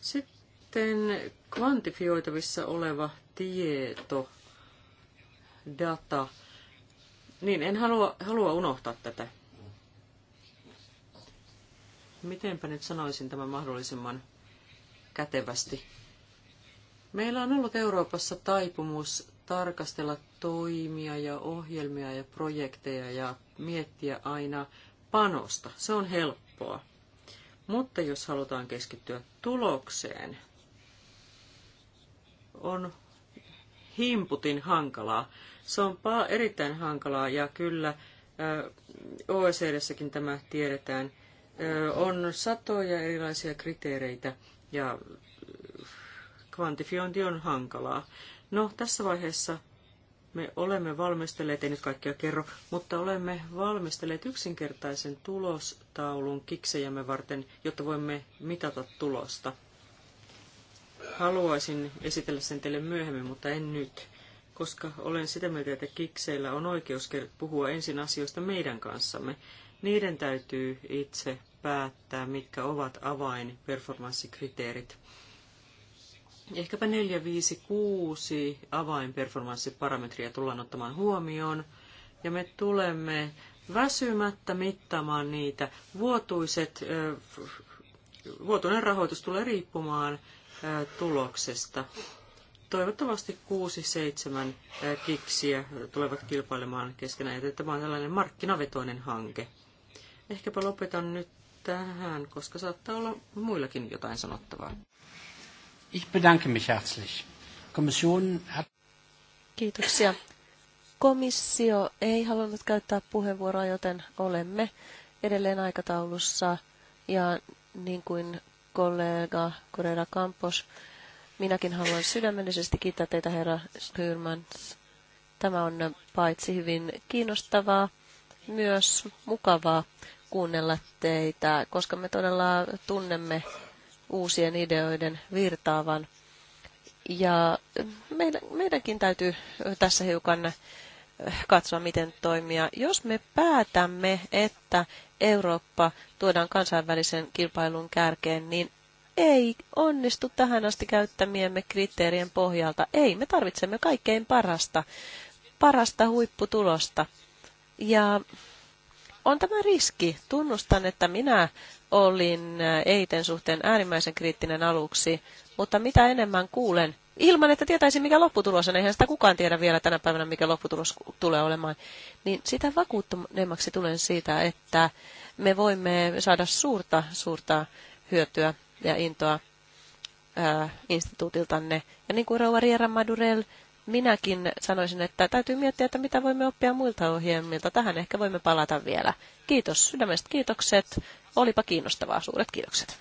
S3: Sitten kvantifioitavissa oleva tieto data. Niin, en halua, halua unohtaa tätä. Mitenpä nyt sanoisin tämän mahdollisimman kätevästi? Meillä on ollut Euroopassa taipumus tarkastella toimia ja ohjelmia ja projekteja ja miettiä aina panosta. Se on helppoa. Mutta jos halutaan keskittyä tulokseen, on himputin hankalaa. Se on erittäin hankalaa ja kyllä OECDssäkin tämä tiedetään. On satoja erilaisia kriteereitä ja kvantifiointi on hankalaa. No, tässä vaiheessa me olemme valmistelleet, ei nyt kaikkia kerro, mutta olemme valmistelleet yksinkertaisen tulostaulun kiksejämme varten, jotta voimme mitata tulosta haluaisin esitellä sen teille myöhemmin, mutta en nyt, koska olen sitä mieltä, että kikseillä on oikeus puhua ensin asioista meidän kanssamme. Niiden täytyy itse päättää, mitkä ovat avain performanssikriteerit. Ehkäpä 4, 5, 6 avainperformanssiparametria tullaan ottamaan huomioon, ja me tulemme väsymättä mittaamaan niitä. Vuotuiset, vuotuinen rahoitus tulee riippumaan tuloksesta. Toivottavasti 6-7 kiksiä tulevat kilpailemaan keskenään, joten tämä on tällainen markkinavetoinen hanke. Ehkäpä lopetan nyt tähän, koska saattaa olla muillakin jotain sanottavaa. Ich bedanke mich herzlich. Kommission hat...
S1: Kiitoksia. Komissio ei halunnut käyttää puheenvuoroa, joten olemme edelleen aikataulussa. Ja niin kuin kollega Correra Campos. Minäkin haluan sydämellisesti kiittää teitä, herra Styrmans. Tämä on paitsi hyvin kiinnostavaa, myös mukavaa kuunnella teitä, koska me todella tunnemme uusien ideoiden virtaavan. Ja meidänkin täytyy tässä hiukan katsoa, miten toimia. Jos me päätämme, että Eurooppa tuodaan kansainvälisen kilpailun kärkeen, niin ei onnistu tähän asti käyttämiemme kriteerien pohjalta. Ei, me tarvitsemme kaikkein parasta, parasta huipputulosta. Ja on tämä riski. Tunnustan, että minä olin Eiten suhteen äärimmäisen kriittinen aluksi, mutta mitä enemmän kuulen, ilman että tietäisin mikä lopputulos on, eihän sitä kukaan tiedä vielä tänä päivänä mikä lopputulos tulee olemaan, niin sitä vakuuttuneemmaksi tulen siitä, että me voimme saada suurta, suurta hyötyä ja intoa ää, instituutiltanne. Ja niin kuin Rouva Riera Madurel, minäkin sanoisin, että täytyy miettiä, että mitä voimme oppia muilta ohjelmilta. Tähän ehkä voimme palata vielä. Kiitos, sydämestä kiitokset Olipa kiinnostavaa. Suuret kiitokset.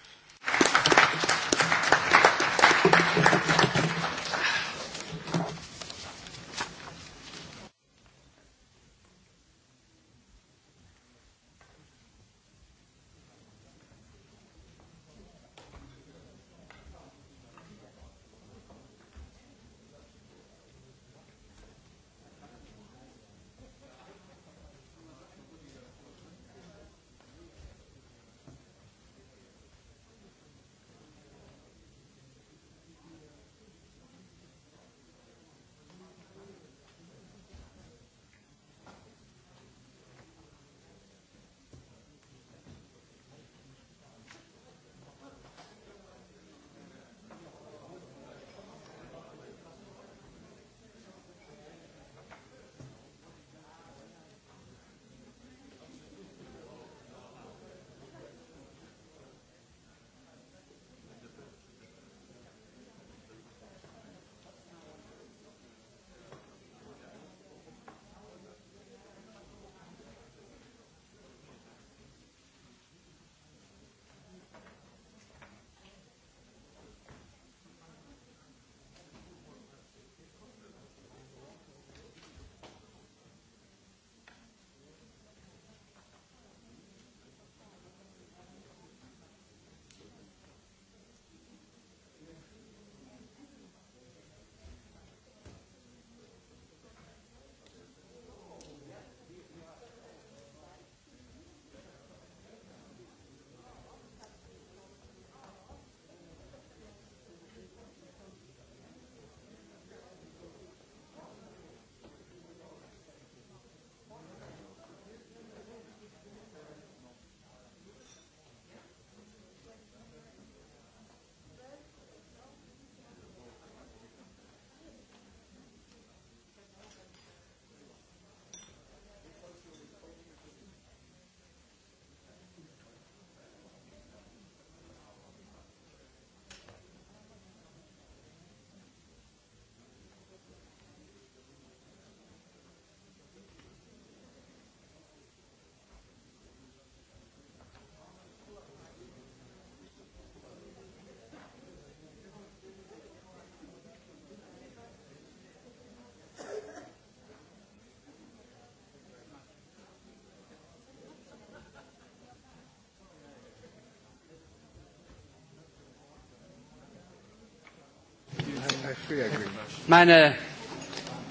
S3: Meine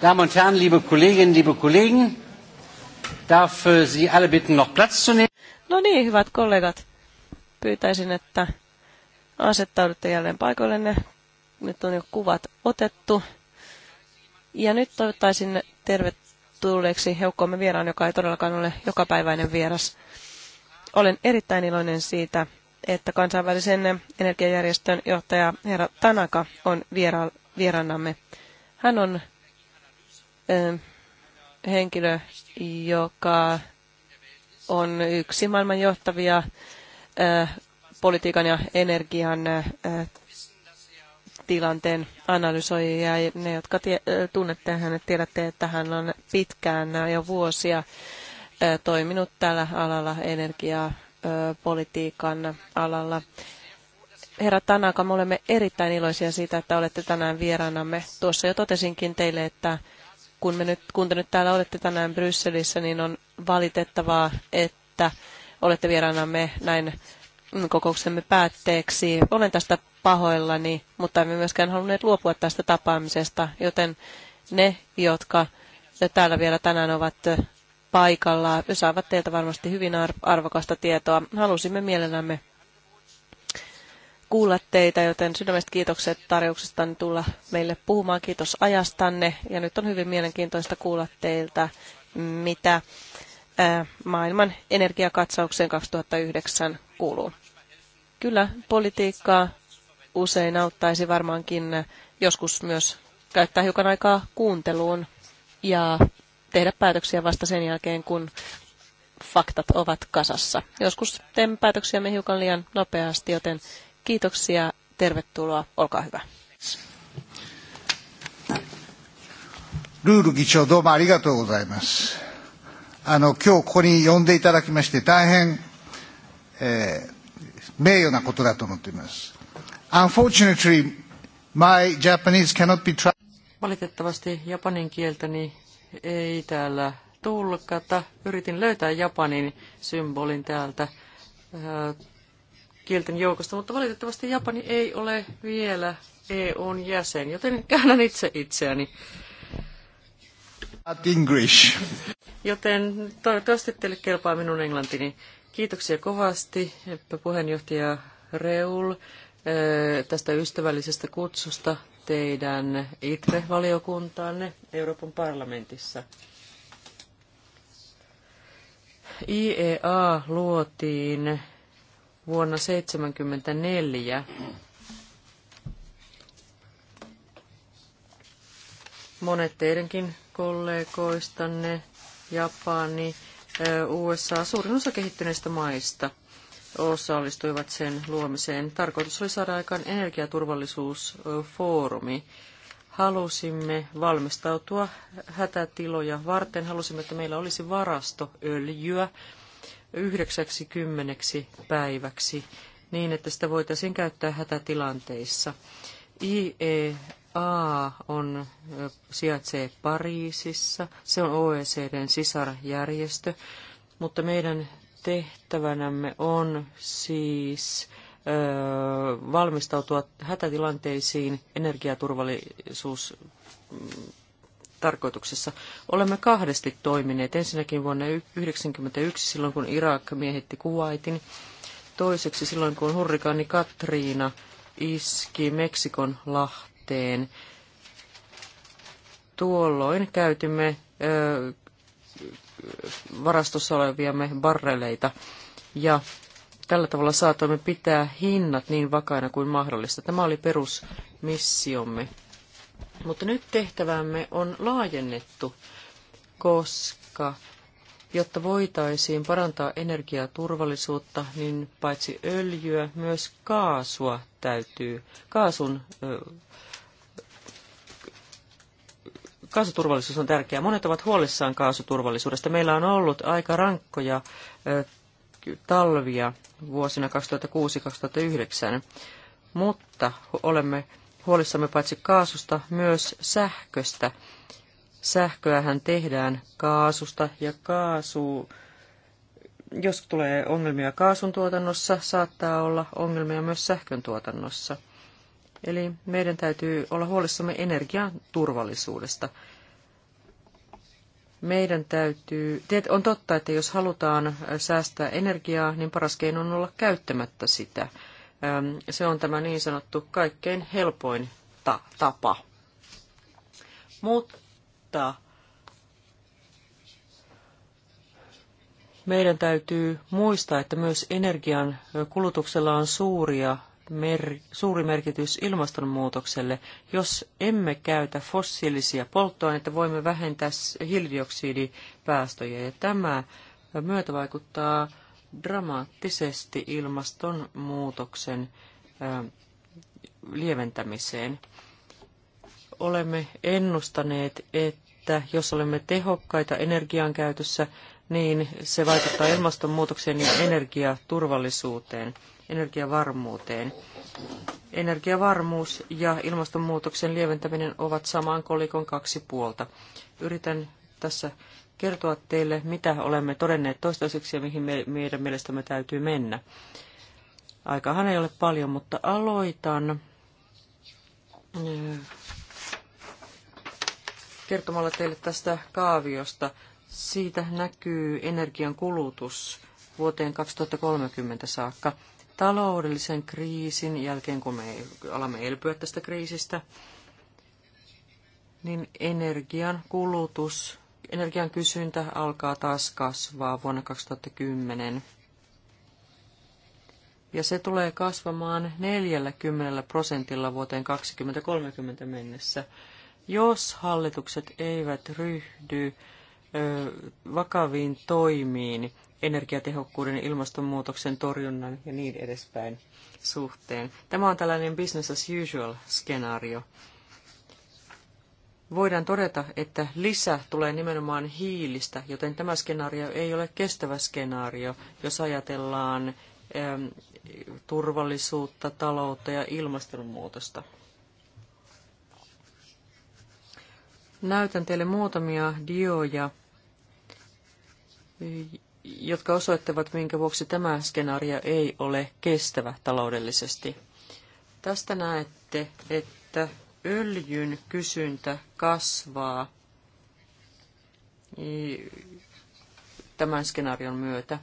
S3: Damen und Herren, liebe
S1: Kolleginnen, liebe Kollegen, darf äh, Sie alle bitten, noch Platz zu nehmen. No niin, hyvät kollegat. Pyytäisin, että asettaudutte jälleen paikoillenne. Nyt on jo kuvat otettu. Ja nyt toivottaisin tervetulleeksi heukkoomme vieraan, joka ei todellakaan ole jokapäiväinen vieras. Olen erittäin iloinen siitä, että kansainvälisen energiajärjestön johtaja herra Tanaka on viera- vieraanamme. Hän on henkilö, joka on yksi maailman johtavia politiikan ja energian tilanteen analysoijia. ne, jotka tie, tunnette hänet, tiedätte, että hän on pitkään jo vuosia toiminut tällä alalla energiapolitiikan alalla herra Tanaka, me olemme erittäin iloisia siitä, että olette tänään vieraanamme. Tuossa jo totesinkin teille, että kun, me nyt, kun te nyt täällä olette tänään Brysselissä, niin on valitettavaa, että olette vieraanamme näin kokouksemme päätteeksi. Olen tästä pahoillani, mutta emme myöskään halunneet luopua tästä tapaamisesta, joten ne, jotka täällä vielä tänään ovat paikalla, saavat teiltä varmasti hyvin arvokasta tietoa. Halusimme mielellämme kuulla teitä, joten sydämestä kiitokset tarjouksestanne tulla meille puhumaan. Kiitos ajastanne ja nyt on hyvin mielenkiintoista kuulla teiltä, mitä maailman energiakatsaukseen 2009 kuuluu. Kyllä politiikkaa usein auttaisi varmaankin joskus myös käyttää hiukan aikaa kuunteluun ja tehdä päätöksiä vasta sen jälkeen, kun faktat ovat kasassa. Joskus teemme päätöksiämme hiukan liian nopeasti, joten Kiitoksia, tervetuloa, olkaa hyvä. hyvä. ルール議長どうもありがとうございます。あの、今日ここに呼んでいただきまして大変、
S3: えー、名誉なことだと思っています。Unfortunately, e, my Japanese cannot be tra- Valitettavasti japanin kieltäni ei täällä tulkata. Yritin löytää japanin symbolin täältä kielten joukosta, mutta valitettavasti Japani ei ole vielä EUn jäsen, joten käännän itse itseäni. At English. Joten toivottavasti teille kelpaa minun englantini. Kiitoksia kovasti puheenjohtaja Reul tästä ystävällisestä kutsusta teidän ITRE-valiokuntaanne Euroopan parlamentissa. IEA luotiin vuonna 1974 monet teidänkin kollegoistanne, Japani, USA, suurin osa kehittyneistä maista osallistuivat sen luomiseen. Tarkoitus oli saada aikaan energiaturvallisuusfoorumi. Halusimme valmistautua hätätiloja varten, halusimme, että meillä olisi varasto öljyä, 90 päiväksi niin, että sitä voitaisiin käyttää hätätilanteissa. IEA on, sijaitsee Pariisissa, se on OECDn sisarjärjestö, mutta meidän tehtävänämme on siis valmistautua hätätilanteisiin energiaturvallisuus tarkoituksessa. Olemme kahdesti toimineet. Ensinnäkin vuonna 1991, silloin kun Irak miehitti Kuwaitin. Toiseksi silloin, kun hurrikaani Katriina iski Meksikon lahteen. Tuolloin käytimme ö, varastossa oleviamme barreleita ja tällä tavalla saatoimme pitää hinnat niin vakaina kuin mahdollista. Tämä oli perusmissiomme. Mutta nyt tehtävämme on laajennettu, koska jotta voitaisiin parantaa energiaturvallisuutta, niin paitsi öljyä, myös kaasua täytyy, kaasun, kaasuturvallisuus on tärkeää. Monet ovat huolissaan kaasuturvallisuudesta. Meillä on ollut aika rankkoja talvia vuosina 2006-2009, mutta olemme huolissamme paitsi kaasusta, myös sähköstä. Sähköähän tehdään kaasusta ja kaasu, jos tulee ongelmia kaasun tuotannossa, saattaa olla ongelmia myös sähkön tuotannossa. Eli meidän täytyy olla huolissamme energian turvallisuudesta. Meidän täytyy, on totta, että jos halutaan säästää energiaa, niin paras keino on olla käyttämättä sitä – se on tämä niin sanottu kaikkein helpoin ta- tapa. Mutta meidän täytyy muistaa, että myös energian kulutuksella on suuria mer- suuri merkitys ilmastonmuutokselle. Jos emme käytä fossiilisia polttoaineita, voimme vähentää hiilidioksidipäästöjä. Ja tämä myötävaikuttaa dramaattisesti ilmastonmuutoksen lieventämiseen. Olemme ennustaneet, että jos olemme tehokkaita energian käytössä, niin se vaikuttaa ilmastonmuutokseen ja energiaturvallisuuteen, energiavarmuuteen. Energiavarmuus ja ilmastonmuutoksen lieventäminen ovat saman kolikon kaksi puolta. Yritän tässä kertoa teille, mitä olemme todenneet toistaiseksi ja mihin me, meidän mielestämme täytyy mennä. Aikahan ei ole paljon, mutta aloitan eh, kertomalla teille tästä kaaviosta. Siitä näkyy energian kulutus vuoteen 2030 saakka. Taloudellisen kriisin jälkeen, kun me alamme elpyä tästä kriisistä, niin energian kulutus energian kysyntä alkaa taas kasvaa vuonna 2010. Ja se tulee kasvamaan 40 prosentilla vuoteen 2030 mennessä, jos hallitukset eivät ryhdy vakaviin toimiin energiatehokkuuden, ilmastonmuutoksen torjunnan ja niin edespäin suhteen. Tämä on tällainen business as usual skenaario voidaan todeta, että lisä tulee nimenomaan hiilistä, joten tämä skenaario ei ole kestävä skenaario, jos ajatellaan turvallisuutta, taloutta ja ilmastonmuutosta. Näytän teille muutamia dioja, jotka osoittavat, minkä vuoksi tämä skenaario ei ole kestävä taloudellisesti. Tästä näette, että öljyn kysyntä kasvaa tämän skenaarion myötä.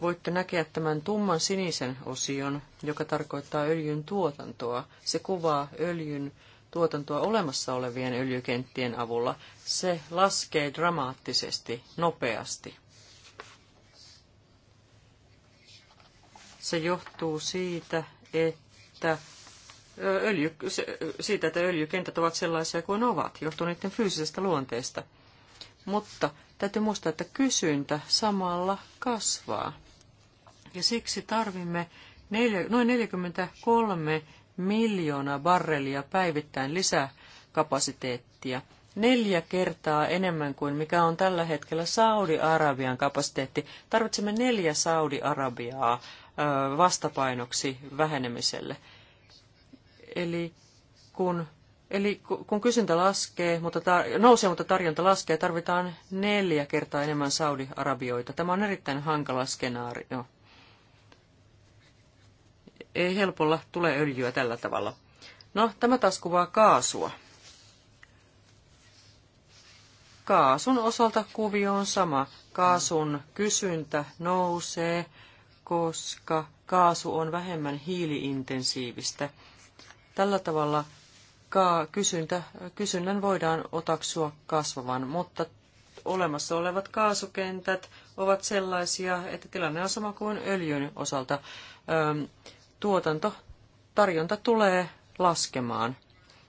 S3: Voitte näkeä tämän tumman sinisen osion, joka tarkoittaa öljyn tuotantoa. Se kuvaa öljyn tuotantoa olemassa olevien öljykenttien avulla. Se laskee dramaattisesti, nopeasti. Se johtuu siitä, että öljy, siitä, että öljykentät ovat sellaisia kuin ovat, johtuu niiden fyysisestä luonteesta. Mutta täytyy muistaa, että kysyntä samalla kasvaa. Ja siksi tarvimme neljä, noin 43 miljoonaa barrelia päivittäin lisäkapasiteettia Neljä kertaa enemmän kuin mikä on tällä hetkellä Saudi-Arabian kapasiteetti. Tarvitsemme neljä Saudi-Arabiaa vastapainoksi vähenemiselle. Eli kun, eli kun kysyntä laskee, mutta tar- nousee, mutta tarjonta laskee, tarvitaan neljä kertaa enemmän Saudi-Arabioita. Tämä on erittäin hankala skenaario. Ei helpolla tule öljyä tällä tavalla. No, tämä taas kuvaa kaasua. Kaasun osalta kuvio on sama. Kaasun kysyntä nousee, koska kaasu on vähemmän hiiliintensiivistä Tällä tavalla kysyntä, kysynnän voidaan otaksua kasvavan, mutta olemassa olevat kaasukentät ovat sellaisia, että tilanne on sama kuin öljyn osalta. Tuotanto, tarjonta tulee laskemaan,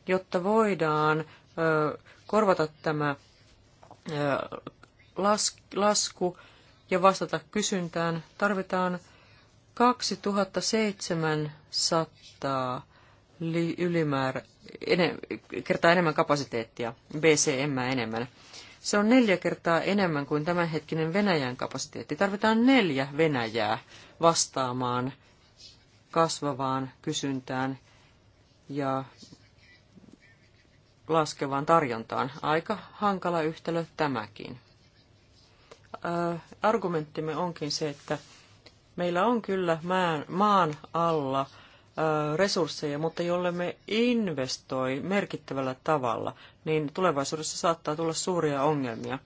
S3: jotta voidaan korvata tämä lasku ja vastata kysyntään. Tarvitaan 2700 ylimäärä, enem, kertaa enemmän kapasiteettia, BCM enemmän. Se on neljä kertaa enemmän kuin tämänhetkinen Venäjän kapasiteetti. Tarvitaan neljä Venäjää vastaamaan kasvavaan kysyntään ja laskevaan tarjontaan. Aika hankala yhtälö tämäkin. Äh, argumenttimme onkin se, että meillä on kyllä maan alla – resursseja, mutta jolle me investoi merkittävällä tavalla, niin tulevaisuudessa saattaa tulla suuria ongelmia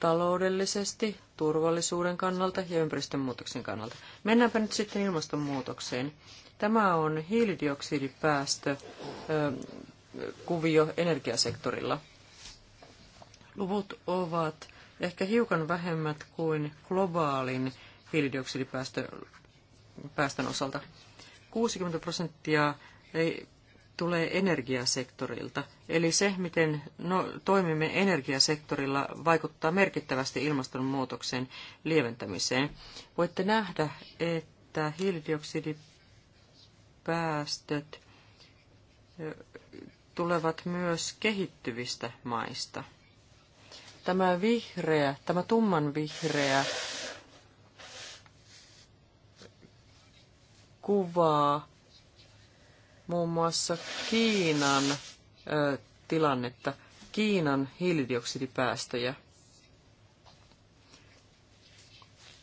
S3: taloudellisesti, turvallisuuden kannalta ja ympäristönmuutoksen kannalta. Mennäänpä nyt sitten ilmastonmuutokseen. Tämä on hiilidioksidipäästökuvio energiasektorilla. Luvut ovat ehkä hiukan vähemmät kuin globaalin hiilidioksidipäästön osalta. 60 prosenttia ei, tulee energiasektorilta. Eli se, miten no, toimimme energiasektorilla, vaikuttaa merkittävästi ilmastonmuutoksen lieventämiseen. Voitte nähdä, että hiilidioksidipäästöt tulevat myös kehittyvistä maista. Tämä vihreä, tämä tumman vihreä kuvaa muun muassa Kiinan ö, tilannetta, Kiinan hiilidioksidipäästöjä.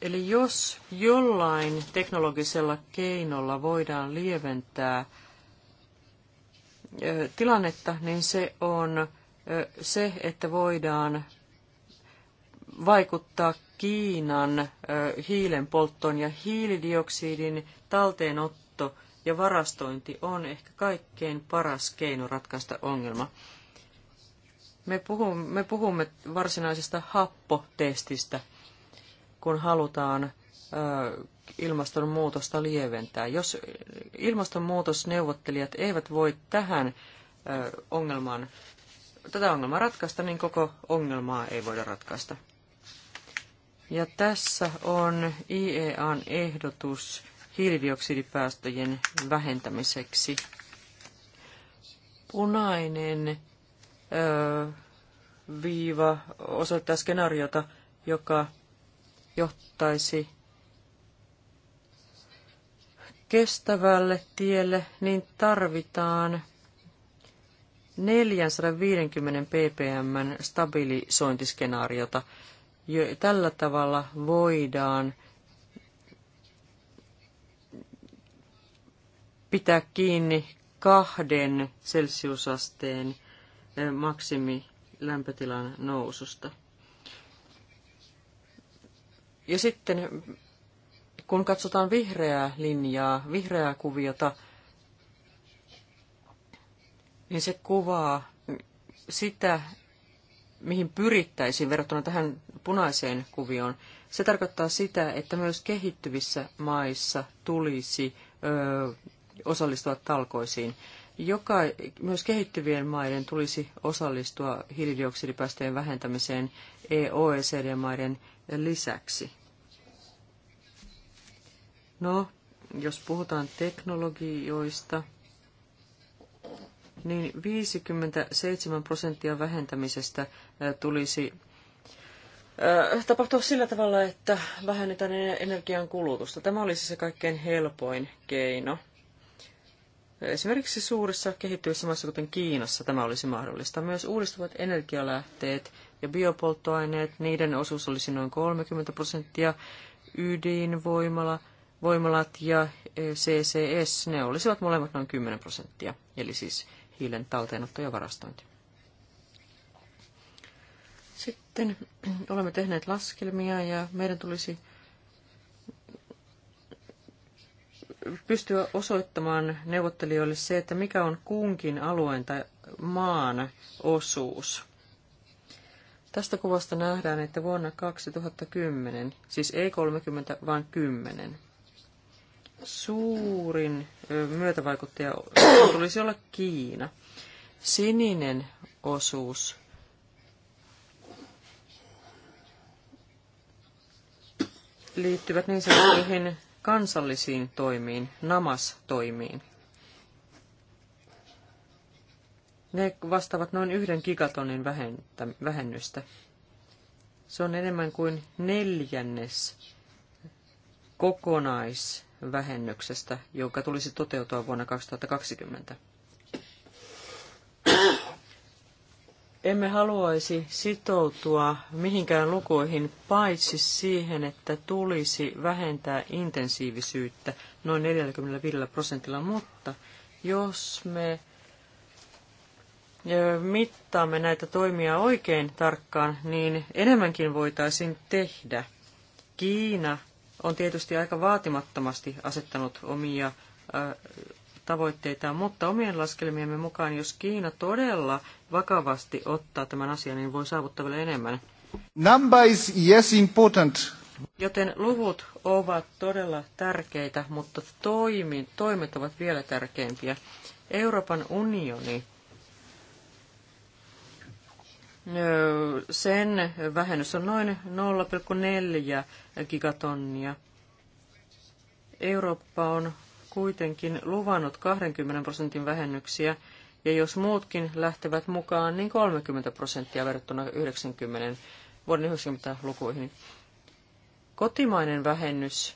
S3: Eli jos jollain teknologisella keinolla voidaan lieventää tilannetta, niin se on se, että voidaan vaikuttaa Kiinan hiilen polttoon ja hiilidioksidin talteenotto ja varastointi on ehkä kaikkein paras keino ratkaista ongelma. Me puhumme, me puhumme varsinaisesta happotestistä, kun halutaan ilmastonmuutosta lieventää. Jos ilmastonmuutosneuvottelijat eivät voi tähän ongelmaan, tätä ongelmaa ratkaista, niin koko ongelmaa ei voida ratkaista. Ja tässä on IEAn ehdotus hiilidioksidipäästöjen vähentämiseksi. Punainen ö, viiva osoittaa skenaariota, joka johtaisi kestävälle tielle, niin tarvitaan 450 ppm stabilisointiskenaariota. Tällä tavalla voidaan pitää kiinni kahden celsiusasteen eh, maksimilämpötilan noususta. Ja sitten kun katsotaan vihreää linjaa, vihreää kuviota, niin se kuvaa sitä, mihin pyrittäisiin verrattuna tähän punaiseen kuvioon, se tarkoittaa sitä, että myös kehittyvissä maissa tulisi ö, osallistua talkoisiin. Joka, myös kehittyvien maiden tulisi osallistua hiilidioksidipäästöjen vähentämiseen e OECD-maiden lisäksi. No, jos puhutaan teknologioista, niin 57 prosenttia vähentämisestä tulisi tapahtua sillä tavalla, että vähennetään energian kulutusta. Tämä olisi se kaikkein helpoin keino. Esimerkiksi suurissa kehittyvissä maissa, kuten Kiinassa, tämä olisi mahdollista. Myös uudistuvat energialähteet ja biopolttoaineet, niiden osuus olisi noin 30 prosenttia. Ydinvoimala, voimalat ja CCS, ne olisivat molemmat noin 10 prosenttia, eli siis hiilen talteenotto ja varastointi. Sitten <clears throat> olemme tehneet laskelmia ja meidän tulisi pystyä osoittamaan neuvottelijoille se, että mikä on kunkin alueen tai maan osuus. Tästä kuvasta nähdään, että vuonna 2010, siis ei 30, vaan 10, suurin myötävaikuttaja <coughs> tulisi olla Kiina. Sininen osuus liittyvät niin sanottuihin kansallisiin toimiin, NAMAS-toimiin. Ne vastaavat noin yhden gigatonin vähennystä. Se on enemmän kuin neljännes kokonais vähennyksestä, jonka tulisi toteutua vuonna 2020. Emme haluaisi sitoutua mihinkään lukuihin, paitsi siihen, että tulisi vähentää intensiivisyyttä noin 45 prosentilla, mutta jos me mittaamme näitä toimia oikein tarkkaan, niin enemmänkin voitaisiin tehdä. Kiina on tietysti aika vaatimattomasti asettanut omia tavoitteitaan, mutta omien laskelmiemme mukaan, jos Kiina todella vakavasti ottaa tämän asian, niin voi saavuttaa vielä enemmän. Number is yes important. Joten luvut ovat todella tärkeitä, mutta toimi, toimet ovat vielä tärkeimpiä. Euroopan unioni sen vähennys on noin 0,4 gigatonnia. Eurooppa on kuitenkin luvannut 20 prosentin vähennyksiä, ja jos muutkin lähtevät mukaan, niin 30 prosenttia verrattuna 90, vuoden 90 lukuihin. Kotimainen vähennys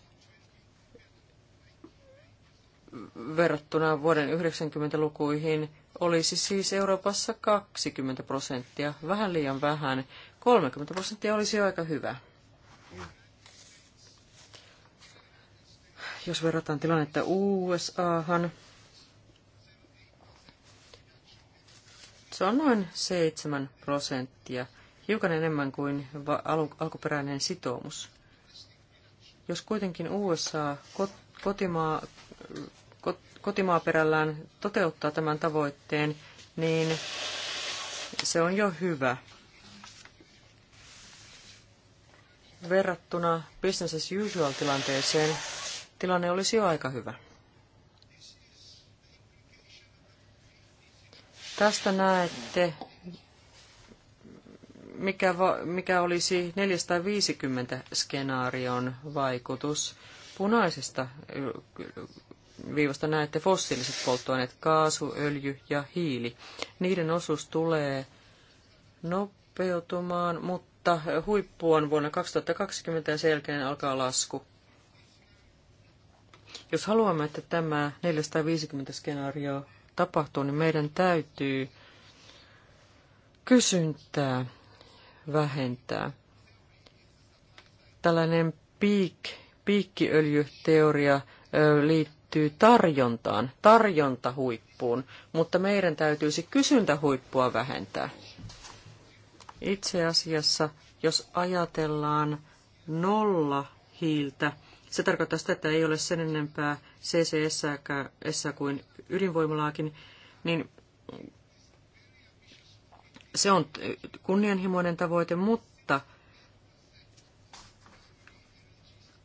S3: verrattuna vuoden 90 lukuihin olisi siis Euroopassa 20 prosenttia, vähän liian vähän. 30 prosenttia olisi aika hyvä. Jos verrataan tilannetta USAhan, se on noin 7 prosenttia, hiukan enemmän kuin alkuperäinen sitoumus. Jos kuitenkin USA kotimaa kotimaaperällään toteuttaa tämän tavoitteen, niin se on jo hyvä. Verrattuna business as usual tilanteeseen tilanne olisi jo aika hyvä. Tästä näette, mikä, va, mikä olisi 450 skenaarion vaikutus punaisesta viivasta näette fossiiliset polttoaineet, kaasu, öljy ja hiili. Niiden osuus tulee nopeutumaan, mutta huippu on vuonna 2020 ja sen jälkeen alkaa lasku. Jos haluamme, että tämä 450 skenaario tapahtuu, niin meidän täytyy kysyntää vähentää. Tällainen piik, piikkiöljyteoria liittyy liittyy tarjontaan, tarjontahuippuun, mutta meidän täytyisi kysyntähuippua vähentää. Itse asiassa, jos ajatellaan nolla hiiltä, se tarkoittaa sitä, että ei ole sen enempää CCS kuin ydinvoimalaakin, niin se on kunnianhimoinen tavoite, mutta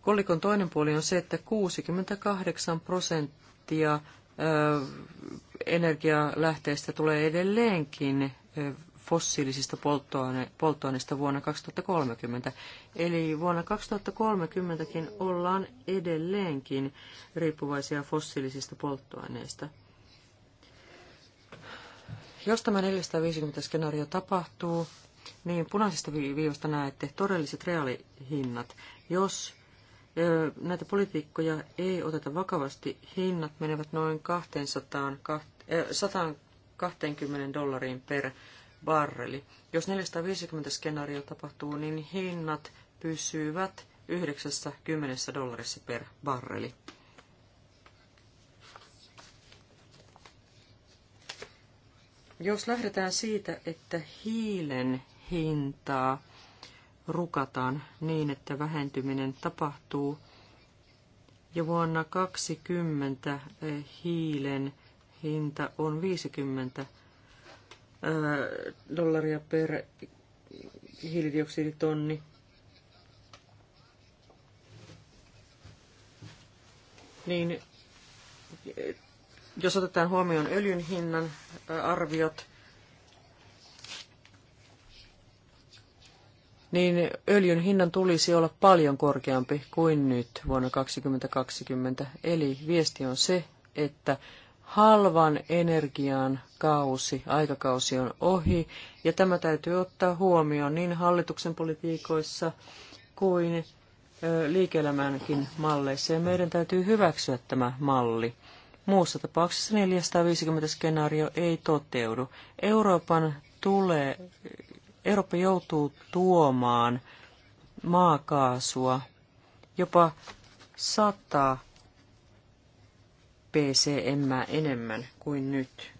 S3: Kolikon toinen puoli on se, että 68 prosenttia energialähteistä tulee edelleenkin fossiilisista polttoaineista vuonna 2030. Eli vuonna 2030kin ollaan edelleenkin riippuvaisia fossiilisista polttoaineista. Jos tämä 450-skenaario tapahtuu, niin punaisesta viivasta näette todelliset reaalihinnat. Jos näitä politiikkoja ei oteta vakavasti. Hinnat menevät noin 200, 120 dollariin per barreli. Jos 450 skenaario tapahtuu, niin hinnat pysyvät 90 dollarissa per barreli. Jos lähdetään siitä, että hiilen hintaa rukataan niin, että vähentyminen tapahtuu. Ja vuonna 2020 eh, hiilen hinta on 50 eh, dollaria per hiilidioksiditonni. Niin eh, jos otetaan huomioon öljyn hinnan arviot, niin öljyn hinnan tulisi olla paljon korkeampi kuin nyt vuonna 2020. Eli viesti on se, että halvan energian kausi, aikakausi on ohi, ja tämä täytyy ottaa huomioon niin hallituksen politiikoissa kuin liike-elämänkin malleissa, ja meidän täytyy hyväksyä tämä malli. Muussa tapauksessa 450 skenaario ei toteudu. Euroopan tulee Eurooppa joutuu tuomaan maakaasua jopa 100 PCM enemmän kuin nyt.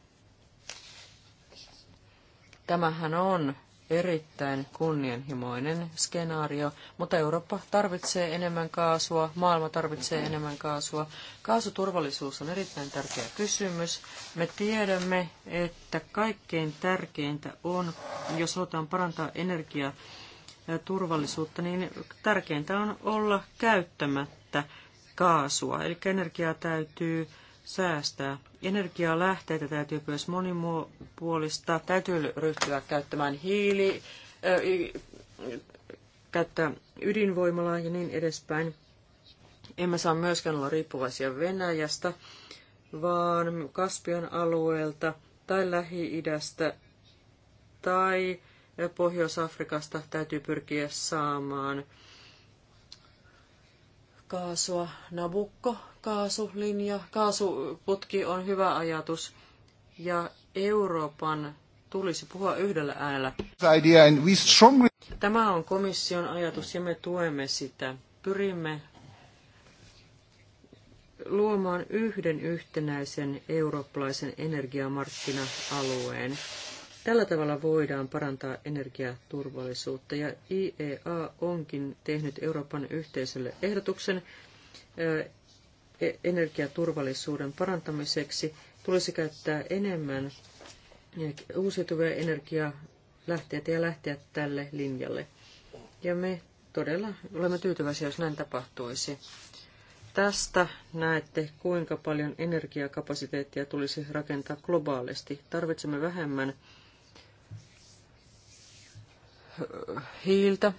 S3: Tämähän on erittäin kunnianhimoinen skenaario, mutta Eurooppa tarvitsee enemmän kaasua, maailma tarvitsee enemmän kaasua. Kaasuturvallisuus on erittäin tärkeä kysymys. Me tiedämme, että kaikkein tärkeintä on, jos halutaan parantaa energiaa, turvallisuutta, niin tärkeintä on olla käyttämättä kaasua. Eli energiaa täytyy säästää. Energialähteitä täytyy myös monipuolista. Täytyy ryhtyä käyttämään hiili, käyttää ydinvoimalaa ja niin edespäin. Emme saa myöskään olla riippuvaisia Venäjästä, vaan Kaspian alueelta tai Lähi-idästä tai Pohjois-Afrikasta täytyy pyrkiä saamaan kaasua. Nabukko kaasulinja, kaasuputki on hyvä ajatus ja Euroopan tulisi puhua yhdellä äänellä. Tämä on komission ajatus ja me tuemme sitä. Pyrimme luomaan yhden yhtenäisen eurooppalaisen energiamarkkina-alueen. Tällä tavalla voidaan parantaa energiaturvallisuutta ja IEA onkin tehnyt Euroopan yhteisölle ehdotuksen energiaturvallisuuden parantamiseksi tulisi käyttää enemmän uusiutuvia energialähteitä ja lähteä tälle linjalle. Ja me todella olemme tyytyväisiä, jos näin tapahtuisi. Tästä näette, kuinka paljon energiakapasiteettia tulisi rakentaa globaalisti. Tarvitsemme vähemmän hiiltä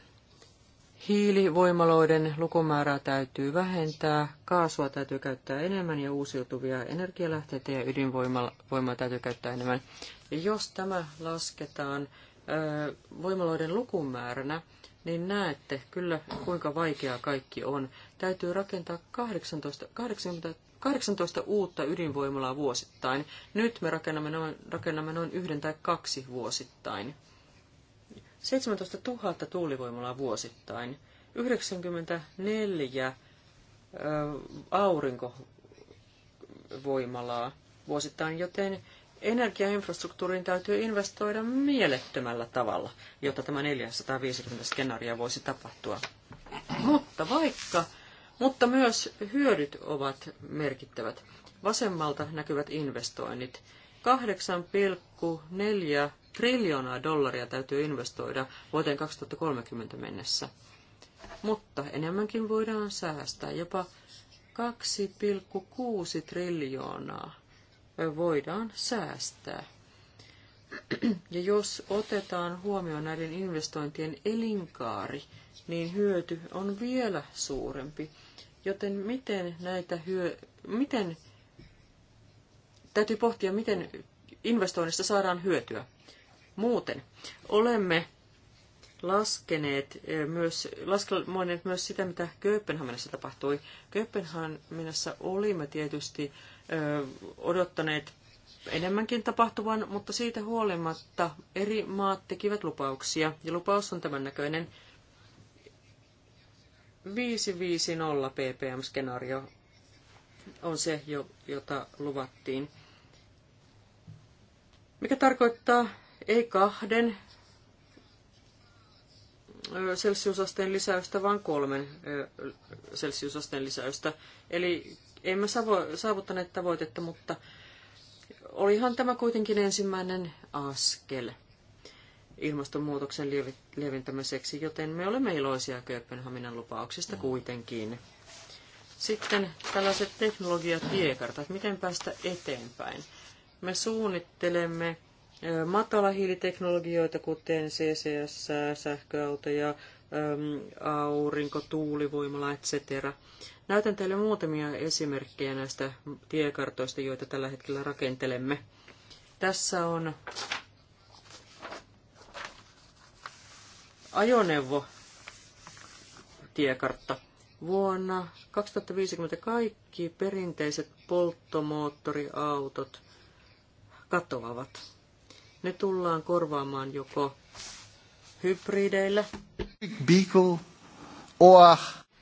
S3: Hiilivoimaloiden lukumäärää täytyy vähentää, kaasua täytyy käyttää enemmän ja uusiutuvia energialähteitä ja ydinvoimaa täytyy käyttää enemmän. Ja jos tämä lasketaan ö, voimaloiden lukumääränä, niin näette kyllä, kuinka vaikeaa kaikki on. Täytyy rakentaa 18, 80, 18 uutta ydinvoimalaa vuosittain. Nyt me rakennamme noin, rakennamme noin yhden tai kaksi vuosittain. 17 000 tuulivoimalaa vuosittain, 94 aurinkovoimalaa vuosittain, joten energiainfrastruktuuriin täytyy investoida mielettömällä tavalla, jotta tämä 450 skenaaria voisi tapahtua. Mutta vaikka, mutta myös hyödyt ovat merkittävät. Vasemmalta näkyvät investoinnit. 8,4 triljoonaa dollaria täytyy investoida vuoteen 2030 mennessä. Mutta enemmänkin voidaan säästää, jopa 2,6 triljoonaa voidaan säästää. Ja jos otetaan huomioon näiden investointien elinkaari, niin hyöty on vielä suurempi. Joten miten näitä hyö... miten Täytyy pohtia, miten investoinnista saadaan hyötyä. Muuten olemme laskeneet e, myös, laskelmoineet myös sitä, mitä Kööpenhaminassa tapahtui. Kööpenhaminassa olimme tietysti ö, e, odottaneet enemmänkin tapahtuvan, mutta siitä huolimatta eri maat tekivät lupauksia, ja lupaus on tämän näköinen 550 ppm-skenaario on se, jota luvattiin mikä tarkoittaa ei kahden selsiusasteen lisäystä, vaan kolmen selsiusasteen lisäystä. Eli emme saavuttaneet tavoitetta, mutta olihan tämä kuitenkin ensimmäinen askel ilmastonmuutoksen lieventämiseksi, joten me olemme iloisia Kööpenhaminan lupauksista kuitenkin. Sitten tällaiset teknologiatiekartat, miten päästä eteenpäin. Me suunnittelemme matalahiiliteknologioita, kuten CCS, sähköautoja, aurinko, tuulivoimala, etc. Näytän teille muutamia esimerkkejä näistä tiekartoista, joita tällä hetkellä rakentelemme. Tässä on ajoneuvo tiekartta. Vuonna 2050 kaikki perinteiset polttomoottoriautot – katoavat. Ne tullaan korvaamaan joko hybrideillä, Beagle, or...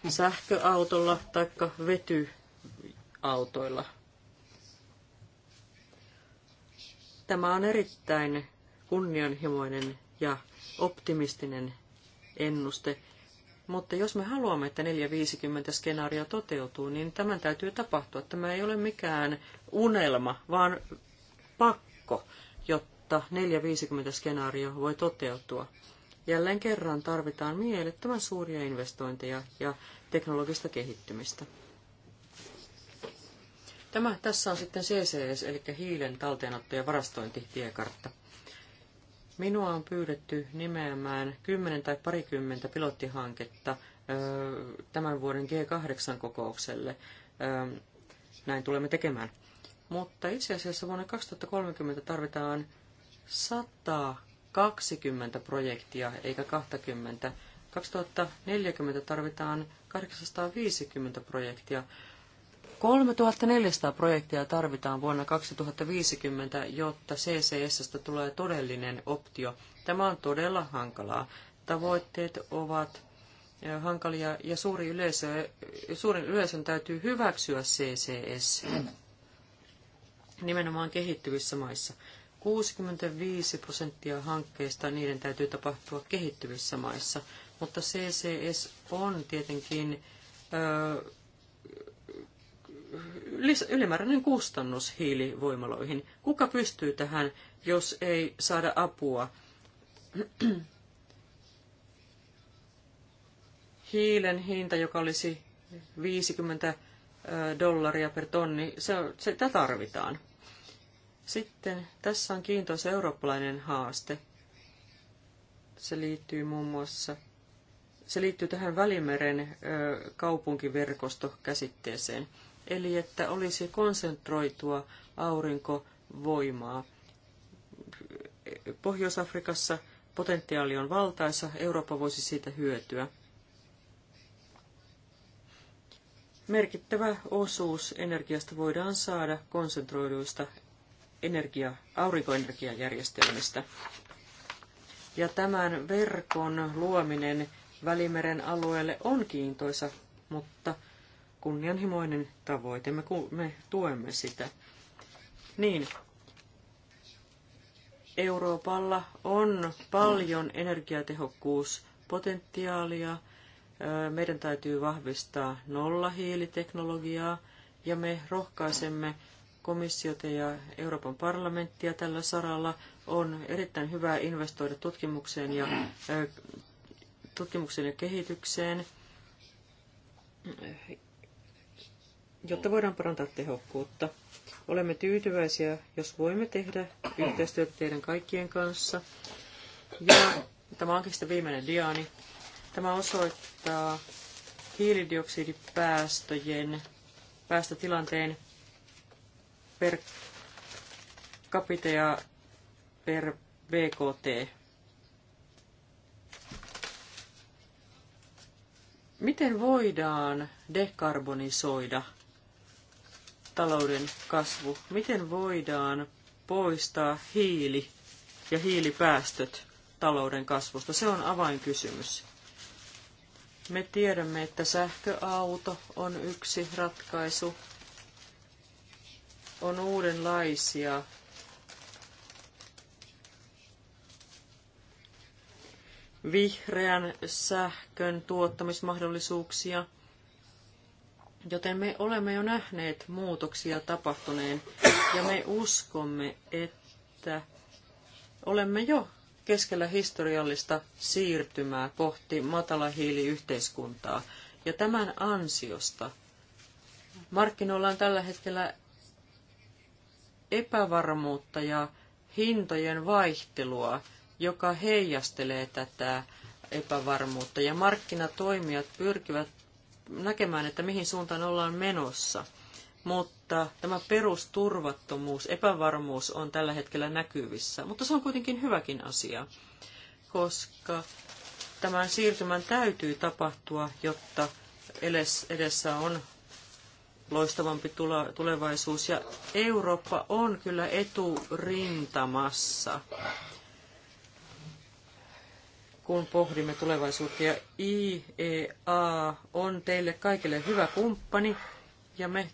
S3: sähköautolla tai vetyautoilla. Tämä on erittäin kunnianhimoinen ja optimistinen ennuste, mutta jos me haluamme, että 450 skenaario toteutuu, niin tämän täytyy tapahtua. Tämä ei ole mikään unelma, vaan pakko, jotta 450 skenaario voi toteutua. Jälleen kerran tarvitaan mielettömän suuria investointeja ja teknologista kehittymistä. Tämä tässä on sitten CCS, eli hiilen talteenotto- ja varastointitiekartta. Minua on pyydetty nimeämään 10 tai parikymmentä pilottihanketta tämän vuoden G8-kokoukselle. Näin tulemme tekemään mutta itse asiassa vuonna 2030 tarvitaan 120 projektia eikä 20. 2040 tarvitaan 850 projektia. 3400 projektia tarvitaan vuonna 2050, jotta CCSstä tulee todellinen optio. Tämä on todella hankalaa. Tavoitteet ovat eh, hankalia ja suuri yleisö, suurin yleisön täytyy hyväksyä CCS nimenomaan kehittyvissä maissa. 65 prosenttia hankkeista niiden täytyy tapahtua kehittyvissä maissa, mutta CCS on tietenkin ö, ylimääräinen kustannus hiilivoimaloihin. Kuka pystyy tähän, jos ei saada apua? Hiilen hinta, joka olisi 50 dollaria per tonni, se, sitä tarvitaan. Sitten tässä on kiintoisa eurooppalainen haaste. Se liittyy muun muassa, se liittyy tähän Välimeren kaupunkiverkostokäsitteeseen. Eli että olisi konsentroitua aurinkovoimaa. Pohjois-Afrikassa potentiaali on valtaisa, Eurooppa voisi siitä hyötyä. merkittävä osuus energiasta voidaan saada konsentroiduista energia, aurinkoenergiajärjestelmistä. Ja tämän verkon luominen Välimeren alueelle on kiintoisa, mutta kunnianhimoinen tavoite. Me, me tuemme sitä. Niin, Euroopalla on paljon energiatehokkuuspotentiaalia meidän täytyy vahvistaa nollahiiliteknologiaa ja me rohkaisemme komissiota ja Euroopan parlamenttia tällä saralla. On erittäin hyvä investoida tutkimukseen ja, tutkimukseen ja kehitykseen, jotta voidaan parantaa tehokkuutta. Olemme tyytyväisiä, jos voimme tehdä yhteistyötä teidän kaikkien kanssa. Ja tämä onkin sitten viimeinen diaani. Tämä osoittaa hiilidioksidipäästöjen päästötilanteen per capita ja per BKT. Miten voidaan dekarbonisoida talouden kasvu? Miten voidaan poistaa hiili ja hiilipäästöt talouden kasvusta? Se on avainkysymys. Me tiedämme, että sähköauto on yksi ratkaisu. On uudenlaisia vihreän sähkön tuottamismahdollisuuksia, joten me olemme jo nähneet muutoksia tapahtuneen ja me uskomme, että olemme jo keskellä historiallista siirtymää kohti matalahiiliyhteiskuntaa. Ja tämän ansiosta markkinoilla on tällä hetkellä epävarmuutta ja hintojen vaihtelua, joka heijastelee tätä epävarmuutta. Ja markkinatoimijat pyrkivät näkemään, että mihin suuntaan ollaan menossa – mutta tämä perusturvattomuus, epävarmuus on tällä hetkellä näkyvissä. Mutta se on kuitenkin hyväkin asia, koska tämän siirtymän täytyy tapahtua, jotta edessä on loistavampi tulevaisuus. Ja Eurooppa on kyllä eturintamassa, kun pohdimme tulevaisuutta. Ja IEA on teille kaikille hyvä kumppani, ja me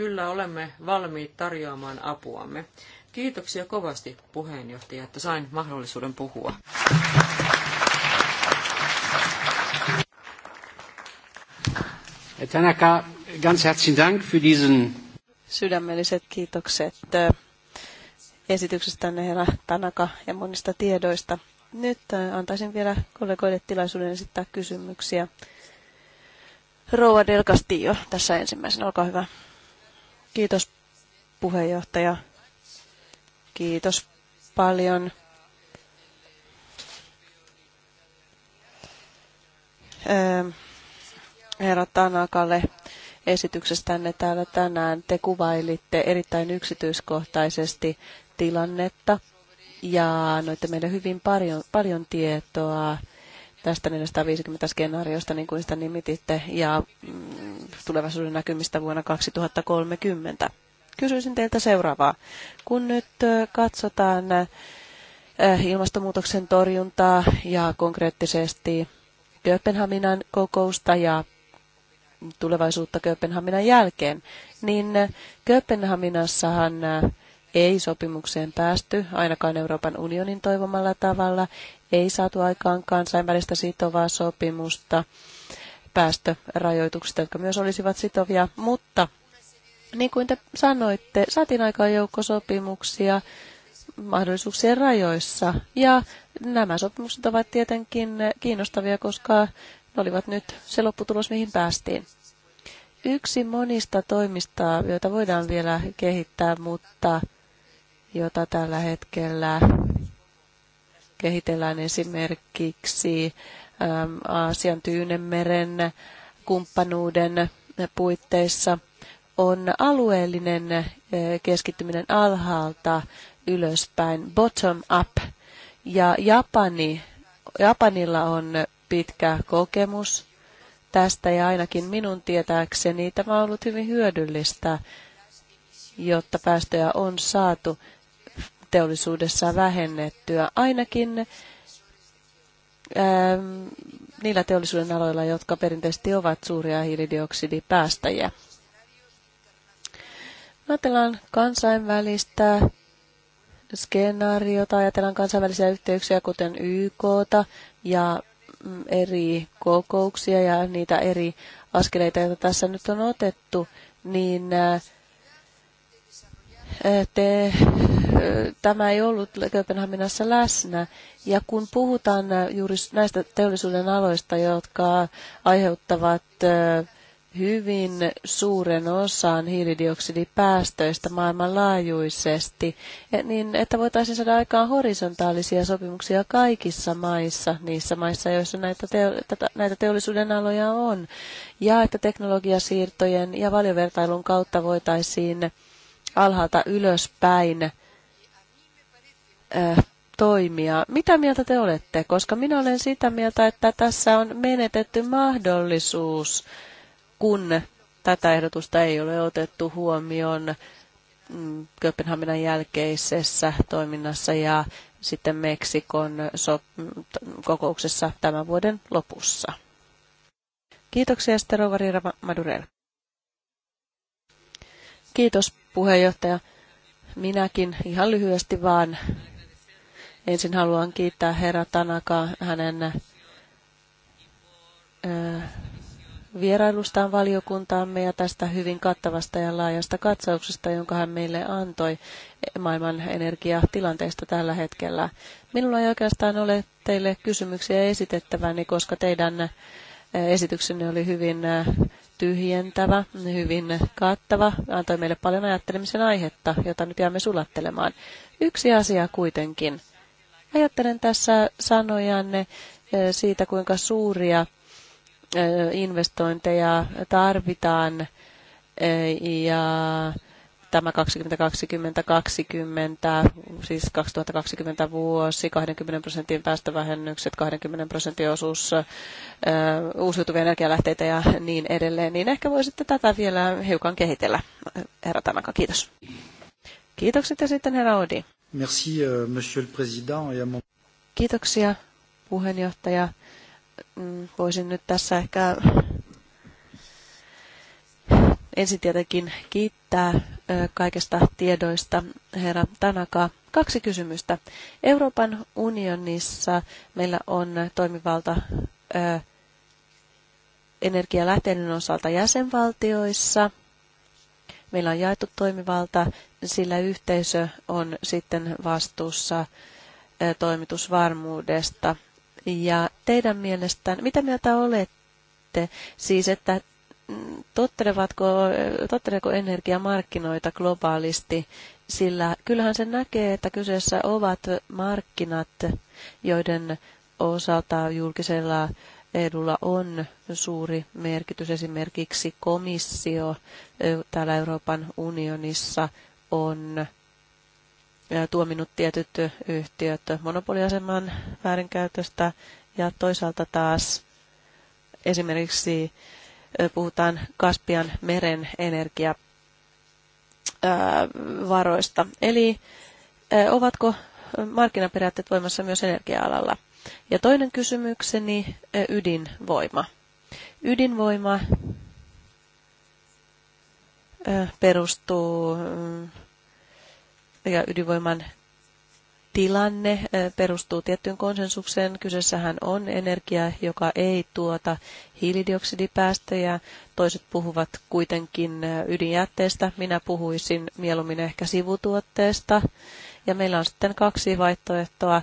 S3: kyllä olemme valmiit tarjoamaan apuamme. Kiitoksia kovasti puheenjohtaja, että sain mahdollisuuden puhua. Tanaka, ganz herzlichen
S1: Dank für diesen... Sydämelliset kiitokset äh, esityksestänne herra Tanaka ja monista tiedoista. Nyt äh, antaisin vielä kollegoille tilaisuuden esittää kysymyksiä. Rouva Del Castillo tässä ensimmäisenä, olkaa hyvä. Kiitos puheenjohtaja. Kiitos paljon. Herra öö, Tanakalle esityksestänne täällä tänään. Te kuvailitte erittäin yksityiskohtaisesti tilannetta ja noitte meille hyvin paljon, paljon tietoa tästä 450 skenaariosta, niin kuin sitä nimititte, ja mm, tulevaisuuden näkymistä vuonna 2030. Kysyisin teiltä seuraavaa. Kun nyt katsotaan ilmastonmuutoksen torjuntaa ja konkreettisesti Kööpenhaminan kokousta ja tulevaisuutta Kööpenhaminan jälkeen, niin Kööpenhaminassahan ei sopimukseen päästy, ainakaan Euroopan unionin toivomalla tavalla, ei saatu aikaan kansainvälistä sitovaa sopimusta päästörajoituksista, jotka myös olisivat sitovia, mutta niin kuin te sanoitte, saatiin aikaan joukkosopimuksia mahdollisuuksien rajoissa. Ja nämä sopimukset ovat tietenkin kiinnostavia, koska ne olivat nyt se lopputulos, mihin päästiin. Yksi monista toimista, joita voidaan vielä kehittää, mutta jota tällä hetkellä kehitellään esimerkiksi ähm, Aasian Tyynemeren kumppanuuden puitteissa, on alueellinen äh, keskittyminen alhaalta ylöspäin, bottom up. Ja Japani, Japanilla on pitkä kokemus tästä ja ainakin minun tietääkseni tämä on ollut hyvin hyödyllistä, jotta päästöjä on saatu teollisuudessa vähennettyä, ainakin ää, ähm, niillä teollisuuden aloilla, jotka perinteisesti ovat suuria hiilidioksidipäästäjiä. Ajatellaan kansainvälistä skenaariota, ajatellaan kansainvälisiä yhteyksiä, kuten YK ja mm, eri kokouksia ja niitä eri askeleita, joita tässä nyt on otettu, niin äh, te tämä ei ollut Kööpenhaminassa läsnä. Ja kun puhutaan juuri näistä teollisuuden aloista, jotka aiheuttavat hyvin suuren osan hiilidioksidipäästöistä maailmanlaajuisesti, e, niin että voitaisiin saada aikaan horisontaalisia sopimuksia kaikissa maissa, niissä maissa, joissa näitä, teo, näitä teollisuuden aloja on, ja että teknologiasiirtojen ja valiovertailun kautta voitaisiin alhaalta ylöspäin toimia. Mitä mieltä te olette? Koska minä olen sitä mieltä, että tässä on menetetty mahdollisuus, kun tätä ehdotusta ei ole otettu huomioon mm, Kööpenhaminan jälkeisessä toiminnassa ja sitten Meksikon mm, kokouksessa tämän vuoden lopussa. Kiitoksia, Sterovari Madurel. Kiitos, puheenjohtaja. Minäkin ihan lyhyesti vaan Ensin haluan kiittää herra Tanaka hänen vierailustaan valiokuntaamme ja tästä hyvin kattavasta ja laajasta katsauksesta, jonka hän meille antoi maailman energiatilanteesta tällä hetkellä. Minulla ei oikeastaan ole teille kysymyksiä esitettäväni, koska teidän esityksenne oli hyvin tyhjentävä, hyvin kattava, antoi meille paljon ajattelemisen aihetta, jota nyt jäämme sulattelemaan. Yksi asia kuitenkin Ajattelen tässä sanojanne eh, siitä, kuinka suuria eh, investointeja tarvitaan eh, ja tämä 2020-2020, siis 2020 vuosi, 20 prosentin päästövähennykset, 20 prosentin osuus uusiutuvia energialähteitä ja niin edelleen, niin ehkä voisitte tätä vielä hiukan kehitellä, herra Tanaka. Kiitos. Kiitokset ja sitten herra Odi.
S2: Merci, euh, monsieur le président.
S1: Kiitoksia, puheenjohtaja. Mm, voisin nyt tässä ehkä ensin tietenkin kiittää kaikesta tiedoista herra Tanaka. Kaksi kysymystä. Euroopan unionissa meillä on toimivalta energialähteiden osalta jäsenvaltioissa Meillä on jaettu toimivalta, sillä yhteisö on sitten vastuussa toimitusvarmuudesta. Ja teidän mielestään, mitä mieltä olette siis, että mm, tottelevatko energiamarkkinoita globaalisti, sillä kyllähän se näkee, että kyseessä ovat markkinat, joiden osalta julkisella edulla on suuri merkitys. Esimerkiksi komissio täällä Euroopan unionissa on tuominut tietyt yhtiöt monopoliaseman väärinkäytöstä ja toisaalta taas esimerkiksi puhutaan Kaspian meren energiavaroista. Eli ovatko markkinaperiaatteet voimassa myös energia-alalla? Ja toinen kysymykseni, eh, ydinvoima. Ydinvoima eh, perustuu, mm, ja ydinvoiman tilanne eh, perustuu tiettyyn konsensukseen. Kyseessähän on energia, joka ei tuota hiilidioksidipäästöjä. Toiset puhuvat kuitenkin ydinjätteestä. Minä puhuisin mieluummin ehkä sivutuotteesta. Ja meillä on sitten kaksi vaihtoehtoa.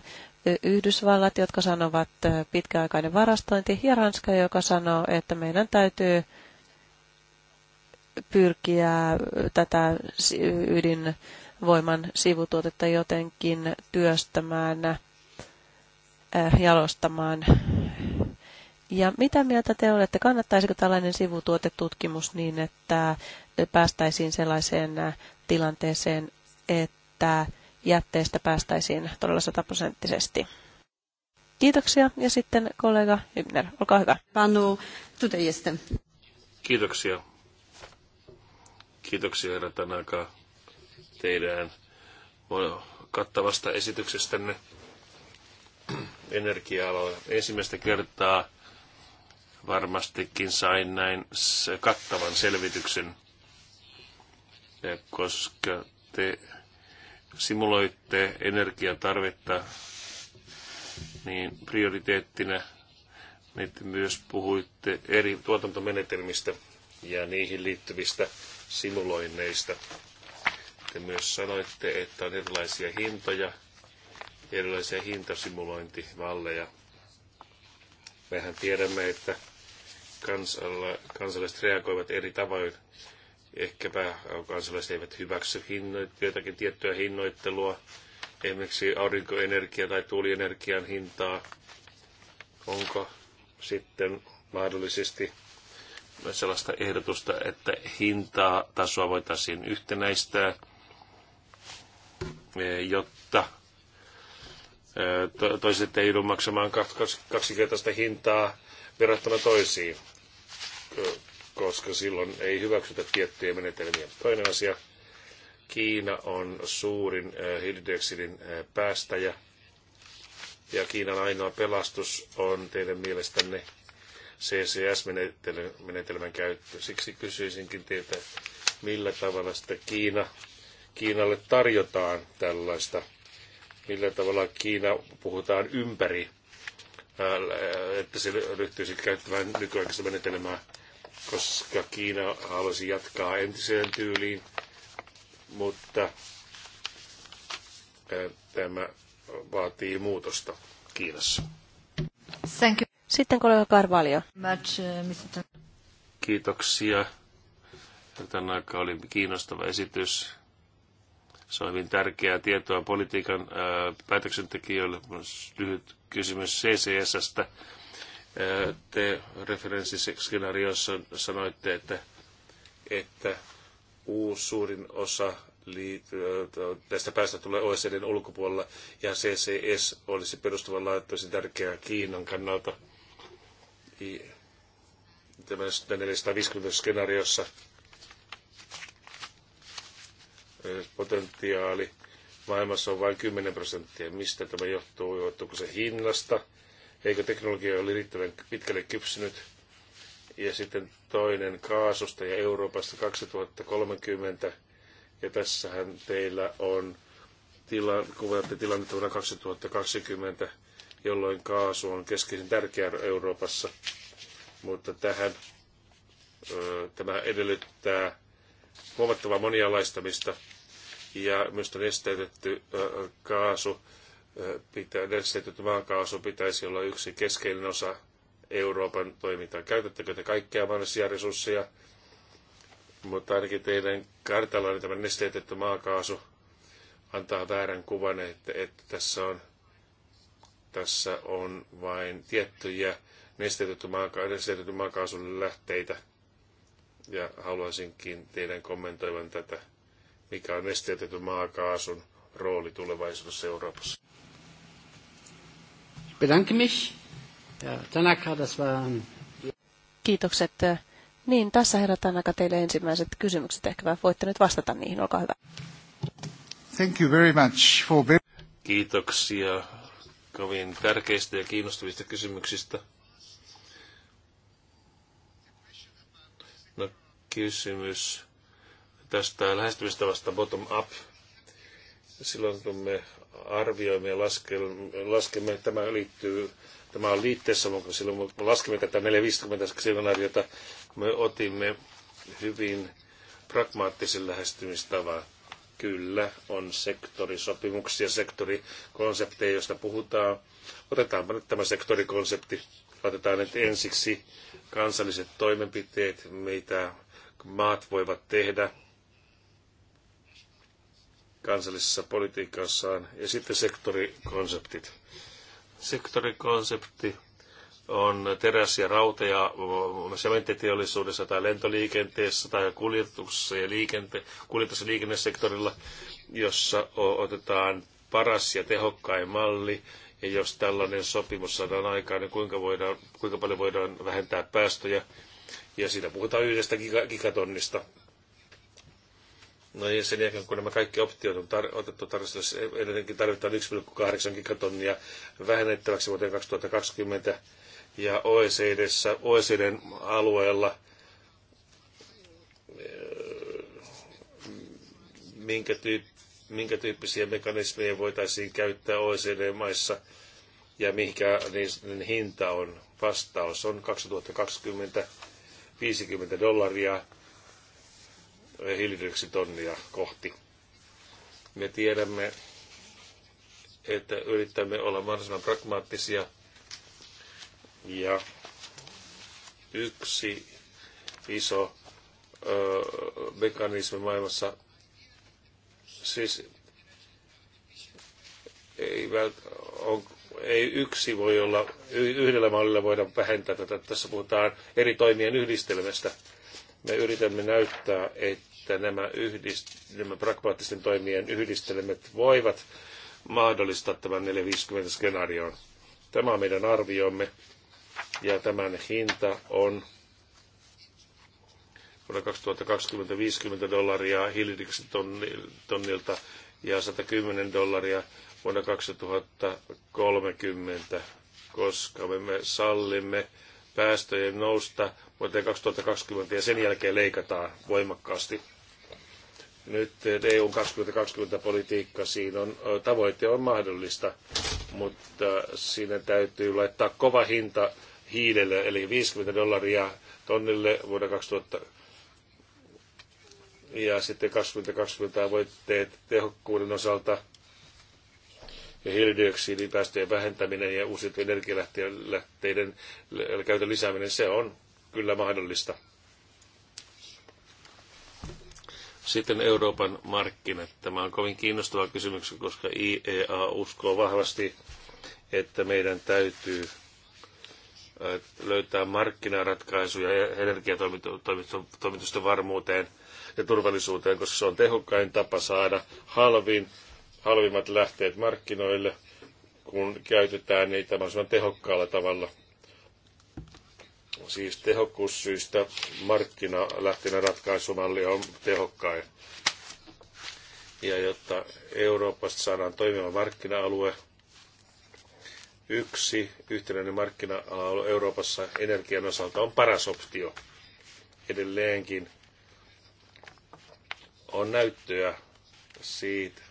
S1: Yhdysvallat, jotka sanovat pitkäaikainen varastointi, ja Ranska, joka sanoo, että meidän täytyy pyrkiä tätä ydinvoiman sivutuotetta jotenkin työstämään, jalostamaan. Ja mitä mieltä te olette, kannattaisiko tällainen sivutuotetutkimus niin, että päästäisiin sellaiseen tilanteeseen, että jätteestä päästäisiin todella sataprosenttisesti. Kiitoksia ja sitten kollega Hybner, olkaa hyvä. Panu, tutejisten.
S2: Kiitoksia. Kiitoksia herra Tanaka teidän kattavasta esityksestänne energia-aloilla. Ensimmäistä kertaa varmastikin sain näin kattavan selvityksen, koska te simuloitte tarvetta niin prioriteettina, että myös puhuitte eri tuotantomenetelmistä ja niihin liittyvistä simuloinneista. Te myös sanoitte, että on erilaisia hintoja, erilaisia hintasimulointivalleja. Mehän tiedämme, että kansalaiset reagoivat eri tavoin Ehkäpä kansalaiset eivät hyväksy hinnoit, jotakin tiettyä hinnoittelua, esimerkiksi aurinkoenergia tai tuulienergian hintaa. Onko sitten mahdollisesti sellaista ehdotusta, että hintaa tasoa voitaisiin yhtenäistää, e, jotta e, toiset ei joudu maksamaan kaksinkertaista hintaa verrattuna toisiin koska silloin ei hyväksytä tiettyjä menetelmiä. Toinen asia, Kiina on suurin eh, hiilidioksidin eh, päästäjä ja Kiinan ainoa pelastus on teidän mielestänne CCS-menetelmän käyttö. Siksi kysyisinkin teiltä, millä tavalla sitä Kiina, Kiinalle tarjotaan tällaista, millä tavalla Kiina puhutaan ympäri, eh, että se ryhtyisi käyttämään nykyaikaista menetelmää koska Kiina halusi jatkaa entiseen tyyliin, mutta tämä vaatii muutosta Kiinassa.
S1: Thank you. Sitten kollega Karvalio. Uh,
S2: Kiitoksia. Tämän aika oli kiinnostava esitys. Se on hyvin tärkeää tietoa politiikan päätöksentekijöille. Lyhyt kysymys CCSstä te referenssiskenaariossa sanoitte, että, että uusi suurin osa tästä päästä tulee OECDn ulkopuolella ja CCS olisi perustavanlaatuisen tärkeää Kiinan kannalta. Tämä 450 skenaariossa potentiaali maailmassa on vain 10 prosenttia. Mistä tämä johtuu? Johtuuko se hinnasta? eikö teknologia ole riittävän pitkälle kypsynyt. Ja sitten toinen kaasusta ja Euroopasta 2030. Ja tässähän teillä on tila, kuvaatte tilannetta vuonna 2020, jolloin kaasu on keskeisen tärkeä Euroopassa. Mutta tähän ö, tämä edellyttää huomattavaa monialaistamista ja myös on esteytetty kaasu pitää, nesteytetty maakaasu pitäisi olla yksi keskeinen osa Euroopan toimintaa. Käytättekö te kaikkia mahdollisia resursseja, mutta ainakin teidän kartalla niin tämä nesteytetty maakaasu antaa väärän kuvan, että, että tässä, on, tässä on vain tiettyjä nesteytetty, maaka- nesteytetty maakaasun lähteitä. Ja haluaisinkin teidän kommentoivan tätä, mikä on nesteytetty maakaasun rooli tulevaisuudessa
S3: Euroopassa bedanke mich. Ja, Tanaka, das
S1: Kiitokset. Niin, tässä herra Tanaka teille ensimmäiset kysymykset. Ehkä voitte nyt vastata niihin, olkaa hyvä.
S3: Thank you very much for...
S2: Kiitoksia kovin tärkeistä ja kiinnostavista kysymyksistä. No, kysymys tästä lähestymistavasta bottom up. Silloin kun me arvioimme ja laskemme, tämä liittyy, tämä on liitteessä mutta silloin, mutta laskemme tätä 450 skenaariota, me otimme hyvin pragmaattisen lähestymistavan. Kyllä, on sektorisopimuksia, sektorikonsepteja, joista puhutaan. Otetaanpa nyt tämä sektorikonsepti. Otetaan nyt ensiksi kansalliset toimenpiteet, mitä maat voivat tehdä kansallisessa politiikassaan. Ja sitten sektorikonseptit. Sektorikonsepti on teräs- ja rauta- ja sementtiteollisuudessa tai lentoliikenteessä tai kuljetuksessa ja liikente- kuljetus- ja liikennesektorilla, jossa otetaan paras ja tehokkain malli, ja jos tällainen sopimus saadaan aikaan, niin kuinka, voidaan, kuinka paljon voidaan vähentää päästöjä. Ja siitä puhutaan yhdestä gigatonnista No ja niin, sen jälkeen, kun nämä kaikki optiot on tar- otettu tarkastelussa, edelleenkin tarvitaan 1,8 gigatonnia vähennettäväksi vuoteen 2020. Ja OECDssä, OECDn alueella, äh, minkä, tyyp- minkä tyyppisiä mekanismeja voitaisiin käyttää OECD-maissa ja mihinkä niiden hinta on. Vastaus on 2020 50 dollaria hiilidioksitonnia kohti. Me tiedämme, että yritämme olla mahdollisimman pragmaattisia ja yksi iso ö, mekanismi maailmassa, siis ei, vält, on, ei yksi voi olla, yhdellä mallilla voidaan vähentää tätä. Tässä puhutaan eri toimien yhdistelmästä. Me yritämme näyttää, että että nämä, yhdist, nämä pragmaattisten toimien yhdistelmät voivat mahdollistaa tämän 450 skenaarioon. Tämä on meidän arviomme ja tämän hinta on vuonna 2020 50 dollaria hiilidioksiditonnilta ja 110 dollaria vuonna 2030, koska me sallimme päästöjen nousta vuoteen 2020 ja sen jälkeen leikataan voimakkaasti nyt EUn 2020-politiikka, siinä on, tavoite on mahdollista, mutta siinä täytyy laittaa kova hinta hiilelle, eli 50 dollaria tonnille vuonna 2000. Ja sitten 2020 tavoitteet tehokkuuden osalta ja hiilidioksidipäästöjen vähentäminen ja uusiutuvien energialähteiden käytön lisääminen, se on kyllä mahdollista. Sitten Euroopan markkinat. Tämä on kovin kiinnostava kysymys, koska IEA uskoo vahvasti, että meidän täytyy löytää markkinaratkaisuja energiatoimitusten varmuuteen ja turvallisuuteen, koska se on tehokkain tapa saada halvin, halvimmat lähteet markkinoille, kun käytetään niitä mahdollisimman tehokkaalla tavalla – Siis tehokkuussyistä markkinalähtenä ratkaisumalli on tehokkain. Ja jotta Euroopasta saadaan toimiva markkina-alue, yksi yhtenäinen markkina-alue Euroopassa energian osalta on paras optio. Edelleenkin on näyttöä siitä,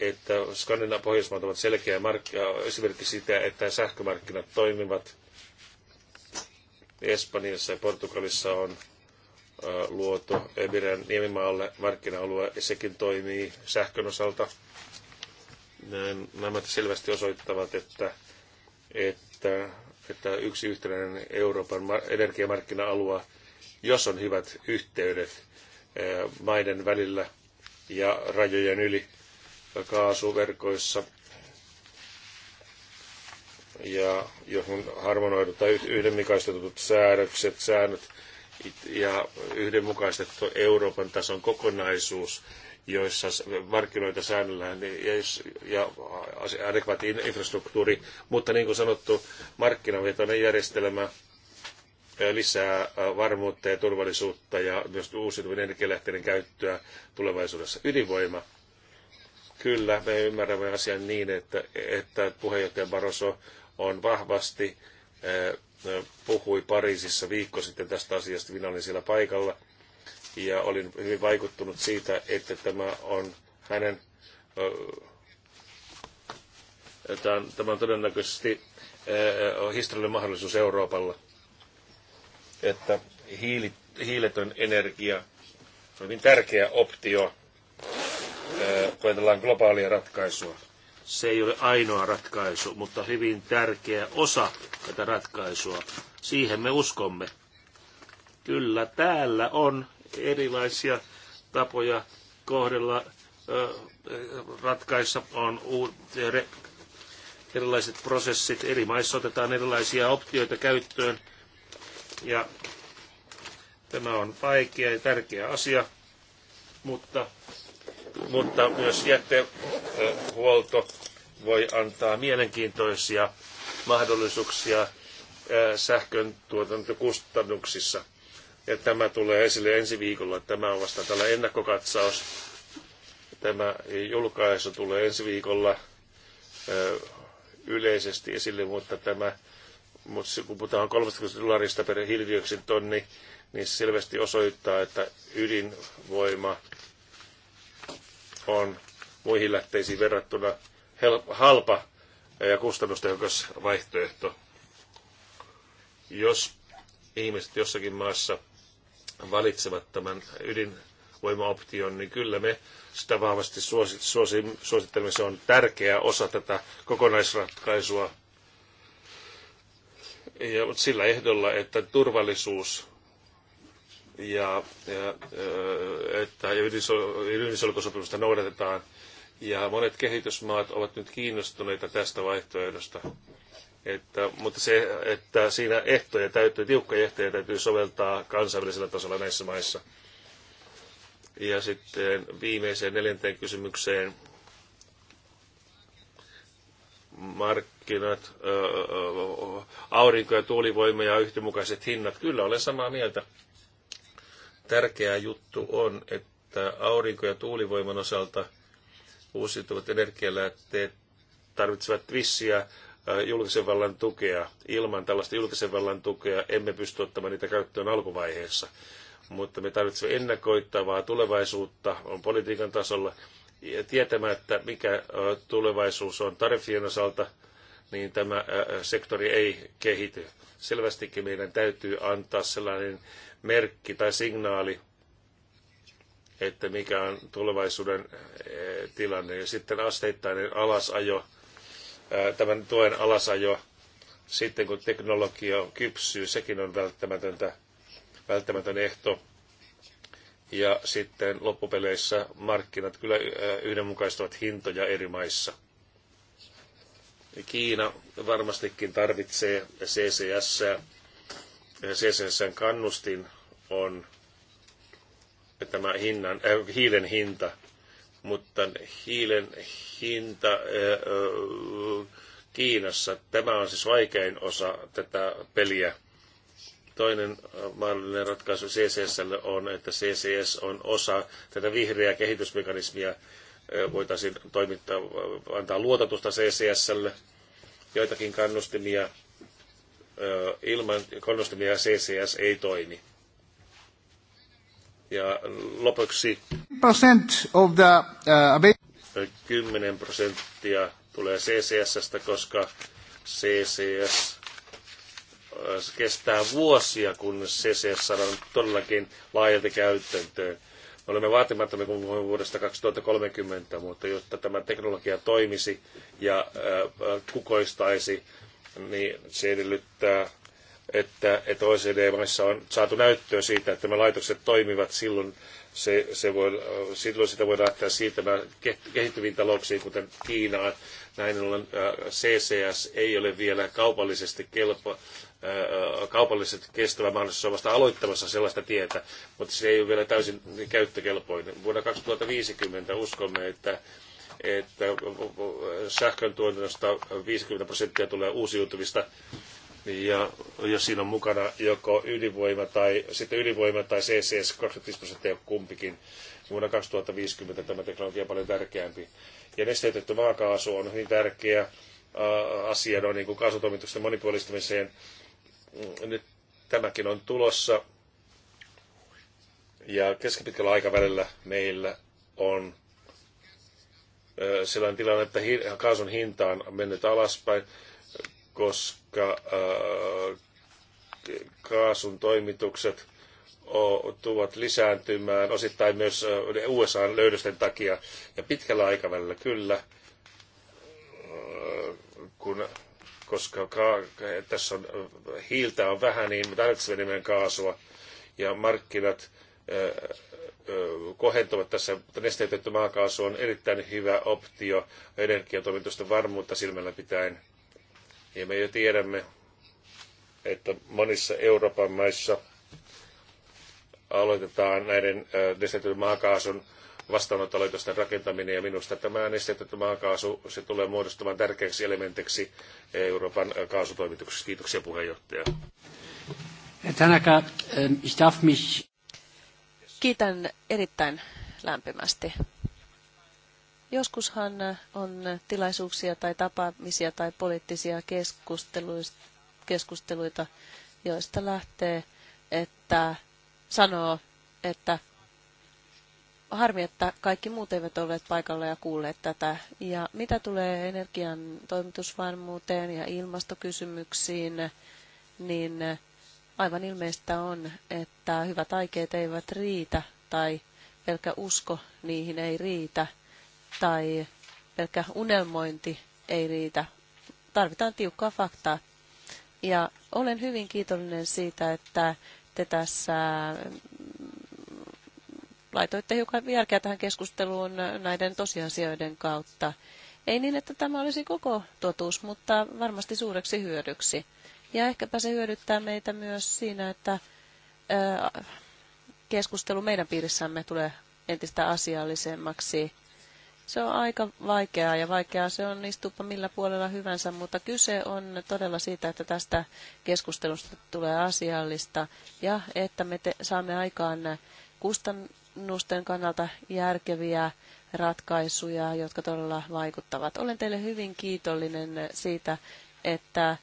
S2: että Skandinavian pohjoismaat ovat selkeä mark- esimerkki sitä, että sähkömarkkinat toimivat – Espanjassa ja Portugalissa on luotu Ebiren niemimaalle markkina-alue, ja sekin toimii sähkön osalta. Nämä selvästi osoittavat, että, että, että yksi yhtenäinen Euroopan energiamarkkina-alue, jos on hyvät yhteydet maiden välillä ja rajojen yli kaasuverkoissa, ja johon harmonoidut tai yhdenmukaistetut säädökset, säännöt ja yhdenmukaistettu Euroopan tason kokonaisuus, joissa markkinoita säännellään niin ja, ja adekvaatti infrastruktuuri, mutta niin kuin sanottu, markkinavetoinen järjestelmä lisää varmuutta ja turvallisuutta ja myös uusiutuvien energialähteiden käyttöä tulevaisuudessa. Ydinvoima. Kyllä, me ymmärrämme asian niin, että, että puheenjohtaja Barroso on vahvasti, eh, puhui Pariisissa viikko sitten tästä asiasta, minä olin siellä paikalla, ja olin hyvin vaikuttunut siitä, että tämä on hänen, eh, tämä on todennäköisesti eh, historiallinen mahdollisuus Euroopalla, että hiili, hiiletön energia on hyvin tärkeä optio kun ajatellaan globaalia ratkaisua. Se ei ole ainoa ratkaisu, mutta hyvin tärkeä osa tätä ratkaisua. Siihen me uskomme. Kyllä täällä on erilaisia tapoja kohdella ratkaissa on erilaiset prosessit. Eri maissa otetaan erilaisia optioita käyttöön. Ja tämä on vaikea ja tärkeä asia, mutta mutta myös jätehuolto voi antaa mielenkiintoisia mahdollisuuksia sähkön tuotantokustannuksissa. Ja tämä tulee esille ensi viikolla. Tämä on vasta tällä ennakkokatsaus. Tämä julkaisu tulee ensi viikolla yleisesti esille, mutta tämä, mutta kun puhutaan 30 dollarista per hiilidioksiditonni, niin selvästi osoittaa, että ydinvoima on muihin lähteisiin verrattuna halpa ja kustannustehokas vaihtoehto. Jos ihmiset jossakin maassa valitsevat tämän ydinvoimaoption, niin kyllä me sitä vahvasti suosittelemme. Se on tärkeä osa tätä kokonaisratkaisua. Ja sillä ehdolla, että turvallisuus ja, ja että ydinsulkusopimusta noudatetaan. Ja monet kehitysmaat ovat nyt kiinnostuneita tästä vaihtoehdosta. Että, mutta se, että siinä ehtoja täytyy, tiukkoja ehtoja täytyy soveltaa kansainvälisellä tasolla näissä maissa. Ja sitten viimeiseen neljänteen kysymykseen. Markkinat, aurinko- ja tuulivoima ja yhtymukaiset hinnat. Kyllä olen samaa mieltä tärkeä juttu on, että aurinko- ja tuulivoiman osalta uusiutuvat energialähteet tarvitsevat vissiä äh, julkisen vallan tukea. Ilman tällaista julkisen vallan tukea emme pysty ottamaan niitä käyttöön alkuvaiheessa. Mutta me tarvitsemme ennakoittavaa tulevaisuutta on politiikan tasolla tietämättä, mikä äh, tulevaisuus on tarifien osalta – niin tämä sektori ei kehity. Selvästikin meidän täytyy antaa sellainen merkki tai signaali, että mikä on tulevaisuuden tilanne. Ja sitten asteittainen alasajo, tämän tuen alasajo, sitten kun teknologia kypsyy, sekin on välttämätöntä, välttämätön ehto. Ja sitten loppupeleissä markkinat kyllä yhdenmukaistavat hintoja eri maissa. Kiina varmastikin tarvitsee CCS. CCSn kannustin on tämä hinnan, äh, hiilen hinta, mutta hiilen hinta äh, äh, Kiinassa, tämä on siis vaikein osa tätä peliä. Toinen mahdollinen ratkaisu CCSlle on, että CCS on osa tätä vihreää kehitysmekanismia, voitaisiin toimittaa, antaa luototusta CCSlle, joitakin kannustimia ilman kannustimia CCS ei toimi. Ja lopuksi 10 uh, prosenttia tulee CCSstä, koska CCS kestää vuosia, kun CCS saadaan todellakin laajalti käyttöön. Me olemme vaatimattomia kuin vuodesta 2030, mutta jotta tämä teknologia toimisi ja kukoistaisi, niin se edellyttää, että, että OECD-maissa on saatu näyttöä siitä, että nämä laitokset toimivat silloin, se, se voi, silloin sitä voidaan lähteä siirtämään kehittyviin talouksiin, kuten Kiinaan. Näin ollen CCS ei ole vielä kaupallisesti kelpo, kaupalliset kestävä mahdollisuus on vasta aloittamassa sellaista tietä, mutta se ei ole vielä täysin käyttökelpoinen. Vuonna 2050 uskomme, että että sähkön tuotannosta 50 prosenttia tulee uusiutuvista, ja jos siinä on mukana joko ydinvoima tai, sitten ydinvoima tai CCS 25 prosenttia kumpikin, vuonna 2050 tämä teknologia on paljon tärkeämpi. Ja nesteytetty maakaasu on hyvin tärkeä asia noin niin kuin kaasutoimitusten monipuolistamiseen Mm, nyt tämäkin on tulossa. Ja keskipitkällä aikavälillä meillä on sellainen tilanne, että kaasun hinta on mennyt alaspäin, koska kaasun toimitukset tuvat lisääntymään osittain myös USAn löydösten takia. Ja pitkällä aikavälillä kyllä, kun koska ka- tässä on, hiiltä on vähän, niin tarvitsemme enemmän kaasua. Ja markkinat ö, ö, kohentuvat tässä. Nesteytetty maakaasu on erittäin hyvä optio energiatoimitusten varmuutta silmällä pitäen. Ja me jo tiedämme, että monissa Euroopan maissa aloitetaan näiden nesteytetyn maakaasun vastaanottolaitosten rakentaminen ja minusta tämä äänestetty maakaasu, se tulee muodostumaan tärkeäksi elementiksi Euroopan kaasutoimituksessa. Kiitoksia puheenjohtaja.
S3: Tanaka, ähm, ich darf mich...
S1: Kiitän erittäin lämpimästi. Joskushan on tilaisuuksia tai tapaamisia tai poliittisia keskusteluita, joista lähtee, että sanoo, että harmi, että kaikki muut eivät olleet paikalla ja kuulleet tätä. Ja mitä tulee energian toimitusvarmuuteen ja ilmastokysymyksiin, niin aivan ilmeistä on, että hyvät aikeet eivät riitä tai pelkä usko niihin ei riitä tai pelkä unelmointi ei riitä. Tarvitaan tiukkaa faktaa. Ja olen hyvin kiitollinen siitä, että te tässä laitoitte hiukan järkeä tähän keskusteluun näiden tosiasioiden kautta. Ei niin, että tämä olisi koko totuus, mutta varmasti suureksi hyödyksi. Ja ehkäpä se hyödyttää meitä myös siinä, että keskustelu meidän piirissämme tulee entistä asiallisemmaksi. Se on aika vaikeaa ja vaikeaa se on istuppa millä puolella hyvänsä, mutta kyse on todella siitä, että tästä keskustelusta tulee asiallista ja että me te- saamme aikaan kustan- kustannusten kannalta järkeviä ratkaisuja, jotka todella vaikuttavat. Olen teille hyvin kiitollinen siitä, että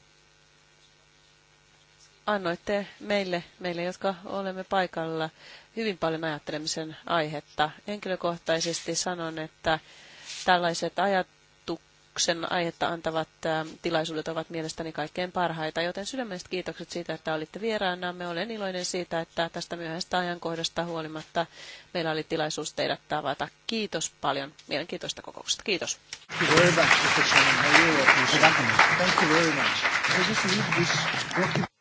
S1: annoitte meille, meille, jotka olemme paikalla, hyvin paljon ajattelemisen aihetta. Henkilökohtaisesti sanon, että tällaiset ajat, kiitoksen aihetta antavat tilaisuudet ovat mielestäni kaikkein parhaita, joten sydämestä kiitokset siitä, että olitte Me Olen iloinen siitä, että tästä myöhäistä ajankohdasta huolimatta meillä oli tilaisuus teidät tavata. Kiitos paljon mielenkiintoista kokouksesta. Kiitos. Thank you very much,